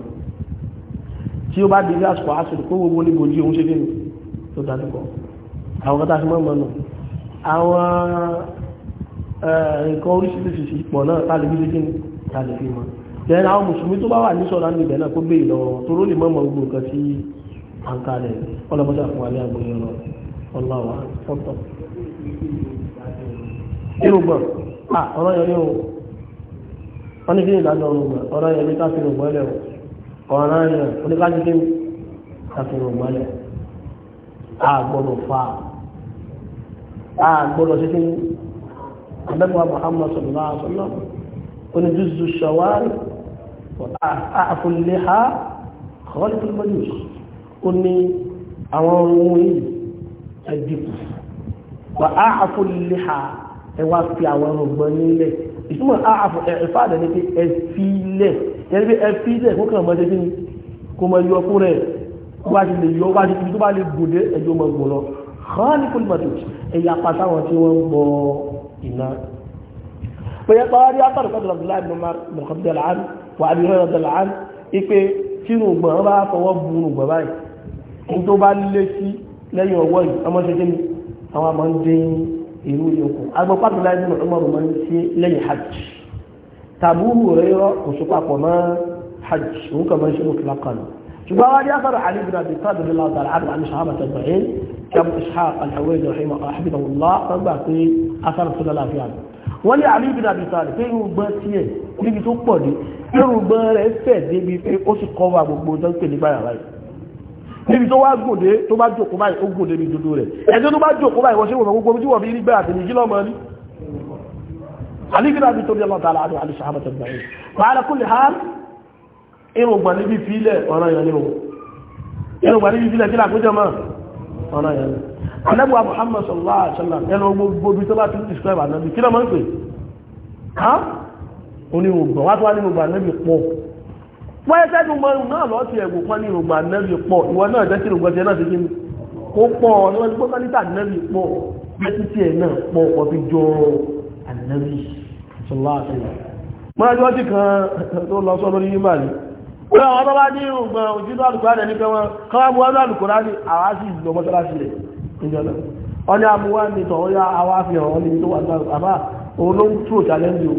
tí ó bá di ní àsìkò àsìkò kó gbogbo níbo jí òun ṣe kí ni tó dájú kọ àwọn kọta sí mọ́ mọ́ náà àwọn Eh, nǹkan oríṣiríṣi pọ̀ náà tálẹ́bí lé kíni tálẹ́bí mọ́ then àwọn musulmi tó bá wà ní sọ̀rọ̀ ní náà kó gbé ìlọ toró lè mọ́ gbogbo nǹkan sí àǹkà rẹ̀ ọlọ́mọdé àfọwà ní àgbóyè ọ̀rọ̀ ọláwà ọ̀tọ̀. o àdẹ́gbà Muhammad sallallahu alaihi wasallam oníjúzù ṣàwárí àfúnléhá kọ́lùkù mọ́jús ó ní àwọn ohun yìí ẹ̀dìkù wà áàfúnléhá ẹ wá fi àwọn ọgbọ́n nílẹ̀ ìtumọ̀ áàfù ẹ̀fà àdẹ́ni pé ẹ fi lẹ̀ yẹni pé ẹ fi lẹ̀ kó kàn mọ́tẹ́ sí ni kó mọ yọ fún rẹ̀ wá ti lè yọ wá ti fi tó bá lè gòdè ẹjọ́ mọ̀ gbọ́ lọ kọ́lùkù mọ́jús ẹ̀yà pàtàwọn tí wọ́n iná pẹ̀lú pàwárí átàrí pẹ̀lú abdullahi bin umar bin khabdi al'an wa abi hurairah al'an ipe tí rùgbọ̀n bá fọwọ́ bu rùgbọ̀n báyìí ní tó bá lé sí lẹ́yìn ọwọ́ yìí ọmọ ṣe kí ni àwọn àmọ́ ń dé ìlú yòókù agbọ́ pàtàkì láti nù ọmọ rùmọ́ sí lẹ́yìn hajj tàbí rẹ̀ yọ kò sí papọ̀ mọ́ hajj òun kàn máa ń ṣe mú kìlákan شباب علي بن أبي طالب الله تعالى عنه عن الصحابة كم إسحاق الحويج رحمه حفظه الله فما في أثر صلى الله عليه وسلم wọ́n ní àlì ìbìnà àbìsàlì pé irú gbọ́n tí ẹ̀ níbi tó pọ̀ ní irú gbọ́n rẹ̀ fẹ̀ débi pé ó sì kọ́wà gbogbo tó ń pè ní báyà báyìí níbi tó wá gòdè tó bá jòkó báyìí ó gòdè ní dodo rẹ̀ ẹjọ́ tó bá jòkó báyìí wọ́n ṣe wọ̀n gbogbo tí wọ́n fi rí gbẹ́ àti nìjí lọ́mọ ní irùngbà níbi fílẹ̀ ọ̀rọ̀ yẹn ni o irùngbà níbi fílẹ̀ kí làkójọ mọ́ ọ̀rọ̀ yẹn ni anábùwà Muhammad sallallahu alaihi wasallam ẹnu gbogbo ibi tó bá ti ń describe ànábì kí ló máa ń pè á onírùngbà wá tó wá nírùngbà ànábì pọ̀ wọ́n ẹ́ sẹ́dùn mọ́ náà lọ́ọ́ ti ẹ̀gbọ́n pọ́n nírùngbà ànábì pọ̀ ìwọ náà jẹ́ sírùngbà tiẹ̀ náà ti kí ni pọ̀ ní wọ́n ti gbọ́ kọ́lítà pọ̀ bẹ́ẹ̀ títí ẹ̀ náà pọ̀ ọ̀bí jọ ànábì sallallahu alaihi mọ́ra jọ́ sí kan tó lọ sọ lórí yíma ni ọ̀rọ̀ ọ̀rọ̀ bá ní ìrùngbọ̀n òjìdó àlùkùránì nìkan wọn kọwàá mú ọdún àlùkùránì àwá sí ìlú mọ́sálásí rẹ̀ ìjọba ọdún àmúwá ní tọ̀wọ́ yá àwá fi hàn ní tó wà àbá olóńtò challenge o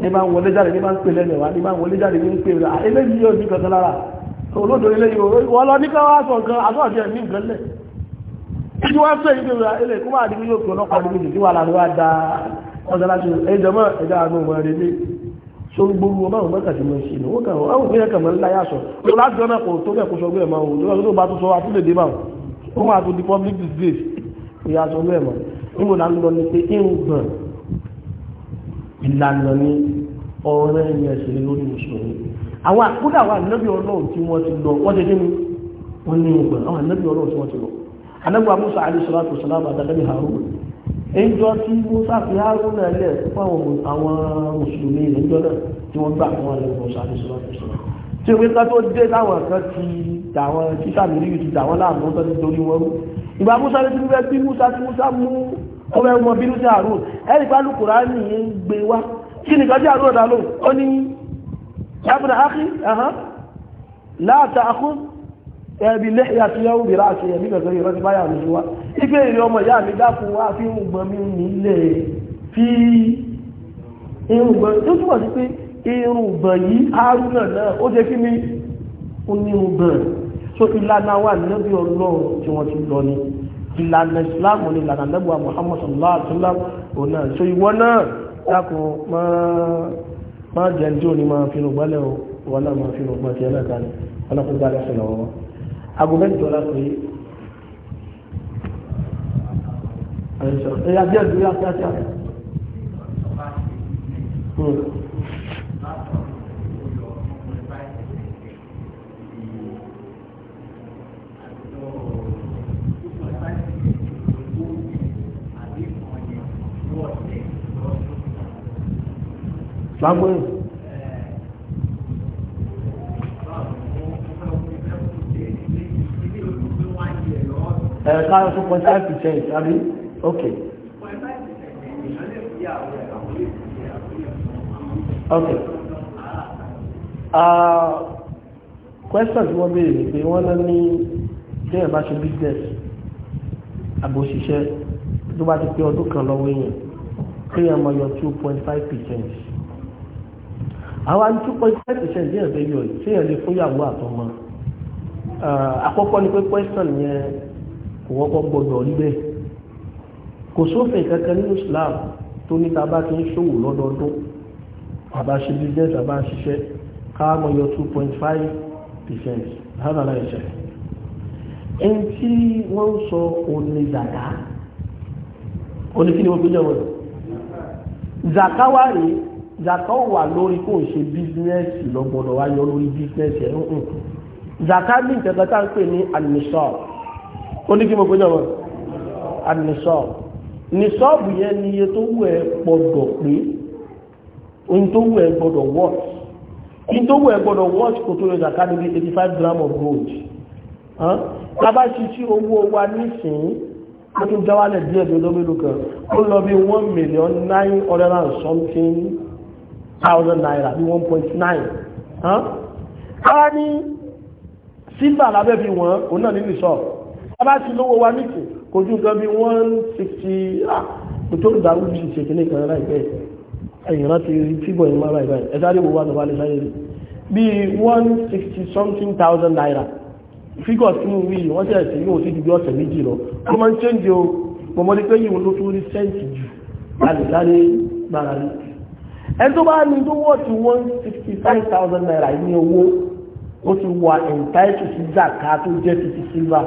ní bá ń wọlé jáde ní bá ń pè lẹ́nu wa ní bá ń wọlé jáde ní ń pè rẹ̀ eléyìí yóò ní kankan lára olódò eléyìí wọ́n lọ ní ká wá sọ nǹkan àtọ́ àti ẹ̀mí nǹkan lẹ̀ kí wọ́n wa da sórí gbogbo ọmọ àwọn mẹ́ta ti mọ̀ sí ni wọ́n kàn áwọn òfin ẹ̀kàn mọ̀ ńlá yàsọ̀ tó lájọ́ náà kò tó kẹ́kọ̀ọ́ sọ gbẹ̀mọ̀ òun tó lọ́dún bá tó sọ àtúndèdè bá wọn máa tó di public disgrace ìyá sọ gbẹ̀mọ̀ níbo la ń lọ ni pé ìǹgbọ̀n ìlànà ni ọ̀rẹ́ yẹn sì lórí mùsùlùmí àwọn àkúdà àwọn ànábì ọlọ́run tí wọ́n ti lọ wọ́n ti dé ní wọ́n ní ìǹgbọ̀n àwọn ànábì ọlọ́run tí wọ́n ti lọ ẹjọ́ tí musa fi haruna lẹ̀ fún àwọn mùsùlùmí ẹjọ́ náà tí wọ́n gbà fún ọ̀rẹ́ musa ní sọ́lọ́pùsọ́ tí ó wípé tó dé táwọn kan ti dàwọn títà lórí ti dàwọn láàmú tó ti torí wọn ìgbà musa ní tìbí bí musa tí musa mú ọmọ ẹ̀wọ̀n bínú sí àrùn ẹ̀rí pálù kùránì ń gbé wá kí nìkan tí àrùn ọ̀dà lò ó ní yàbùnà ákì láàtà àkún ẹbí lẹ́yà tí yẹ́wò bèèrè àṣẹ ẹ̀mí kẹ̀kẹ́ ìrọ́ ti báyà lójú wa ipe èrè ọmọ ìyá mi dákun wá fi ń gbọ́n mi nílẹ̀ fi irun gbọ́n tó túmọ̀ sí pé irun gbọ́n yìí haruna náà ó jẹ́ kí ní irun gbọ́n so ìlànà wa níbi ọlọ́run tí wọ́n ti lọ ni ìlànà islam ni ìlànà lẹ́bùwà muhammad sallallahu alaihi wa sallam òun náà so ìwọ náà dákun máa jẹ́ ní tí ò ní máa fi rògbálẹ̀ wọn náà máa aago mẹ́jọ la pé ẹ̀yà díẹ̀ dúró yá kíákíá. Hmm. Lágbóyè. ẹ̀ka two point five percent àbí ok. ok. Ah, question tí wọ́n béèrè pé wọ́n lọ ní bí ẹ̀ bá ṣe business àbòṣiṣẹ́ tó bá ti pé ọdún kan lọ́wọ́ èèyàn kéèyàn máa yọ two point five percent àwọn two point five percent díẹ̀ bẹ́ẹ̀ yọ ṣéèyàn lè fún ìyàwó àtọmọ ah, àkọ́kọ́ ni pé question yẹn wọ́n kọ́ gbọ́dọ̀ rí bẹ́ẹ̀ kò sófin kankan nínú Islam tó ní ta bá ń ṣòwò lọ́dọọdún àbá business àbá ṣiṣẹ́ káàmọ̀ yọ 2.5 percent hádà láì ṣe ẹni tí wọ́n ń sọ òní zàká òní kí ni wọ́n gbé jẹ́wọ́ zàká wà rí zàká wà lórí kò ń ṣe business lọ́gbọ̀dọ̀ wá yọ lórí business ẹ̀ ń hùn zàká ní ìtẹ̀kẹ́ta ń pè ní admission ó ní kí mo péjọ wọn àníṣọ́ọ̀bù níṣọ́ọ̀bù yẹn ni iye tó wù ẹ́ gbọ́dọ̀ pé ohun tó wù ẹ́ gbọ́dọ̀ wọ́t ohun tó wù ẹ́ gbọ́dọ̀ wọ́t kò tó yọ zaka níbi eighty gram of gold tábà ṣiṣẹ́ owó wa nísìnyí ó tún já wálẹ̀ díẹ̀ bí olómìnú kan ó lọ bí one million nine hundred something thousand naira bí one point nine ká ní sílvà lábẹ́ fi wọ́n òun náà nínú ìṣọ́ọ̀bù bá ti lówó wa nìkù kò ju nǹkan bí one sixty kò tó dàrú bí ṣe kìíní kan láìpẹ́ ẹ̀yìn rántí fíbọ̀ yìí máa báyìí ẹ sáré wo wà lọ́wọ́ alẹ́ sáré bí one sixty something thousand naira fígọ̀ sí mú wí wọ́n ṣẹ̀ sí yóò sí ju bí ọ̀sẹ̀ méjì lọ wọ́n máa ń ṣe ń di o mo mọ́ ní pé yìí ló tún rí sẹ́ǹtì jù láti sáré gbára rí ẹni tó bá ní tó wọ́ ti one sixty five thousand naira ní owó ó ti wà entitled sí zaka tó jẹ́ ti ti silver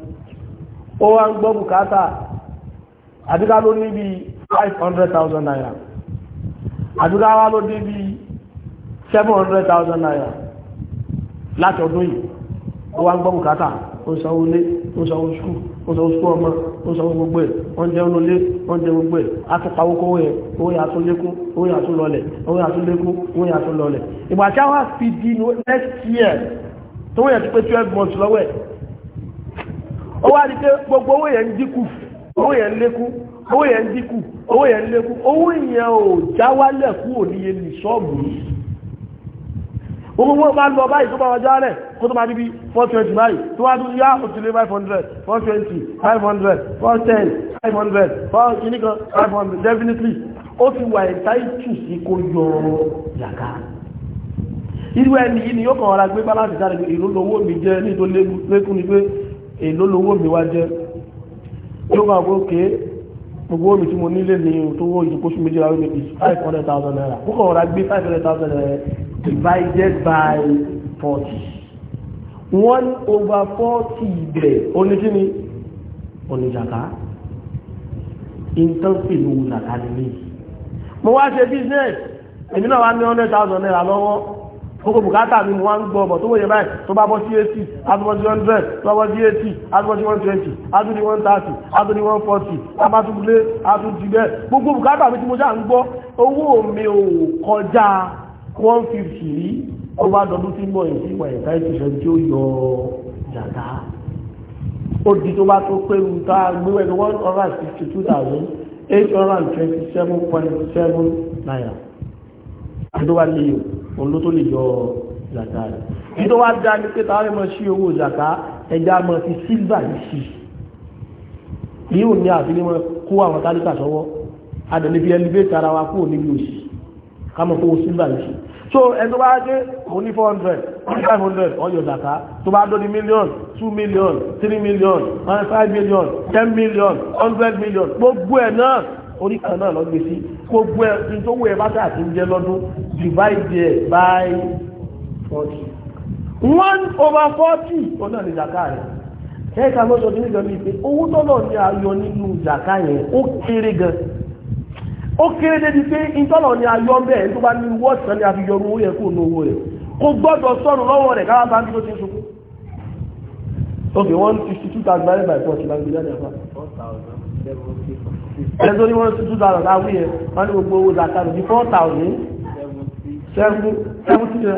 ó wá ń gbọ́ bùkátà àdúgbà ló ní bí 500,000 naira àdúgbà wá ló ní bí 700,000 naira láti ọdún yìí ó wá ń gbọ́ bùkátà ó sanwó lé ó sanwó skú ó sanwó skú ọmọ ó sanwó gbogbo ẹ̀ oúnjẹ olólé oúnjẹ gbogbo ẹ̀ a ti pawó kówó yẹn owó yà tún lékún owó yà owó yà tún next year tó wọ́n yẹ ti pé 12 months lọ́wọ́ ẹ̀ ọwa wá gbogbo owó yẹn ń dínkù owó nlekwu ń ya owó yẹn ya nlekwu owó yẹn o jawalekwu owó ọba gbogbo wọn bá lọ báyìí tó 500 wọn 500 rẹ̀ 500 definitely ó ti wà sí kó yọ yàgá irú ẹni ni yóò kàn ọ́ra gbé balance èló lówó mi wá jẹ́ ló máa gbó ké gbogbo omi tí mo nílé ní tó wó ìdíkó sí méjìlá five hundred thousand naira púpọ̀ ọ̀rá gbé five hundred thousand naira divided by forty one over forty ibẹ̀ oníkíni oníjàká nǹkan pè lówó nàkàlẹ́ mi mo wá ṣe business èmi náà wá ní hundred thousand naira lọ́wọ́ gbogbo bùkátà mi mo wá ń gbọ́ ọ̀bọ̀ tó wòye báyìí tó bá bọ́ sí eighty adúbọ̀ sí hundred tó sí eighty adúbọ̀ sí one twenty adú ní one thirty adú ní one forty abátúndé adúndígbẹ́ gbogbo bùkátà mi tí mo ṣáà ń gbọ́ owó mi ò kọjá one fifty rí ó bá dọdún tí mo ìsìn ìwà ìta ìtìṣẹ́ tí ó yọ jàdá ó di tó bá tó pé ń ta gbé ẹni one hundred and sixty two thousand eight hundred and twenty seven point seven naira àdúrà lẹ́yìn òun ló tó lè yọ zaka rẹ̀ èyí tó wá dá ní pé táwọn ẹmọ sí owó zaka ẹja mọ ti sílvà yìí sí yìí ò ní àfihàn mọ kó àwọn tálíkà sọ́wọ́ adẹ̀lẹ́ fi elevate ara wa kúrò níbi òsì ká mọ̀ kówó sílvà yìí sí so ẹni tó bá dé òun ní four hundred five hundred ọyọ zaka tó bá dóni million two million three million five million ten million hundred million gbogbo ẹ̀ náà orí kan náà lọ gbé sí gbogbo ẹ̀ tó wọ ẹ bá tà àti jẹ lọ́dún divide by forty one over forty ó náà ní zaka rẹ̀ ẹ̀ka lọ́sọ̀ ní ìjọba ìpè owó tọ́lọ̀ ní ayọ̀ nínú zaka yẹn ó kéré gan ó kéré débi pé ìtọ́lọ̀ ní ayọ̀ bẹ́ẹ̀ tó bá ní wọ́ọ̀sán ní àfihàn owó yẹn kó ní owó rẹ̀ kò gbọ́dọ̀ sọ̀rọ̀ lọ́wọ́ rẹ̀ káwá bá ń dúró sí sunkún ok one fifty two thousand nine by four ṣùgbọ́n ìgbéjáde àfa ẹni tó ní wọ́n tún túnṣà lọ́la wí ẹ̀ wọ́n ní gbogbo owó zakaro ní four thousand seventy naira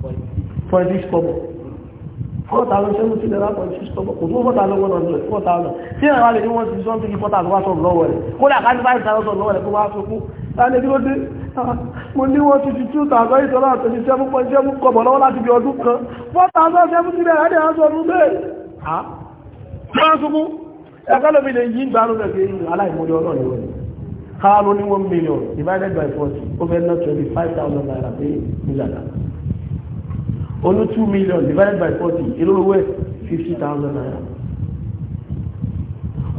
point six kọ́bọ̀ four thousand seventy naira point six kọ́bọ̀ kò tún four thousand one hundred four thousand tí ẹ̀rọ alẹ́ ní wọ́n ti thousand wá sọ̀rọ̀ lọ́wọ́ rẹ̀ five thousand lọ́wọ́ rẹ̀ kó máa sọkú láti ní ó dé ah, mo ní wọ́n ti ti two thousand eight hundred and twenty seven point seven lọ́wọ́ láti bí ọdún kan four thousand seventy naira ní àwọn sọ̀rọ̀ bẹ́ẹ̀ ah, ẹgbẹ́lómi lè yí gbàánú rẹ̀ pé aláìmọ̀lẹ́ ọlọ́run rẹ̀ káàlù ní one million divided by forty over not twenty five thousand naira pé nígbàdà olú two million divided by forty ìlólówó ẹ̀ fifty thousand naira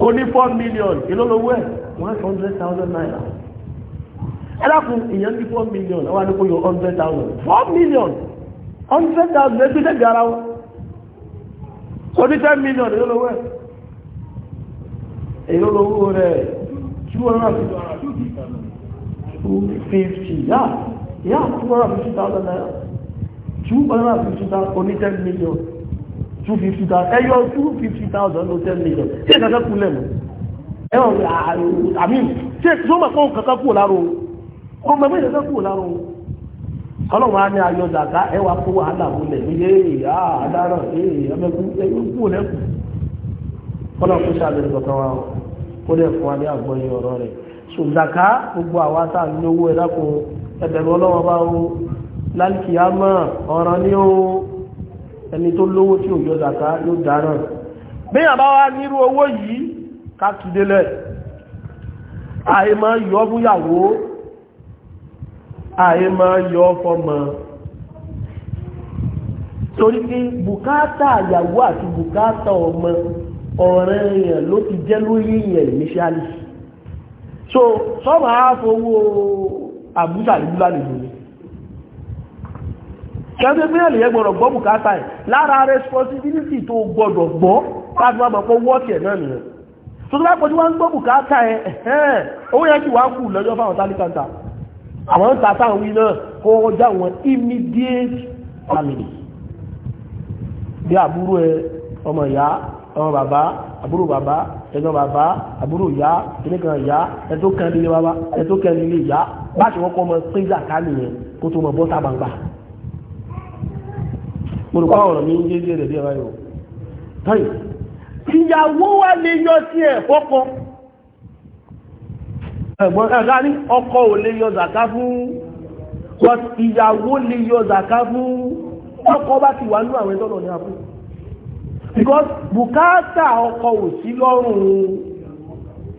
oní four million ìlólówó ẹ̀ one hundred thousand naira ẹlẹ́kùn ìyẹn ní four million àwọn àdúgbò yọ hundred thousand four million hundred thousand ẹgbẹ́ tẹ̀gbẹ́ ara wọn oní ten million ìlólówó èyí olówó rẹ̀ 250 250,000 naira 250,000 oní 10 million 250,000 ẹyọ 250,000 ló 10 million tí ẹ̀kẹ́kẹ́ kú lẹ́nu ẹ̀wọ̀n àmì tí ẹ̀kẹ́ tó mọ̀ fún kankan kú láàrùn ó mọ̀ fún kankan kú láàrùn ọlọ́run á ní ayọ̀ dàgá ẹwà kó wàhálà múlẹ̀ yéé àádáràn yéé ọmọkú ẹ̀yọ́ kú lẹ́kù ọlọ́run tó wa kó dẹ̀ fún wa ní àgbọ́yé ọ̀rọ̀ rẹ̀ so zaka gbogbo àwa tá ní owó ẹ̀dá kò ẹbẹ̀rún ọlọ́wọ́ bá o lálìkìyàmọ̀ ọ̀ràn ní o ẹni tó lówó tí ò yọ zaka yóò dáná bí àbá wa nírú owó yìí kátùdélẹ̀ àìmọ̀ yọ fúyàwó àìmọ̀ yọ fọmọ torí pé bùkátà àyàwó àti bùkátà ọmọ ọ̀rẹ́ èèyàn ló ti jẹ́ lórí èèyàn initially so sọ́mà á fowó àbúsà ìlú lálejò ni kẹ́sí pé èèyàn gbọ́dọ̀ gbọ́ bùkátà ẹ̀ lára responsibility tó gbọ́dọ̀ gbọ́ láti wọ́n mọ̀ pé wọ́ọ̀kì ẹ̀ náà nìyẹn tó tó bá pọ̀ tí wọ́n ń gbọ́ bùkátà ẹ̀ ẹ̀hẹ́n owó yẹn ti wá kù lọ́jọ́ fáwọn tálíkàntà àwọn ń wí náà kó ọjà wọn immediate family bí àbúrò ẹ ọmọ ìyá ọmọ bàbá àbúrò bàbá ẹ̀gbọ́n bàbá àbúrò ìyá kìnnìkan ìyá ẹ̀tọ́ kan nílé bàbá ẹ̀tọ́ kan nílé ìyá bá ti wọ́n kọ́ ọmọ pín zàká nìyẹn kó tó mọ bọ́tà gbangba. mo rò pé ọ̀rọ̀ mi ń yé díẹ̀ díẹ̀ báyọ̀ tọ́yì tìyàwó wa lè yọ sí ẹ̀ fọ́kọ ẹ̀gbọ́n ẹ̀gá ní ọkọ ò lè yọ zàká fún ìyàwó lè yọ zàká fún ọkọ bá ti wà nínú àwọn ẹ̀tọ́ náà ní àpò because Bukata ọkọ ò sí lọ́rùn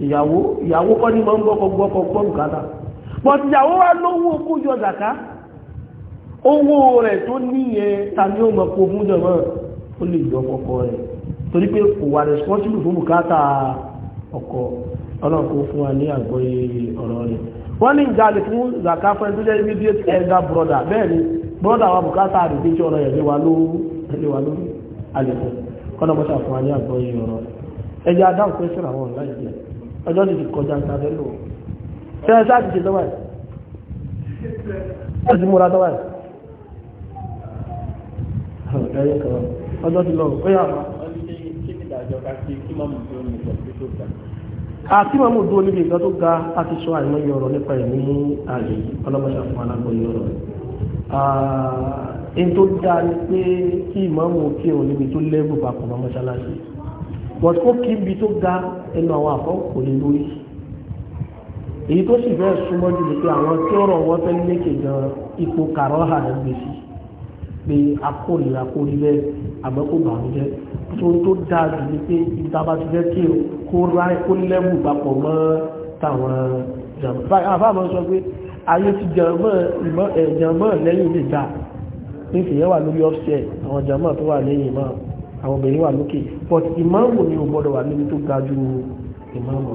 ìyàwó ìyàwó kọ́ ní máa ń gbọ́kọ̀ gbọ́kọ̀ gbọ́ bùkátà but ìyàwó wá lówó kó yọ zàká owó rẹ̀ tó níyẹn ta ni ó mọ̀ kó fún jọmọ́ ó lè yọ ọkọ rẹ̀ torí pé kò wà responsible fún Bukata ọkọ ọlọ́run kó fún wa ní àgbọ́yé ọ̀rọ̀ rẹ̀ wọ́n ní ìjà lè fún zàká fún ẹni immediate elder brother bẹ́ẹ̀ ni brother wa bùkátà àdìgbé tí ọ̀rọ̀ yẹn lé wa lórí alẹ́ fún un kọ́nà mọ́ṣà fún wa ní àgbọ̀ yìí ọ̀rọ̀ ẹjẹ́ adáhùn pé síra wọn láì jẹ ọjọ́ ti kọjá ń tàbí lò ṣe ẹ sáà ti ṣe tọ́wà ẹ ti múra tọ́wà ẹ̀yẹ kan ọjọ́ ti lọ ó yà wá. àti màmú dúró níbi ìgbà tó ga a ti sọ àìmọye ọ̀rọ̀ nípa ẹ̀mí ààyè ọlọ́mọṣà fún wa lágbọ̀ in tó dá ní pé kí ìmáàmù kí òun níbi tó lẹ́gbù papọ̀ mọ́ mọ́ṣáláṣí wọ́n tó kí ibi tó ga ẹnu àwọn àfọ́kò lé lórí èyí tó sì fẹ́ súnmọ́ jù ní pé àwọn tí ọ̀rọ̀ wọn fẹ́ lékè gan ipò kàrọ́hà ẹ̀ gbèsè pé akórira kó rí bẹ́ẹ̀ àmọ́ kó bàánú jẹ́ tó tó dáa jù ní pé ìta bá ti fẹ́ kí kó ráì kó lẹ́gbù papọ̀ mọ́ táwọn jàmbá àfáàmọ́ sọ pé ayé ti jàmbá lẹ́yìn lè pèsè yẹn wà lórí ọ́fṣẹ́ àwọn jàmọ́ tó wà lẹ́yìn imam àwọn obìnrin wà lókè but ìmáàmù ni ò gbọ́dọ̀ wà níbi tó ga ju ìmáàmù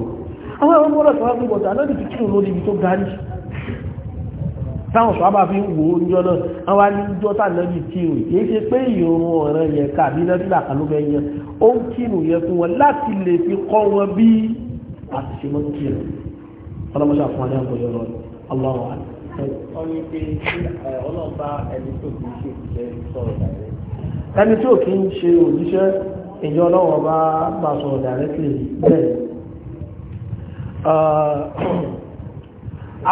àwọn àwọn ọmọdé tó wà fún bọ̀tà náà ti kírun lórí ibi tó ga jù táwọn sọ́ábà fi ń wò ó níjọ́ náà àwọn aníjọ́ tàbí kírun kìí ṣe pé ìrun ọ̀ràn yẹn ká àbí nẹ́fìlà kan ló fẹ́ yan ó ń kírun yẹn fún wọn láti lè fi kọ́ wọn bí àti ṣe mọ́ ọlọ́mọṣà fún wa ní àgbọ̀yọ̀ àti ọ̀nì pé ọlọ́ba ẹni tó kì í ṣe òṣìṣẹ́ sọ̀rọ̀ dàrẹ́. ẹni tó kì í ṣe òṣìṣẹ́ ìjọ ọlọ́wọ́ bá bá sọ̀rọ̀ dàrẹ́ kiri bẹ́ẹ̀. Uh,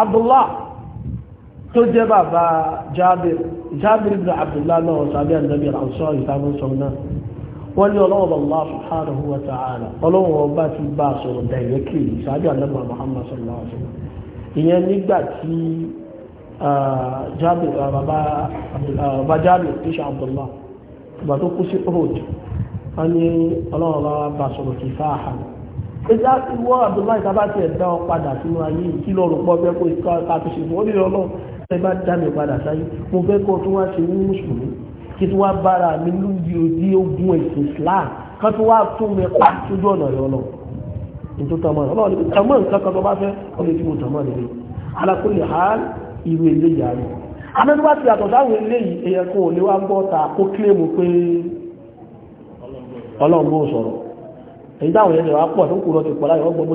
Abdullah tó jẹ́ bàbá Jabir Jabir ibn Abdullah náà sábẹ́ àdàbí àwùsọ ìtàgùn sọ náà wọ́n ní jábì bàbá jábì tíṣà abdullah ìgbà tó kú sí ohud wọ́n ní ọlọ́run bá wá bá sọ̀rọ̀ kì í fà áhà ìjà ìwọ abdullah ìtàbá ti ẹ̀dá ọ padà sínú ayé kí lọ́rùn pọ̀ fẹ́ kó ìka àtúnṣe fún ó ní ọlọ́run ẹ bá dá mi padà sáyé mo fẹ́ kó tún wá ṣe ní mùsùlùmí kí tí wá bára mi irú ilé ìyá rẹ̀ amẹ́tọ́gbà ti yàtọ̀ ilé yìí èyàn kan ò lè wá gbọ́ ta kó kílèmù pé ọlọ́run sọ̀rọ̀ èyí táwọn yẹn wá pọ̀ tó kúrò ti pọ̀ láyọ̀ ọgbọ́n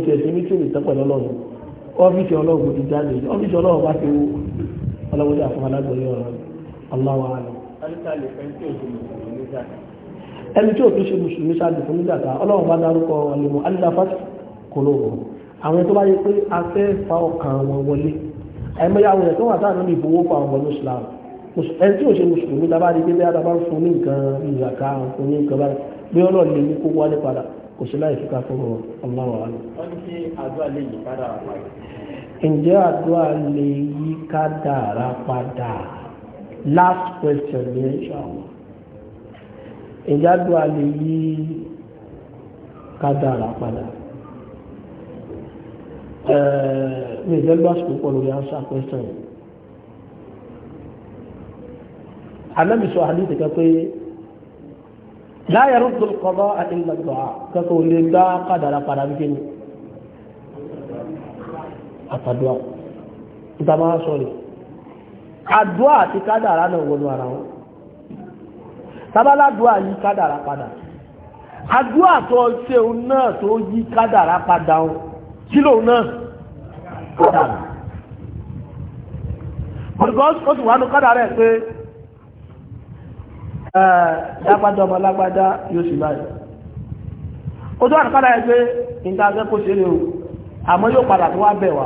àwọn tó bá yẹ pé a fẹ́ fa ọkàn wọn wọlé ẹ̀mọ́yà àwọn ẹ̀tọ́ wà táwọn ní ìfowó pa àwọn ọmọ Islam ẹni tí ò ṣe mùsùlùmí tá a bá rí pé bẹ́ẹ̀ bá ń fún ní nǹkan ìyàká fún ní nǹkan báyìí bí ọlọ́run lè ní kó wálé padà kò sí láì fika fún wọn ọlọ́run wa lọ. ǹjẹ́ àdúrà lè yí kádàrá padà last question ní ìṣàwọ̀ ǹjẹ́ àdúrà lè yí kádàrá padà. Eh, mi ì lẹ́gbàá sùn pọ̀ lórí answer question yìí. Ànábì sọ àdìsí kan pé láyé rúdú kọ́lọ́ àti ìlàgbà kẹ́kọ̀ọ́ ò lè gbá kádàrá padà bí kéde. Àtàdúrà. Ìta máa sọ rè. Àdúrà àti kádàrá náà wọnú ara wọn. Tábàlá àdúrà yí kádàrá padà. Àdúrà tó ṣe òun náà tó yí kádàrá padà wọn kí lòun náà kọ́dà olùkọ́ ó sì wà ní kọ́dà rẹ̀ pé lágbádá ọmọ lágbádá yóò sì báyìí ó tó wà ní kọ́dà rẹ̀ pé ìdájẹ́ kó ṣe lè o àmọ́ yóò padà tó wá bẹ̀ wá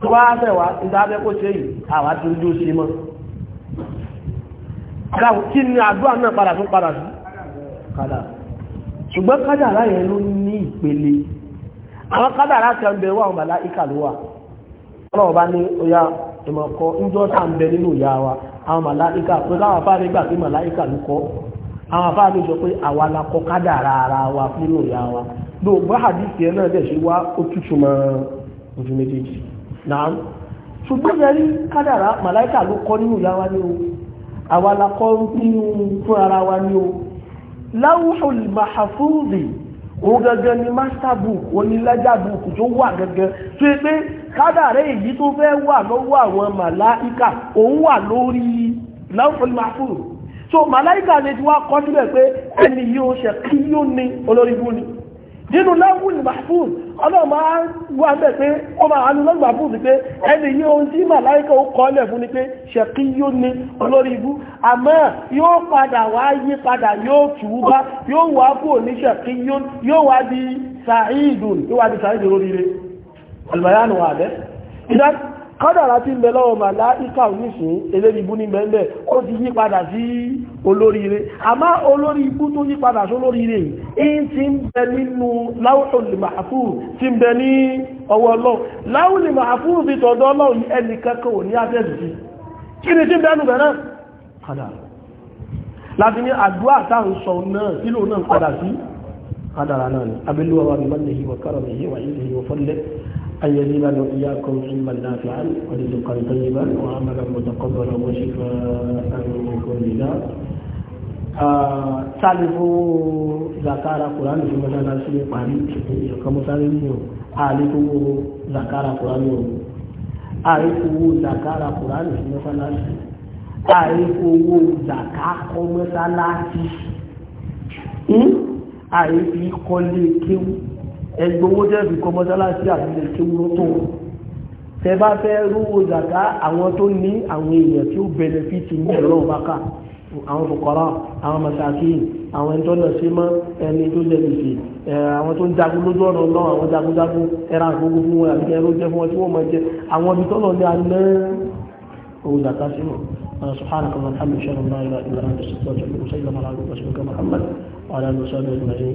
tó wá bẹ̀ wá ìdájẹ́ kó ṣe yìí àwa tó ń dúró sí mọ́ kí ni àdúrà náà padà tó padà sí kádà ṣùgbọ́n kádà láyẹ̀ ló ní ìpele àwọn kádàrá kan bẹ wà màláíkà ló wà ọlọ́wọ́ bá ní ọya ìmọ̀kọ́ ńjọ́ tá ń bẹ nínú ìyá wa àwọn màláíkà pé káwọn afá mi gbà pé màláíkà ló kọ́ àwọn afá mi sọ pé àwa la ara wa nínú ìyá wa ló bá àdìsí ẹ náà dẹ̀ ṣe wá mọ́ ojú méjèèjì náà ṣùgbọ́n yẹn rí wa o àwa la kọ́ nínú wa o láwùjọ òun gangan ni master book òun ni ledger book tó wà gangan tó yẹ pé kádàrẹ́ èyí tó fẹ́ wà lọ́wọ́ àwọn màláìkà òun wà lórí láwùfọ́lì so màláìkà ni ti wá kọ́ sílẹ̀ pé ẹni yóò ṣe kí ní olórí bú ni nínú láwùlì mahfuz ọlọ́run máa wà bẹ̀ pé ó máa hànú lọ́gbà fún sí pé ẹni yí ohun tí màláíkà ó kọ́lẹ̀ fún ni pé ṣẹ̀kí yóò ní olórí ibú àmọ́ yóò padà wá yí padà yóò tùúbá yóò wá kú ní ṣẹ̀kí yóò wá di sa'idun yóò wá di sa'idun lórí rẹ̀ albayanu kádàrá tí ń bẹ lọ́wọ́ màláíkà nísìn eléri ibú ní bẹ́ẹ̀ ó ti yí padà sí olóríire àmá olórí ibú tó yí padà sí olóríire yìí tí ń bẹ nínú láwùl mahfuz tí ń bẹ ní ọwọ́ ọlọ́run láwùl mahfuz fi tọ̀dọ̀ ọlọ́run ẹnì kẹ́kọ̀ọ́ ní àtẹ́sì sí kí ni tí أن يزيدنا إياكم علما نافعا ورزقا طيبا وعملا متقبلا وشفاء من كل داء sálífò zakara kurani fún mọ́sálá sí parí ìyọ̀kan mọ́sálá ní o àlífowó zakara kurani o àlífowó zakara kurani fún mọ́sálá sí àlífowó zaka kọ́ mọ́sálá sí àlífi kọ́lé kéwù ẹgbowó tẹ́ẹ̀fì kọ́ mọ́sálásí àtúnṣe tí wúrọ́ tó tẹ bá fẹ́ rówó zàká àwọn tó ní àwọn èèyàn tí ó bẹnẹfìtì ní ẹ̀rọ ọ̀báka àwọn fòkọ́rọ́ àwọn mọ̀sáàkì àwọn ẹni tó lọ sí mọ́ ẹni tó lẹ́nu sí àwọn tó ń jagun lójú ọ̀nà náà àwọn jagunjagun ẹran àgbógun fún wọn àti ẹran oúnjẹ fún wọn tí wọ́n máa jẹ àwọn ibi tó lọ ní aná òun zàká sí wọn. سبحانك اللهم وبحمدك اشهد ان لا اله الا انت استغفرك واتوب اليك محمد وعلى اله وصحبه اجمعين